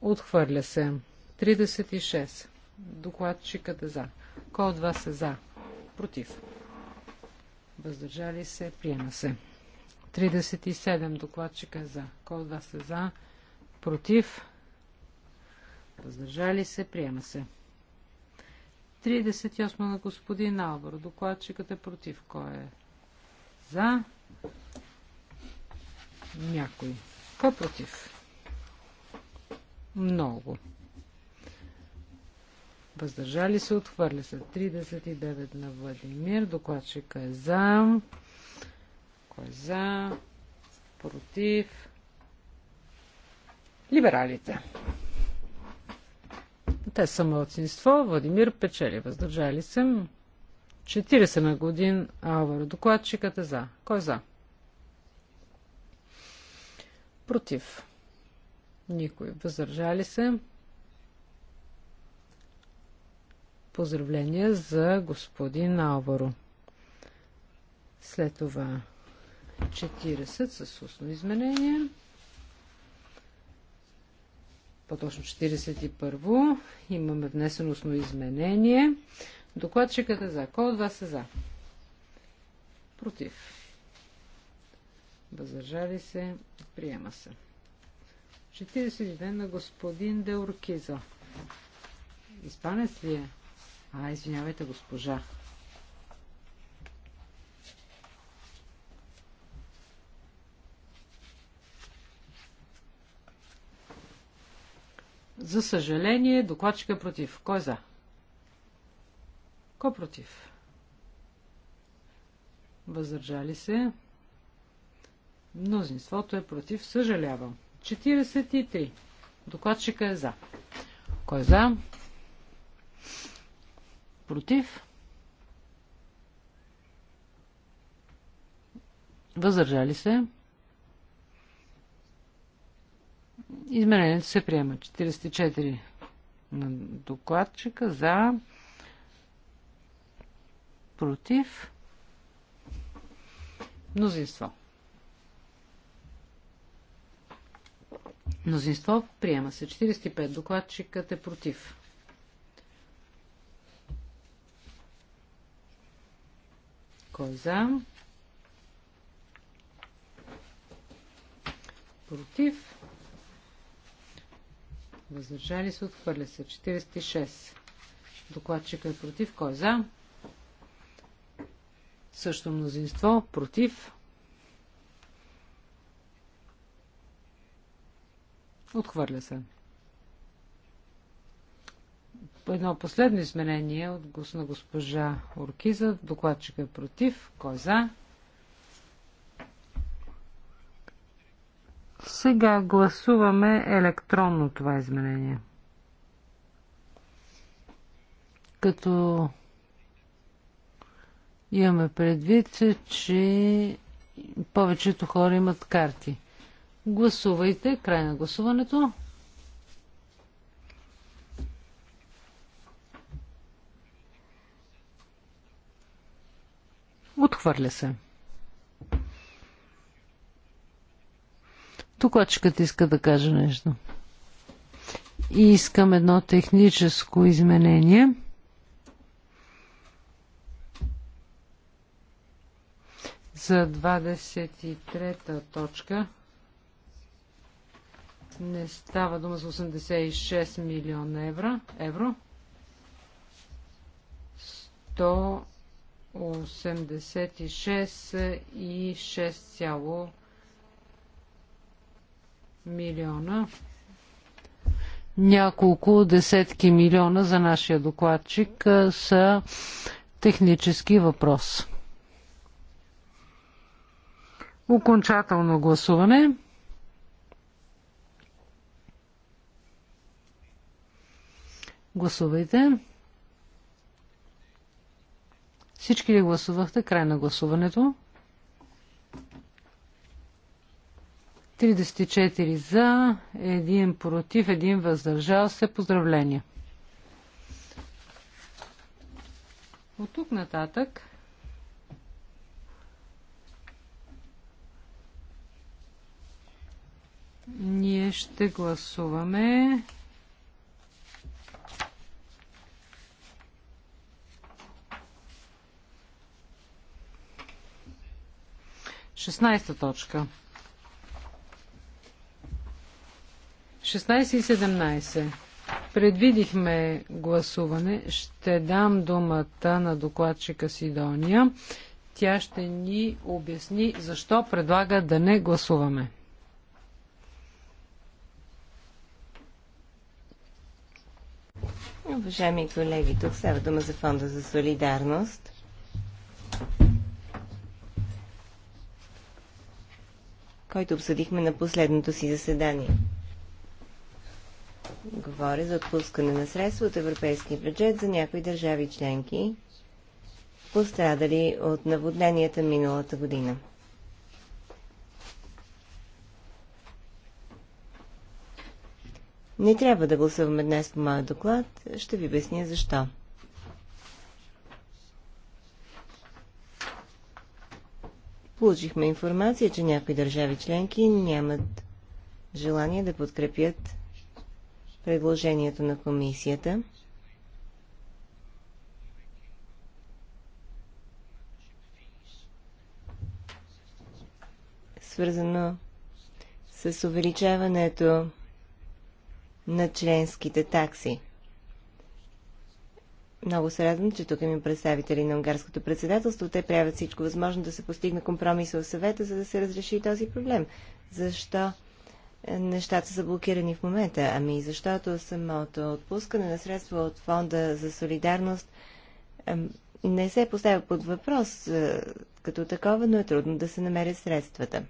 Отхвърля се. 36. Докладчикът е за. Кой от вас е за? Против. Въздържали се. Приема се. 37. Докладчика е за. Кой от вас е за? Против. Въздържали се. Приема се. 38 на господин Албор. Докладчикът е против. Кой е за? Някой. Кой е против? Много. Въздържали се, отхвърля се. 39 на Владимир. Докладчика е за. Кой е за? Против. Либералите. Те са младсинство. Владимир печели. Въздържали се. 40 на годин. Алваро. Докладчикът е за. Кой е за? Против. Никой. Въздържали се. Поздравления за господин Алваро. След това 40 с устно изменение по-точно 41. Имаме внесено изменение. Докладчикът е за. Кой от вас е за? Против. Възържали се. Приема се. 42 на господин Деоркиза. Испанец ли е? А, извинявайте, госпожа. За съжаление, докладчика е против. Кой е за? Кой е против? Въздържали се. Мнозинството е против. Съжалявам. 43. Докладчика е за. Кой е за? Против? Въздържали се. Изменението се приема. 44 на докладчика за против мнозинство. Мнозинство приема се. 45 докладчикът е против. Кой е за? Против. Въздържали се. Отхвърля се. 46. Докладчика е против. Кой е за? Също мнозинство. Против. Отхвърля се. Едно последно изменение от на госпожа Оркиза. Докладчика е против. Кой е за? Сега гласуваме електронно това изменение. Като имаме предвид, че повечето хора имат карти. Гласувайте. Край на гласуването. Отхвърля се. Докладчикът иска да каже нещо. И искам едно техническо изменение. За 23-та точка не става дума за 86 милиона евро. евро. 186 и милиона. Няколко десетки милиона за нашия докладчик са технически въпрос. Окончателно гласуване. Гласувайте. Всички ли гласувахте? Край на гласуването. 34 за, 1 против, 1 въздържал се. Поздравления! От тук нататък ние ще гласуваме Шестнайста точка. 16 и 17. Предвидихме гласуване. Ще дам думата на докладчика Сидония. Тя ще ни обясни защо предлага да не гласуваме. Уважаеми колеги, тук става дума за Фонда за солидарност. който обсъдихме на последното си заседание. Говоря за отпускане на средства от европейския бюджет за някои държави членки, пострадали от наводненията миналата година. Не трябва да гласуваме днес по моя доклад. Ще ви обясня защо. Получихме информация, че някои държави членки нямат желание да подкрепят предложението на комисията. Свързано с увеличаването на членските такси. Много се радвам, че тук има представители на унгарското председателство. Те правят всичко възможно да се постигне компромис в съвета, за да се разреши този проблем. Защо нещата са блокирани в момента? Ами защото самото отпускане на средства от Фонда за солидарност не се поставя под въпрос като такова, но е трудно да се намерят средствата.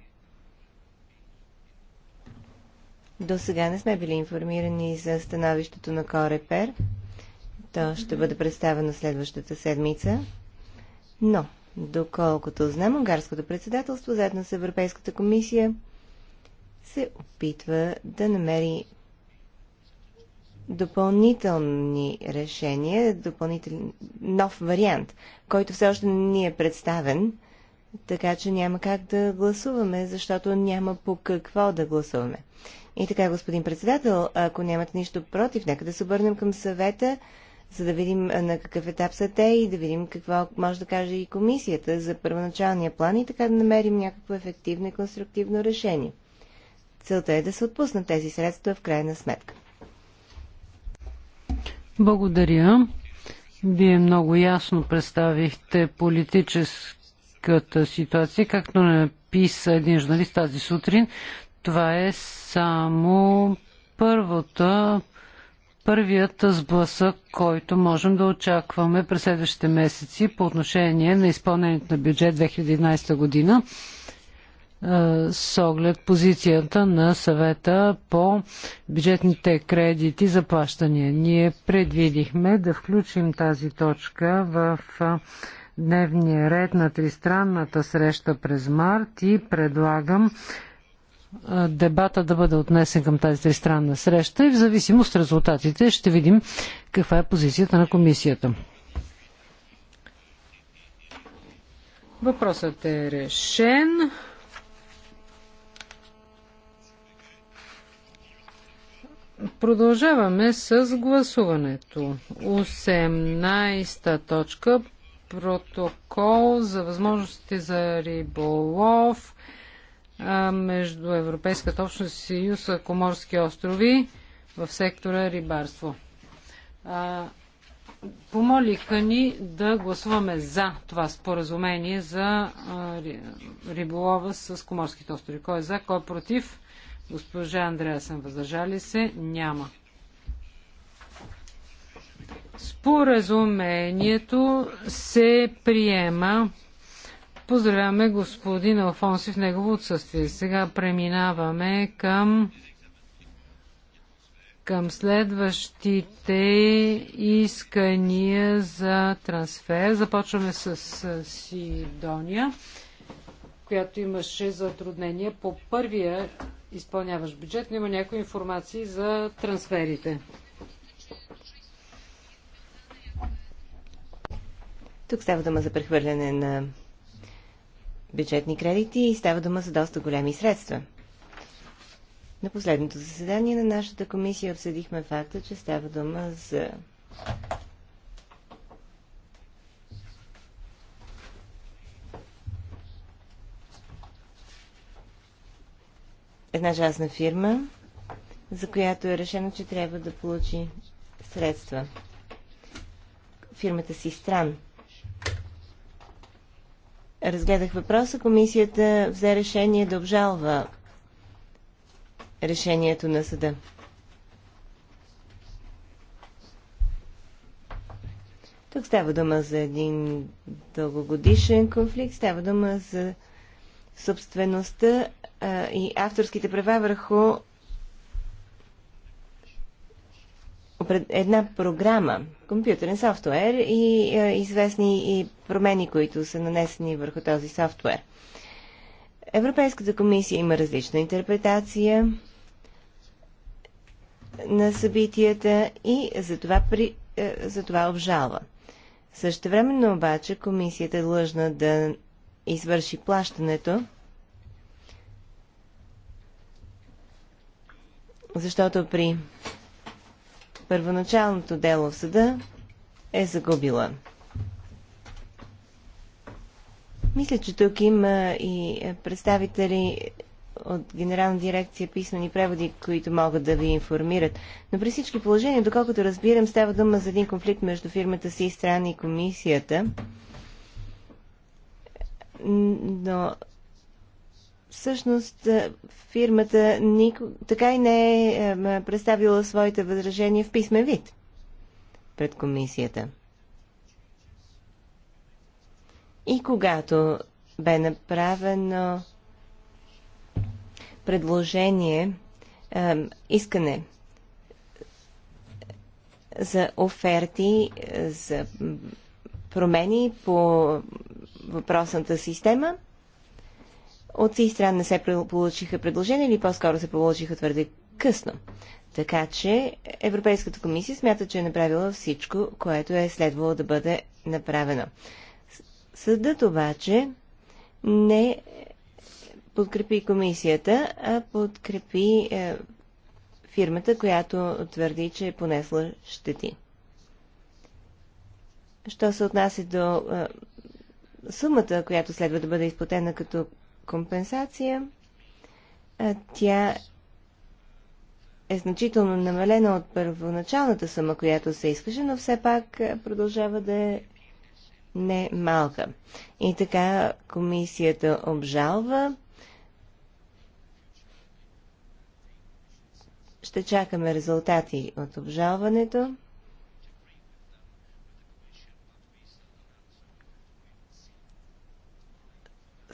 До сега не сме били информирани за становището на Корепер. То ще бъде представено следващата седмица. Но, доколкото знам, Унгарското председателство, заедно с Европейската комисия, се опитва да намери допълнителни решения, допълнителен нов вариант, който все още ни е представен, така че няма как да гласуваме, защото няма по какво да гласуваме. И така, господин председател, ако нямате нищо против, нека да се обърнем към съвета, за да видим на какъв етап са те и да видим какво може да каже и комисията за първоначалния план и така да намерим някакво ефективно и конструктивно решение. Целта е да се отпуснат тези средства в крайна сметка. Благодаря. Вие много ясно представихте политическата ситуация, както написа един журналист тази сутрин. Това е само първата, първият сблъсък, който можем да очакваме през следващите месеци по отношение на изпълнението на бюджет 2011 година с оглед позицията на съвета по бюджетните кредити за плащания. Ние предвидихме да включим тази точка в дневния ред на тристранната среща през март и предлагам дебата да бъде отнесен към тази тристранна среща и в зависимост от резултатите ще видим каква е позицията на комисията. Въпросът е решен. Продължаваме с гласуването. 18-та точка. Протокол за възможности за риболов между Европейската общност и Съюз Коморски острови в сектора рибарство. Помолиха ни да гласуваме за това споразумение за риболова с Коморските острови. Кой е за, кой е против? Госпожа Андреасен, въздържали се? Няма. Споразумението се приема. Поздравяме господин Алфонси в негово отсъствие. Сега преминаваме към към следващите искания за трансфер. Започваме с Сидония, която имаше затруднения по първия изпълняваш бюджет, но има някои информации за трансферите. Тук става дума за прехвърляне на бюджетни кредити и става дума за доста големи средства. На последното заседание на нашата комисия обсъдихме факта, че става дума за една частна фирма, за която е решено, че трябва да получи средства. Фирмата си стран. Разгледах въпроса. Комисията взе решение да обжалва решението на съда. Тук става дума за един дългогодишен конфликт, става дума за собствеността а, и авторските права върху една програма, компютърен софтуер и а, известни и промени, които са нанесени върху този софтуер. Европейската комисия има различна интерпретация на събитията и затова, при, е, затова обжалва. Същевременно обаче комисията е длъжна да извърши плащането, защото при първоначалното дело в съда е загубила. Мисля, че тук има и представители от Генерална дирекция писмени преводи, които могат да ви информират. Но при всички положения, доколкото разбирам, става дума за един конфликт между фирмата си и страна и комисията но всъщност е, фирмата нико... така и не е представила своите възражения в писмен вид пред комисията. И когато бе направено предложение, искане за оферти, е, за промени по въпросната система. От си страна не се получиха предложения или по-скоро се получиха твърде късно. Така че Европейската комисия смята, че е направила всичко, което е следвало да бъде направено. Съдът обаче не подкрепи комисията, а подкрепи е, фирмата, която твърди, че е понесла щети. Що се отнася до е, сумата, която следва да бъде изплатена като компенсация, тя е значително намалена от първоначалната сума, която се искаше, но все пак продължава да е не малка. И така комисията обжалва. Ще чакаме резултати от обжалването.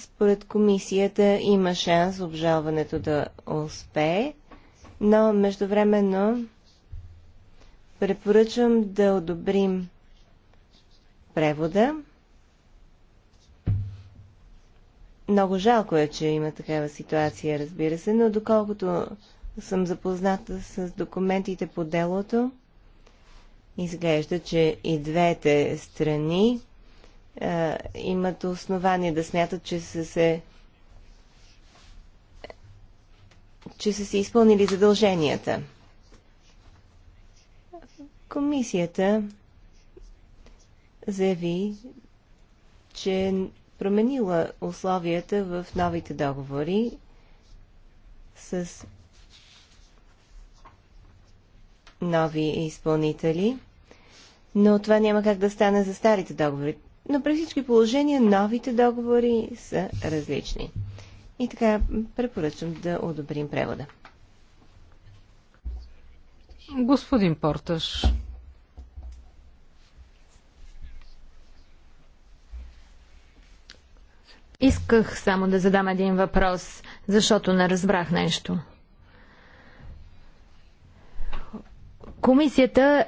Според комисията има шанс обжалването да успее, но междувременно препоръчвам да одобрим превода. Много жалко е, че има такава ситуация, разбира се, но доколкото съм запозната с документите по делото, изглежда, че и двете страни а, е, имат основание да смятат, че са се че са се изпълнили задълженията. Комисията заяви, че променила условията в новите договори с нови изпълнители, но това няма как да стане за старите договори но при всички положения новите договори са различни. И така препоръчвам да одобрим превода. Господин Порташ, Исках само да задам един въпрос, защото не разбрах нещо. Комисията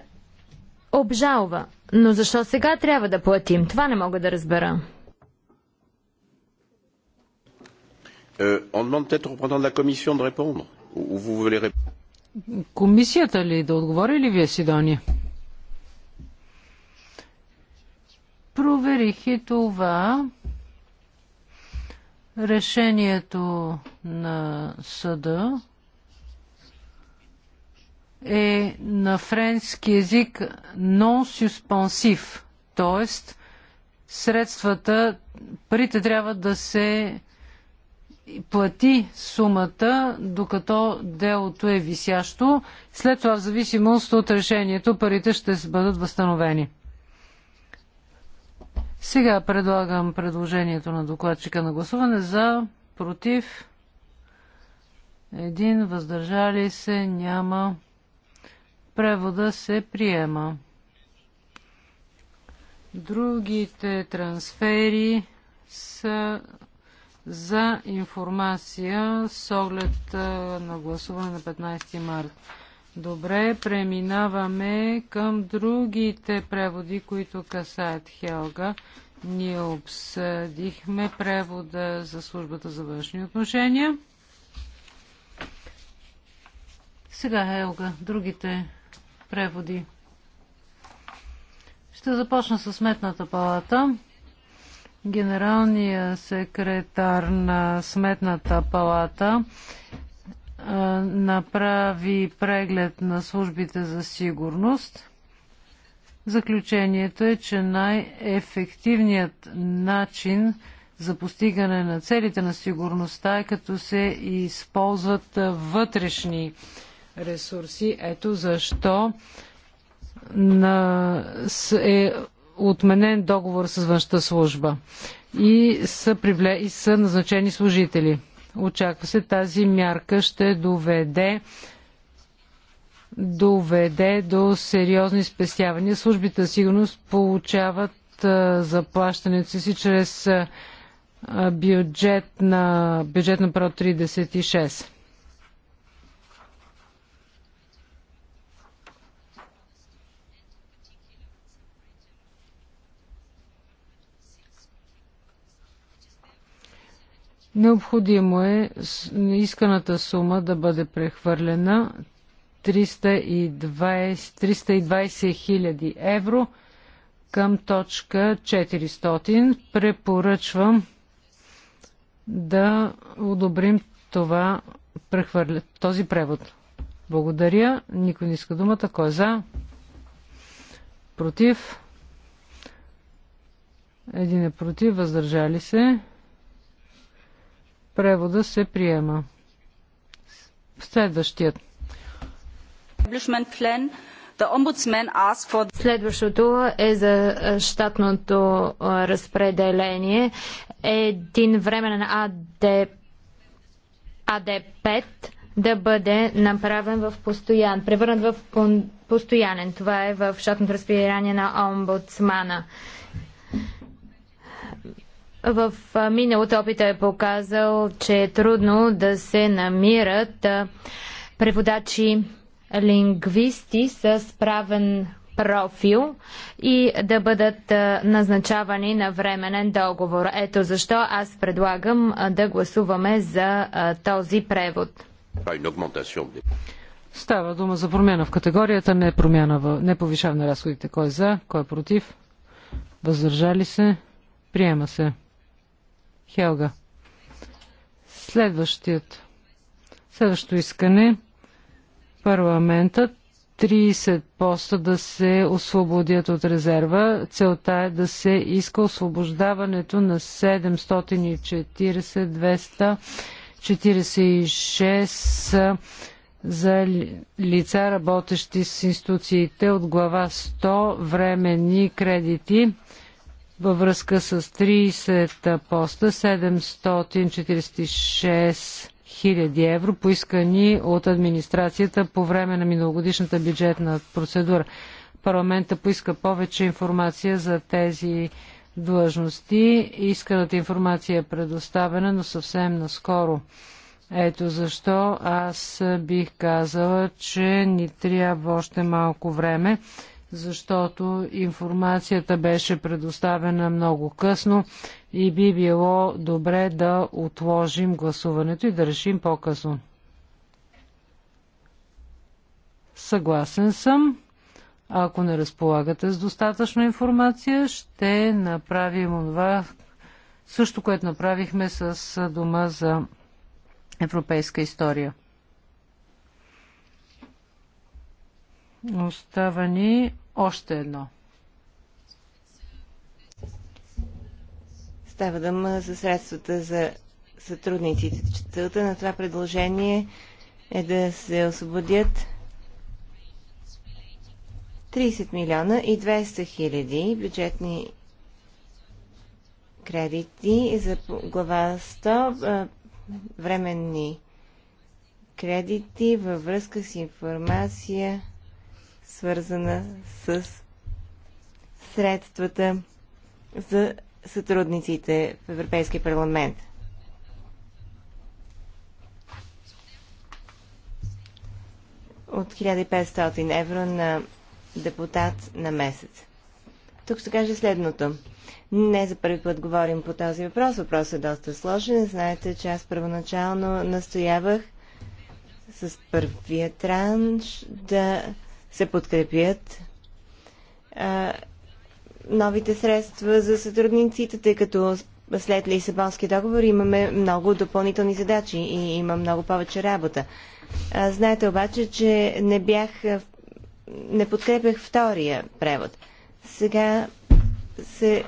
обжалва но защо сега трябва да платим? Това не мога да разбера. Комисията ли да отговори или вие, Сидония? Проверих и това. Решението на съда е на френски език non-suspensif, т.е. средствата, парите трябва да се плати сумата, докато делото е висящо. След това, в зависимост от решението, парите ще бъдат възстановени. Сега предлагам предложението на докладчика на гласуване за, против, един, въздържали се, няма. Превода се приема. Другите трансфери са за информация с оглед на гласуване на 15 март. Добре, преминаваме към другите преводи, които касаят Хелга. Ние обсъдихме превода за службата за външни отношения. Сега, Хелга, другите преводи. Ще започна с Сметната палата. Генералният секретар на Сметната палата направи преглед на службите за сигурност. Заключението е, че най-ефективният начин за постигане на целите на сигурността е като се използват вътрешни ресурси. Ето защо на, е отменен договор с външната служба и са, привле, и са назначени служители. Очаква се тази мярка ще доведе доведе до сериозни спестявания. Службите за сигурност получават заплащането си чрез бюджет на, бюджет на 36. Необходимо е исканата сума да бъде прехвърлена 320 хиляди евро към точка 400. Препоръчвам да одобрим това прехвърля, този превод. Благодаря. Никой не иска думата. Кой е за? Против? Един е против. Въздържали се. Превода се приема. Следващият. Следващото е за щатното разпределение. Един временен АД, АД5 да бъде направен в постоян, превърнат в постоянен. Това е в щатното разпределение на омбудсмана. В миналото опита е показал, че е трудно да се намират преводачи лингвисти с правен профил и да бъдат назначавани на временен договор. Ето защо аз предлагам да гласуваме за този превод. Става дума за промяна в категорията, не, промяна в, не повишаване на разходите. Кой е за, кой е против? Въздържали се? Приема се. Хелга. Следващият. Следващото искане. Парламентът 30 поста да се освободят от резерва. Целта е да се иска освобождаването на 740 246 за лица, работещи с институциите от глава 100 времени кредити във връзка с 30 поста 746 хиляди евро, поискани от администрацията по време на миналогодишната бюджетна процедура. Парламента поиска повече информация за тези длъжности. Исканата информация е предоставена, но съвсем наскоро. Ето защо аз бих казала, че ни трябва още малко време защото информацията беше предоставена много късно и би било добре да отложим гласуването и да решим по-късно. Съгласен съм. Ако не разполагате с достатъчно информация, ще направим това също, което направихме с Дома за европейска история. Остава ни още едно. Става дума за средствата за сътрудниците. Целта на това предложение е да се освободят 30 милиона и 200 хиляди бюджетни кредити за глава 100 временни кредити във връзка с информация свързана с средствата за сътрудниците в Европейския парламент. От 1500 евро на депутат на месец. Тук ще кажа следното. Не за първи път говорим по този въпрос. Въпросът е доста сложен. Знаете, че аз първоначално настоявах с първия транш да се подкрепят а, новите средства за сътрудниците, тъй като след Лисабонски договор имаме много допълнителни задачи и има много повече работа. А, знаете обаче, че не бях, не подкрепях втория превод. Сега се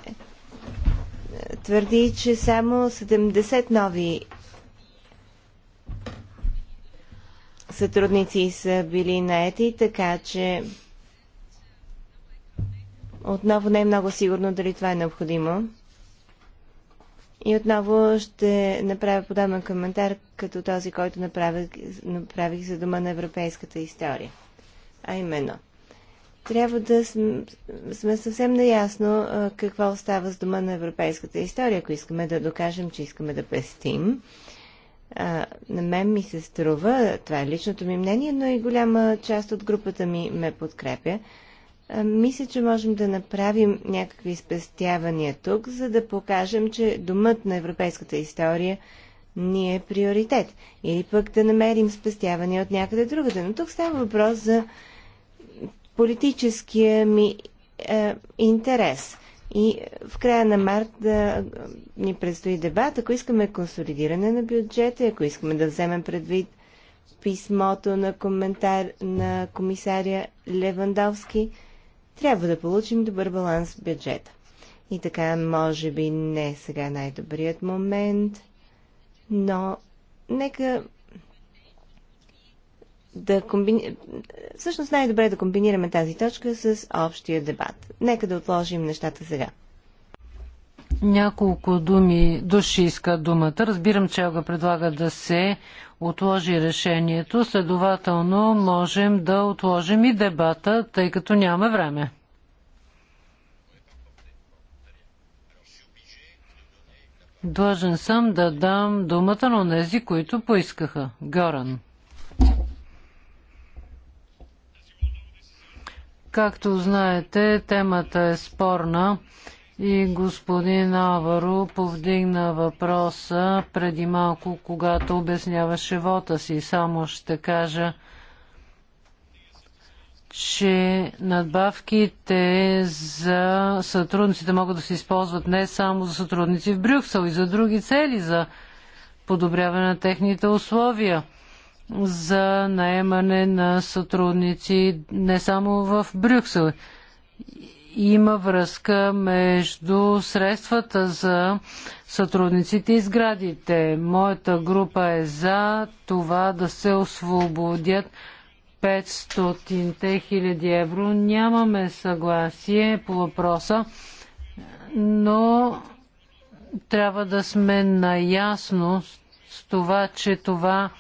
твърди, че само 70 нови сътрудници са били наети, така че отново не е много сигурно дали това е необходимо. И отново ще направя подобен коментар, като този, който направих, направих за Дома на европейската история. А именно, трябва да сме, сме съвсем наясно какво остава с Дома на европейската история, ако искаме да докажем, че искаме да пестим а, на мен ми се струва, това е личното ми мнение, но и голяма част от групата ми ме подкрепя. А, мисля, че можем да направим някакви спестявания тук, за да покажем, че домът на европейската история ни е приоритет. Или пък да намерим спестявания от някъде другаде. Но тук става въпрос за политическия ми е, интерес. И е, в края на март да е, ни предстои дебат, ако искаме консолидиране на бюджета, ако искаме да вземем предвид писмото на, коментар, на комисаря Левандовски, трябва да получим добър баланс в бюджета. И така, може би не сега най-добрият момент, но нека да комбини... Всъщност най-добре е да комбинираме тази точка с общия дебат. Нека да отложим нещата сега. Няколко думи души иска думата. Разбирам, че Елга предлага да се отложи решението. Следователно можем да отложим и дебата, тъй като нямаме време. Длъжен съм да дам думата на тези, които поискаха. Горан. Както знаете, темата е спорна и господин Аваро повдигна въпроса преди малко, когато обясняваше вота си. Само ще кажа, че надбавките за сътрудниците могат да се използват не само за сътрудници в Брюксел и за други цели, за подобряване на техните условия за наемане на сътрудници не само в Брюксел. Има връзка между средствата за сътрудниците и сградите. Моята група е за това да се освободят 500 хиляди евро. Нямаме съгласие по въпроса, но трябва да сме наясно с това, че това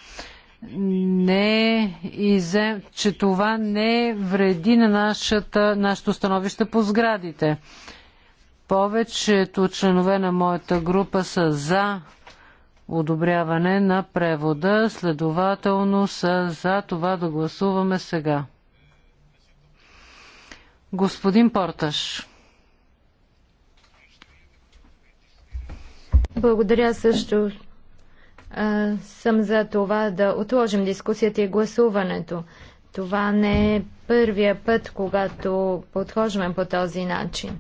не изем, че това не вреди на нашата, нашето становище по сградите. Повечето членове на моята група са за одобряване на превода, следователно са за това да гласуваме сега. Господин Порташ. Благодаря също, съм за това да отложим дискусията и гласуването. Това не е първия път, когато подхождаме по този начин.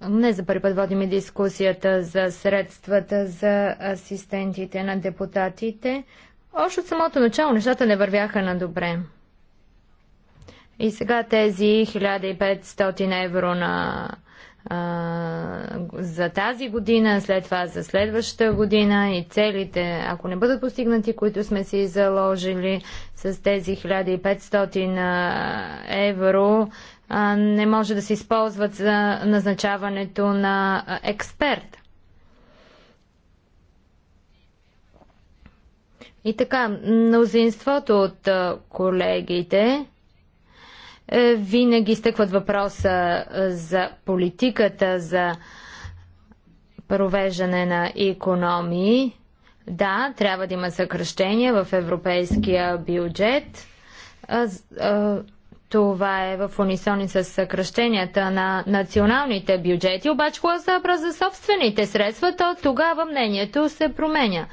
Не за първи път водим и дискусията за средствата за асистентите на депутатите. Още от самото начало нещата не вървяха на добре. И сега тези 1500 евро на за тази година, след това за следващата година и целите, ако не бъдат постигнати, които сме си заложили с тези 1500 евро, не може да се използват за назначаването на експерт. И така, мнозинството от колегите е, винаги стъкват въпроса е, за политиката, за провеждане на економии. Да, трябва да има съкръщения в европейския бюджет. Това е в унисони с съкръщенията на националните бюджети, обаче когато се въпрос за собствените средства, то тогава мнението се променя.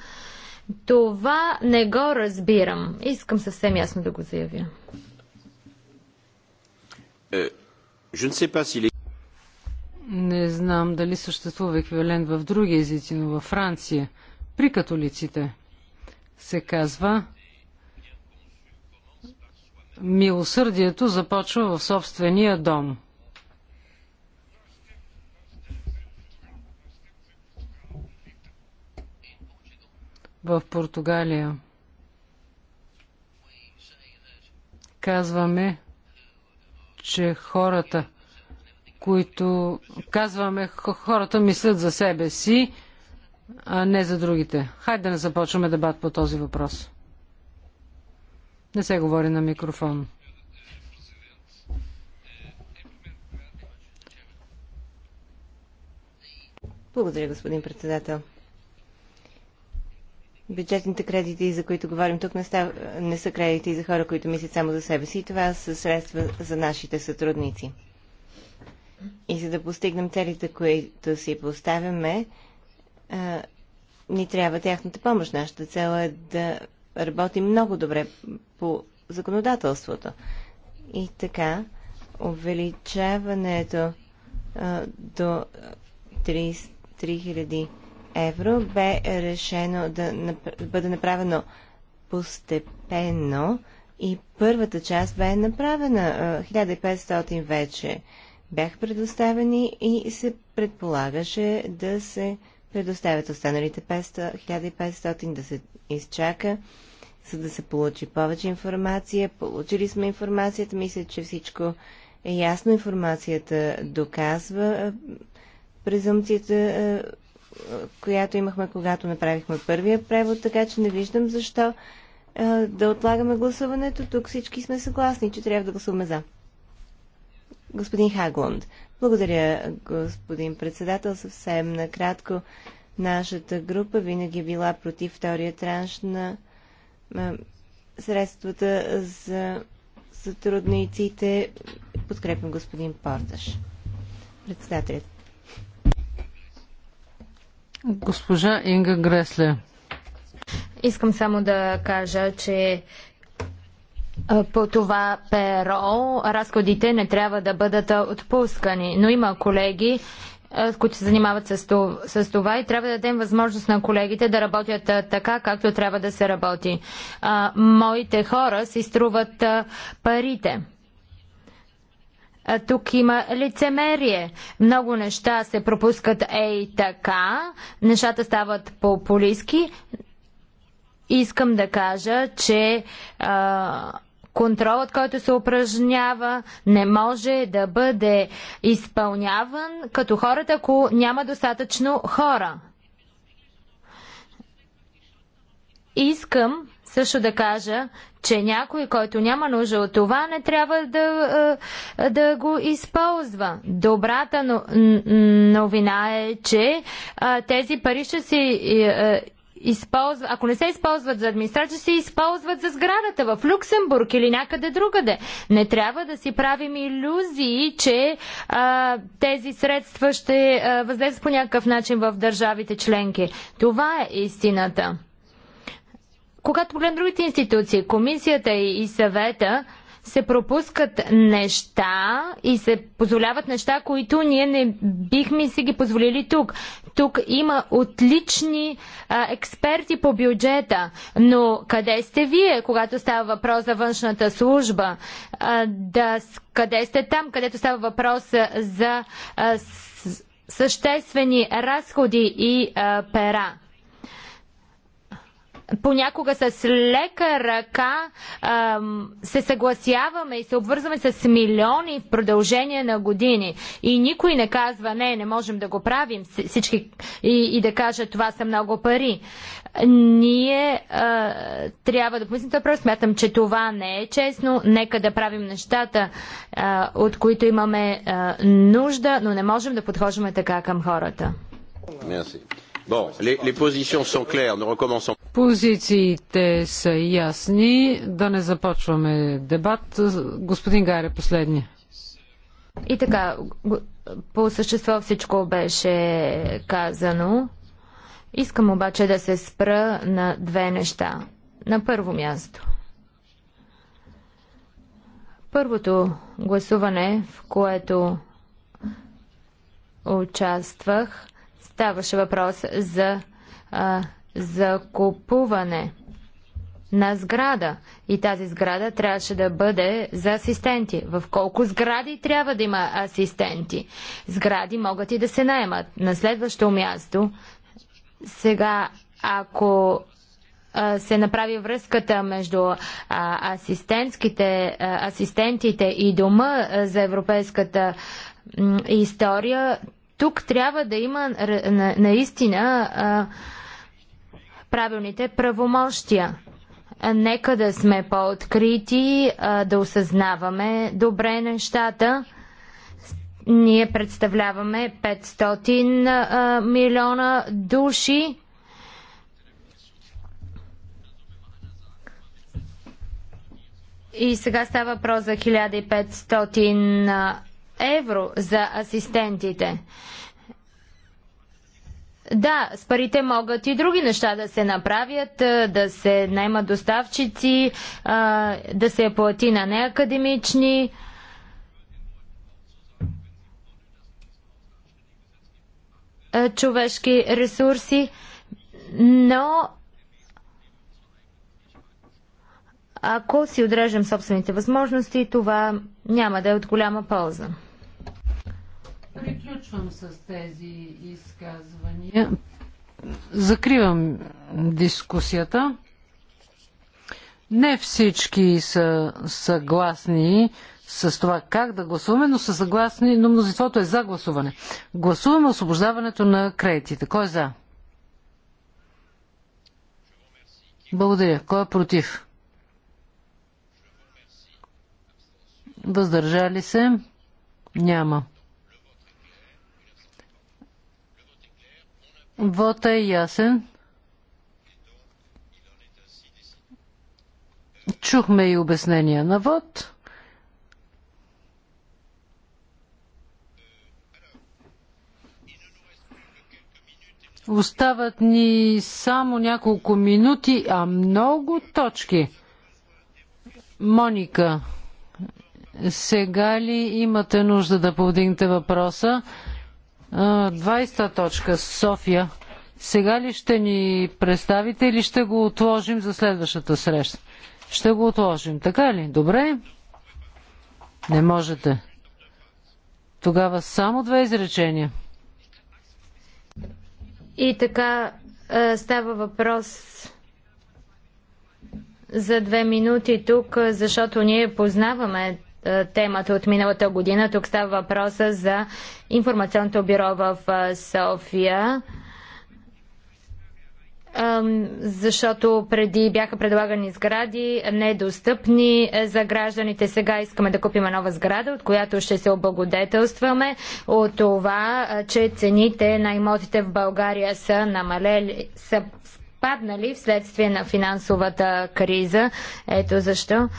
Това не го разбирам. Искам съвсем ясно да го заявя. Euh, Не знам дали съществува еквивалент в други езици, но във Франция, при католиците, се казва Милосърдието започва в собствения дом. В Португалия казваме че хората, които казваме, хората мислят за себе си, а не за другите. Хайде да не започваме дебат по този въпрос. Не се говори на микрофон. Благодаря, господин председател бюджетните кредити, за които говорим тук, не, став... не са кредити за хора, които мислят само за себе си. Това са средства за нашите сътрудници. И за да постигнем целите, които си поставяме, а, ни трябва тяхната помощ. Нашата цел е да работим много добре по законодателството. И така, увеличаването а, до 30, 3000 евро бе решено да бъде направено постепенно и първата част бе направена. 1500 вече бяха предоставени и се предполагаше да се предоставят останалите 500, 1500, да се изчака, за да се получи повече информация. Получили сме информацията, мисля, че всичко е ясно. Информацията доказва презумцията която имахме, когато направихме първия превод, така че не виждам защо да отлагаме гласуването. Тук всички сме съгласни, че трябва да гласуваме за. Господин Хаглунд. Благодаря, господин председател. Съвсем накратко. Нашата група винаги е била против втория транш на средствата за сътрудниците. Подкрепям господин Порташ. Председателят. Госпожа Инга Гресле. Искам само да кажа, че по това перо разходите не трябва да бъдат отпускани, но има колеги, които се занимават с това, и трябва да дадем възможност на колегите да работят така, както трябва да се работи. Моите хора си струват парите тук има лицемерие. Много неща се пропускат ей така, нещата стават популистски. Искам да кажа, че а, контролът, който се упражнява, не може да бъде изпълняван като хората, ако няма достатъчно хора. Искам също да кажа, че някой, който няма нужда от това, не трябва да, е, да го използва. Добрата новина е, че е, тези пари ще си е, използва, ако не се използват за администрация, се използват за сградата в Люксембург или някъде другаде. Не трябва да си правим иллюзии, че а, тези средства ще възлезат по някакъв начин в държавите членки. Това е истината. Когато погледнем другите институции, комисията и съвета, се пропускат неща и се позволяват неща, които ние не бихме си ги позволили тук. Тук има отлични а, експерти по бюджета, но къде сте вие, когато става въпрос за външната служба? А, да, къде сте там, където става въпрос за а, съществени разходи и а, пера? понякога с лека ръка ам, се съгласяваме и се обвързваме с милиони в продължение на години. И никой не казва, не, не можем да го правим всички и, и да кажат, това са много пари. Ние а, трябва да помислим това. Смятам, че това не е честно. Нека да правим нещата, а, от които имаме а, нужда, но не можем да подхождаме така към хората. Мерси. Позициите са ясни. Да не започваме дебат. Господин Гаре, последния. И така, по същество всичко беше казано. Искам обаче да се спра на две неща. На първо място. Първото гласуване, в което участвах, Ставаше въпрос за а, закупуване на сграда. И тази сграда трябваше да бъде за асистенти. В колко сгради трябва да има асистенти? Сгради могат и да се наемат. На следващо място, сега, ако се направи връзката между а, асистентските, а, асистентите и дома за европейската история, тук трябва да има наистина правилните правомощия. Нека да сме по-открити, да осъзнаваме добре нещата. Ние представляваме 500 милиона души. И сега става въпрос за 1500 евро за асистентите. Да, с парите могат и други неща да се направят, да се найма доставчици, да се плати на неакадемични. човешки ресурси, но Ако си отрежем собствените възможности, това няма да е от голяма полза. Приключвам с тези изказвания. Закривам дискусията. Не всички са съгласни с това как да гласуваме, но са съгласни, но мнозинството е за гласуване. Гласуваме освобождаването на кредитите. Кой е за? Благодаря. Кой е против? Въздържали се? Няма. Вота е ясен. Чухме и обяснение на вод. Остават ни само няколко минути, а много точки. Моника. Сега ли имате нужда да повдигнете въпроса? 20-та точка, София. Сега ли ще ни представите или ще го отложим за следващата среща? Ще го отложим, така ли? Добре? Не можете. Тогава само две изречения. И така става въпрос за две минути тук, защото ние познаваме е, темата от миналата година. Тук става въпроса за информационното бюро в е, София защото преди бяха предлагани сгради недостъпни е, за гражданите. Сега искаме да купим нова сграда, от която ще се облагодетелстваме от това, че цените на имотите в България са намалели, са паднали вследствие на финансовата криза. Ето защо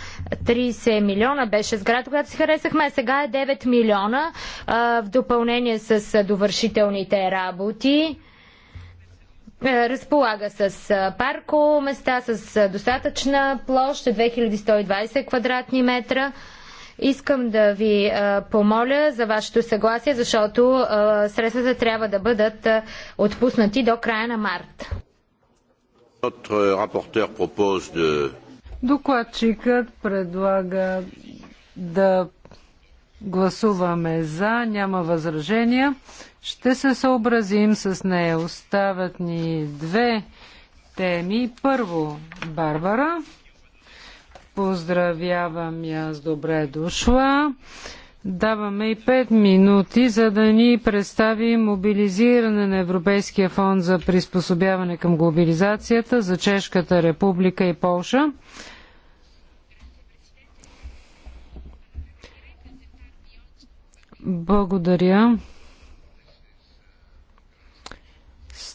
30 милиона беше сграда, когато си харесахме, сега е 9 милиона а, в допълнение с довършителните работи. Е, разполага с парко места, с достатъчна площ, 2120 квадратни метра. Искам да ви помоля за вашето съгласие, защото средствата трябва да бъдат отпуснати до края на март. Докладчикът предлага да гласуваме за, няма възражения. Ще се съобразим с нея. Остават ни две теми. Първо, Барбара. Поздравявам я с добре дошла. Даваме и 5 минути, за да ни представи мобилизиране на Европейския фонд за приспособяване към глобализацията за Чешката република и Полша. Благодаря.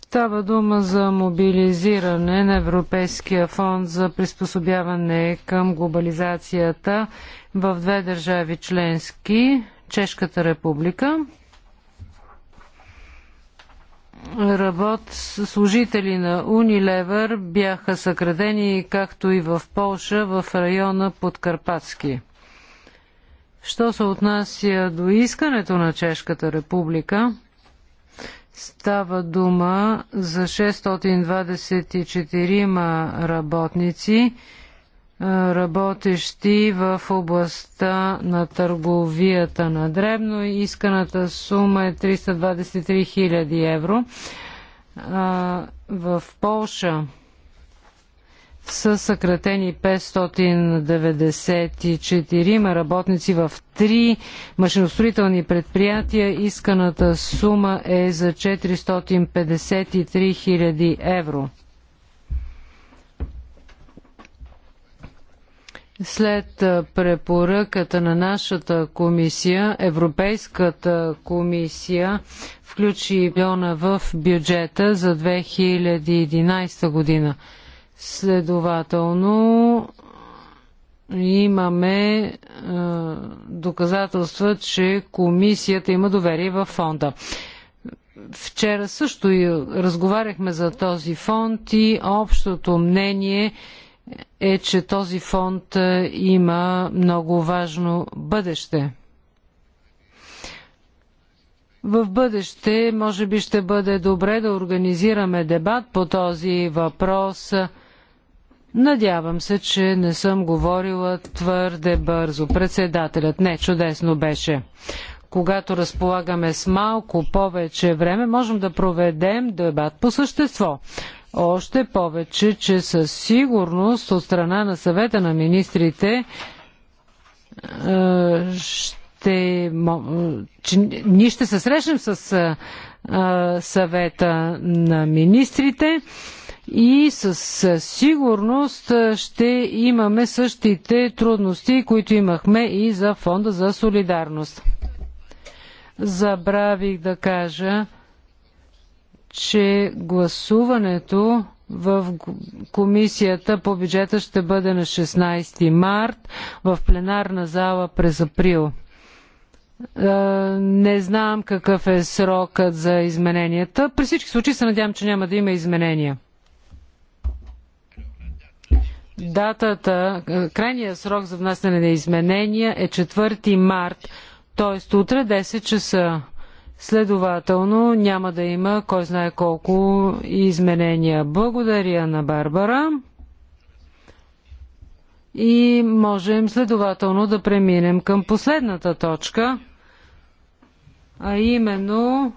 Става дума за мобилизиране на Европейския фонд за приспособяване към глобализацията в две държави членски Чешката република. Работ служители на Унилевър бяха съкрадени, както и в Полша, в района Подкарпатски. Що се отнася до искането на Чешката република, Става дума за 624 работници, работещи в областта на търговията на дребно. Исканата сума е 323 000 евро. В Полша са съкратени 594 работници в три машиностроителни предприятия. Исканата сума е за 453 000 евро. След препоръката на нашата комисия, Европейската комисия включи биона в бюджета за 2011 година. Следователно, имаме е, доказателства, че комисията има доверие в фонда. Вчера също и разговаряхме за този фонд и общото мнение е, че този фонд е, има много важно бъдеще. В бъдеще, може би, ще бъде добре да организираме дебат по този въпрос. Надявам се, че не съм говорила твърде бързо. Председателят, не, чудесно беше. Когато разполагаме с малко повече време, можем да проведем дебат по същество. Още повече, че със сигурност от страна на съвета на министрите е, ще, че, ние ще се срещнем с е, е, съвета на министрите и със сигурност ще имаме същите трудности, които имахме и за Фонда за солидарност. Забравих да кажа, че гласуването в комисията по бюджета ще бъде на 16 март в пленарна зала през април. Не знам какъв е срокът за измененията. При всички случаи се надявам, че няма да има изменения. Датата, е, крайният срок за внасяне на изменения е 4 март, т.е. утре 10 часа. Следователно няма да има кой знае колко изменения. Благодаря на Барбара. И можем следователно да преминем към последната точка, а именно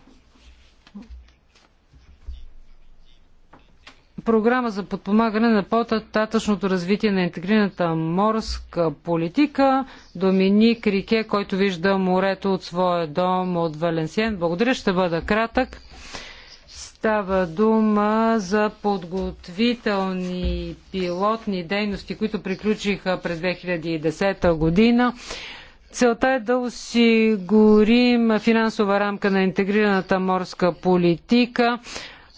програма за подпомагане на по-тататъчното развитие на интегрираната морска политика. Доминик Рике, който вижда морето от своя дом от Валенсиен. Благодаря, ще бъда кратък. Става дума за подготвителни пилотни дейности, които приключиха през 2010 година. Целта е да осигурим финансова рамка на интегрираната морска политика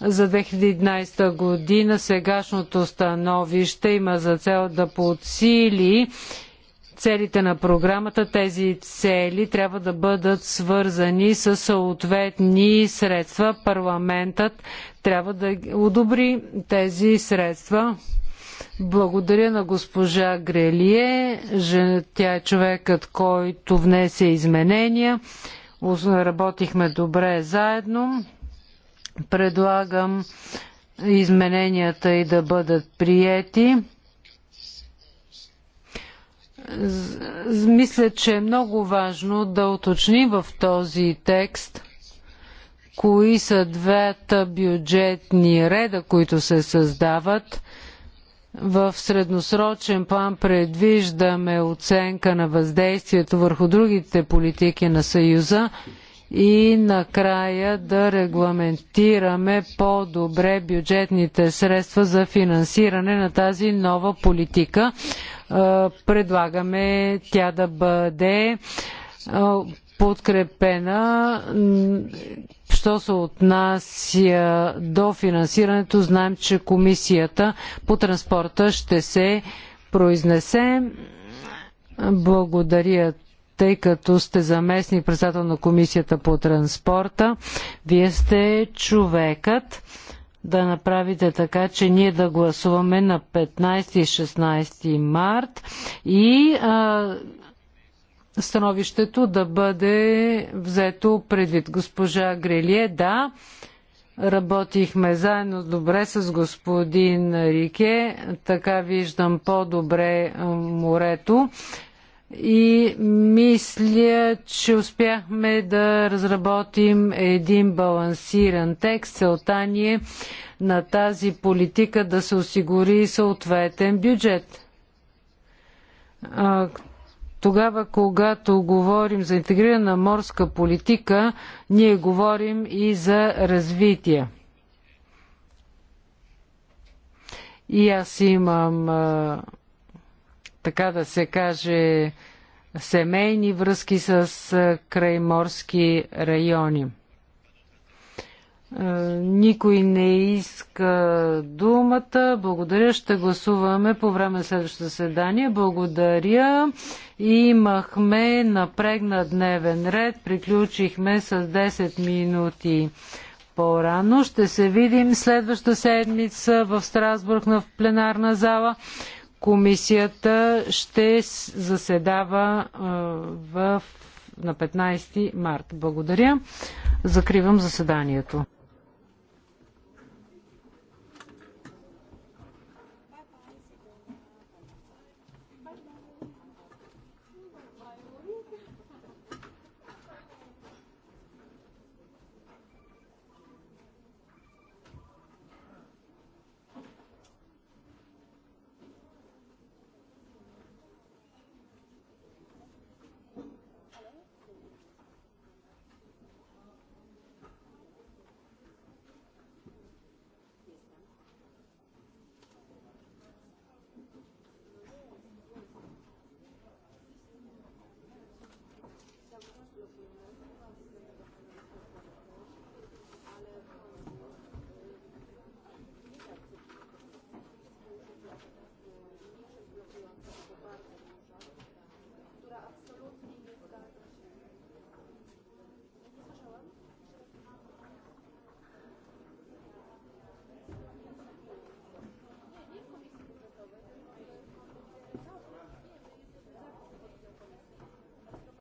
за 2011 година. Сегашното становище има за цел да подсили целите на програмата. Тези цели трябва да бъдат свързани с съответни средства. Парламентът трябва да одобри тези средства. Благодаря на госпожа Грелие. Тя е човекът, който внесе изменения. Работихме добре заедно. Предлагам измененията и да бъдат приети. Мисля, че е много важно да уточни в този текст кои са двете бюджетни реда, които се създават. В средносрочен план предвиждаме оценка на въздействието върху другите политики на Съюза и накрая да регламентираме по-добре бюджетните средства за финансиране на тази нова политика. Е, предлагаме тя да бъде е, подкрепена. Що се отнася до финансирането, знаем, че комисията по транспорта ще се произнесе. Благодаря тъй като сте заместник председател на комисията по транспорта. Вие сте човекът да направите така, че ние да гласуваме на 15 и 16 март и а, становището да бъде взето предвид. Госпожа Грелие, да, работихме заедно добре с господин Рике, така виждам по-добре морето и мисля, че успяхме да разработим един балансиран текст. Целта ни е на тази политика да се осигури съответен бюджет. Тогава, когато говорим за интегрирана морска политика, ние говорим и за развитие. И аз имам така да се каже, семейни връзки с крайморски райони. Никой не иска думата. Благодаря. Ще гласуваме по време на следващото заседание. Благодаря. Имахме напрегна дневен ред. Приключихме с 10 минути по-рано. Ще се видим следващата седмица в Страсбург на пленарна зала. Комисията ще заседава в, на 15 март. Благодаря. Закривам заседанието.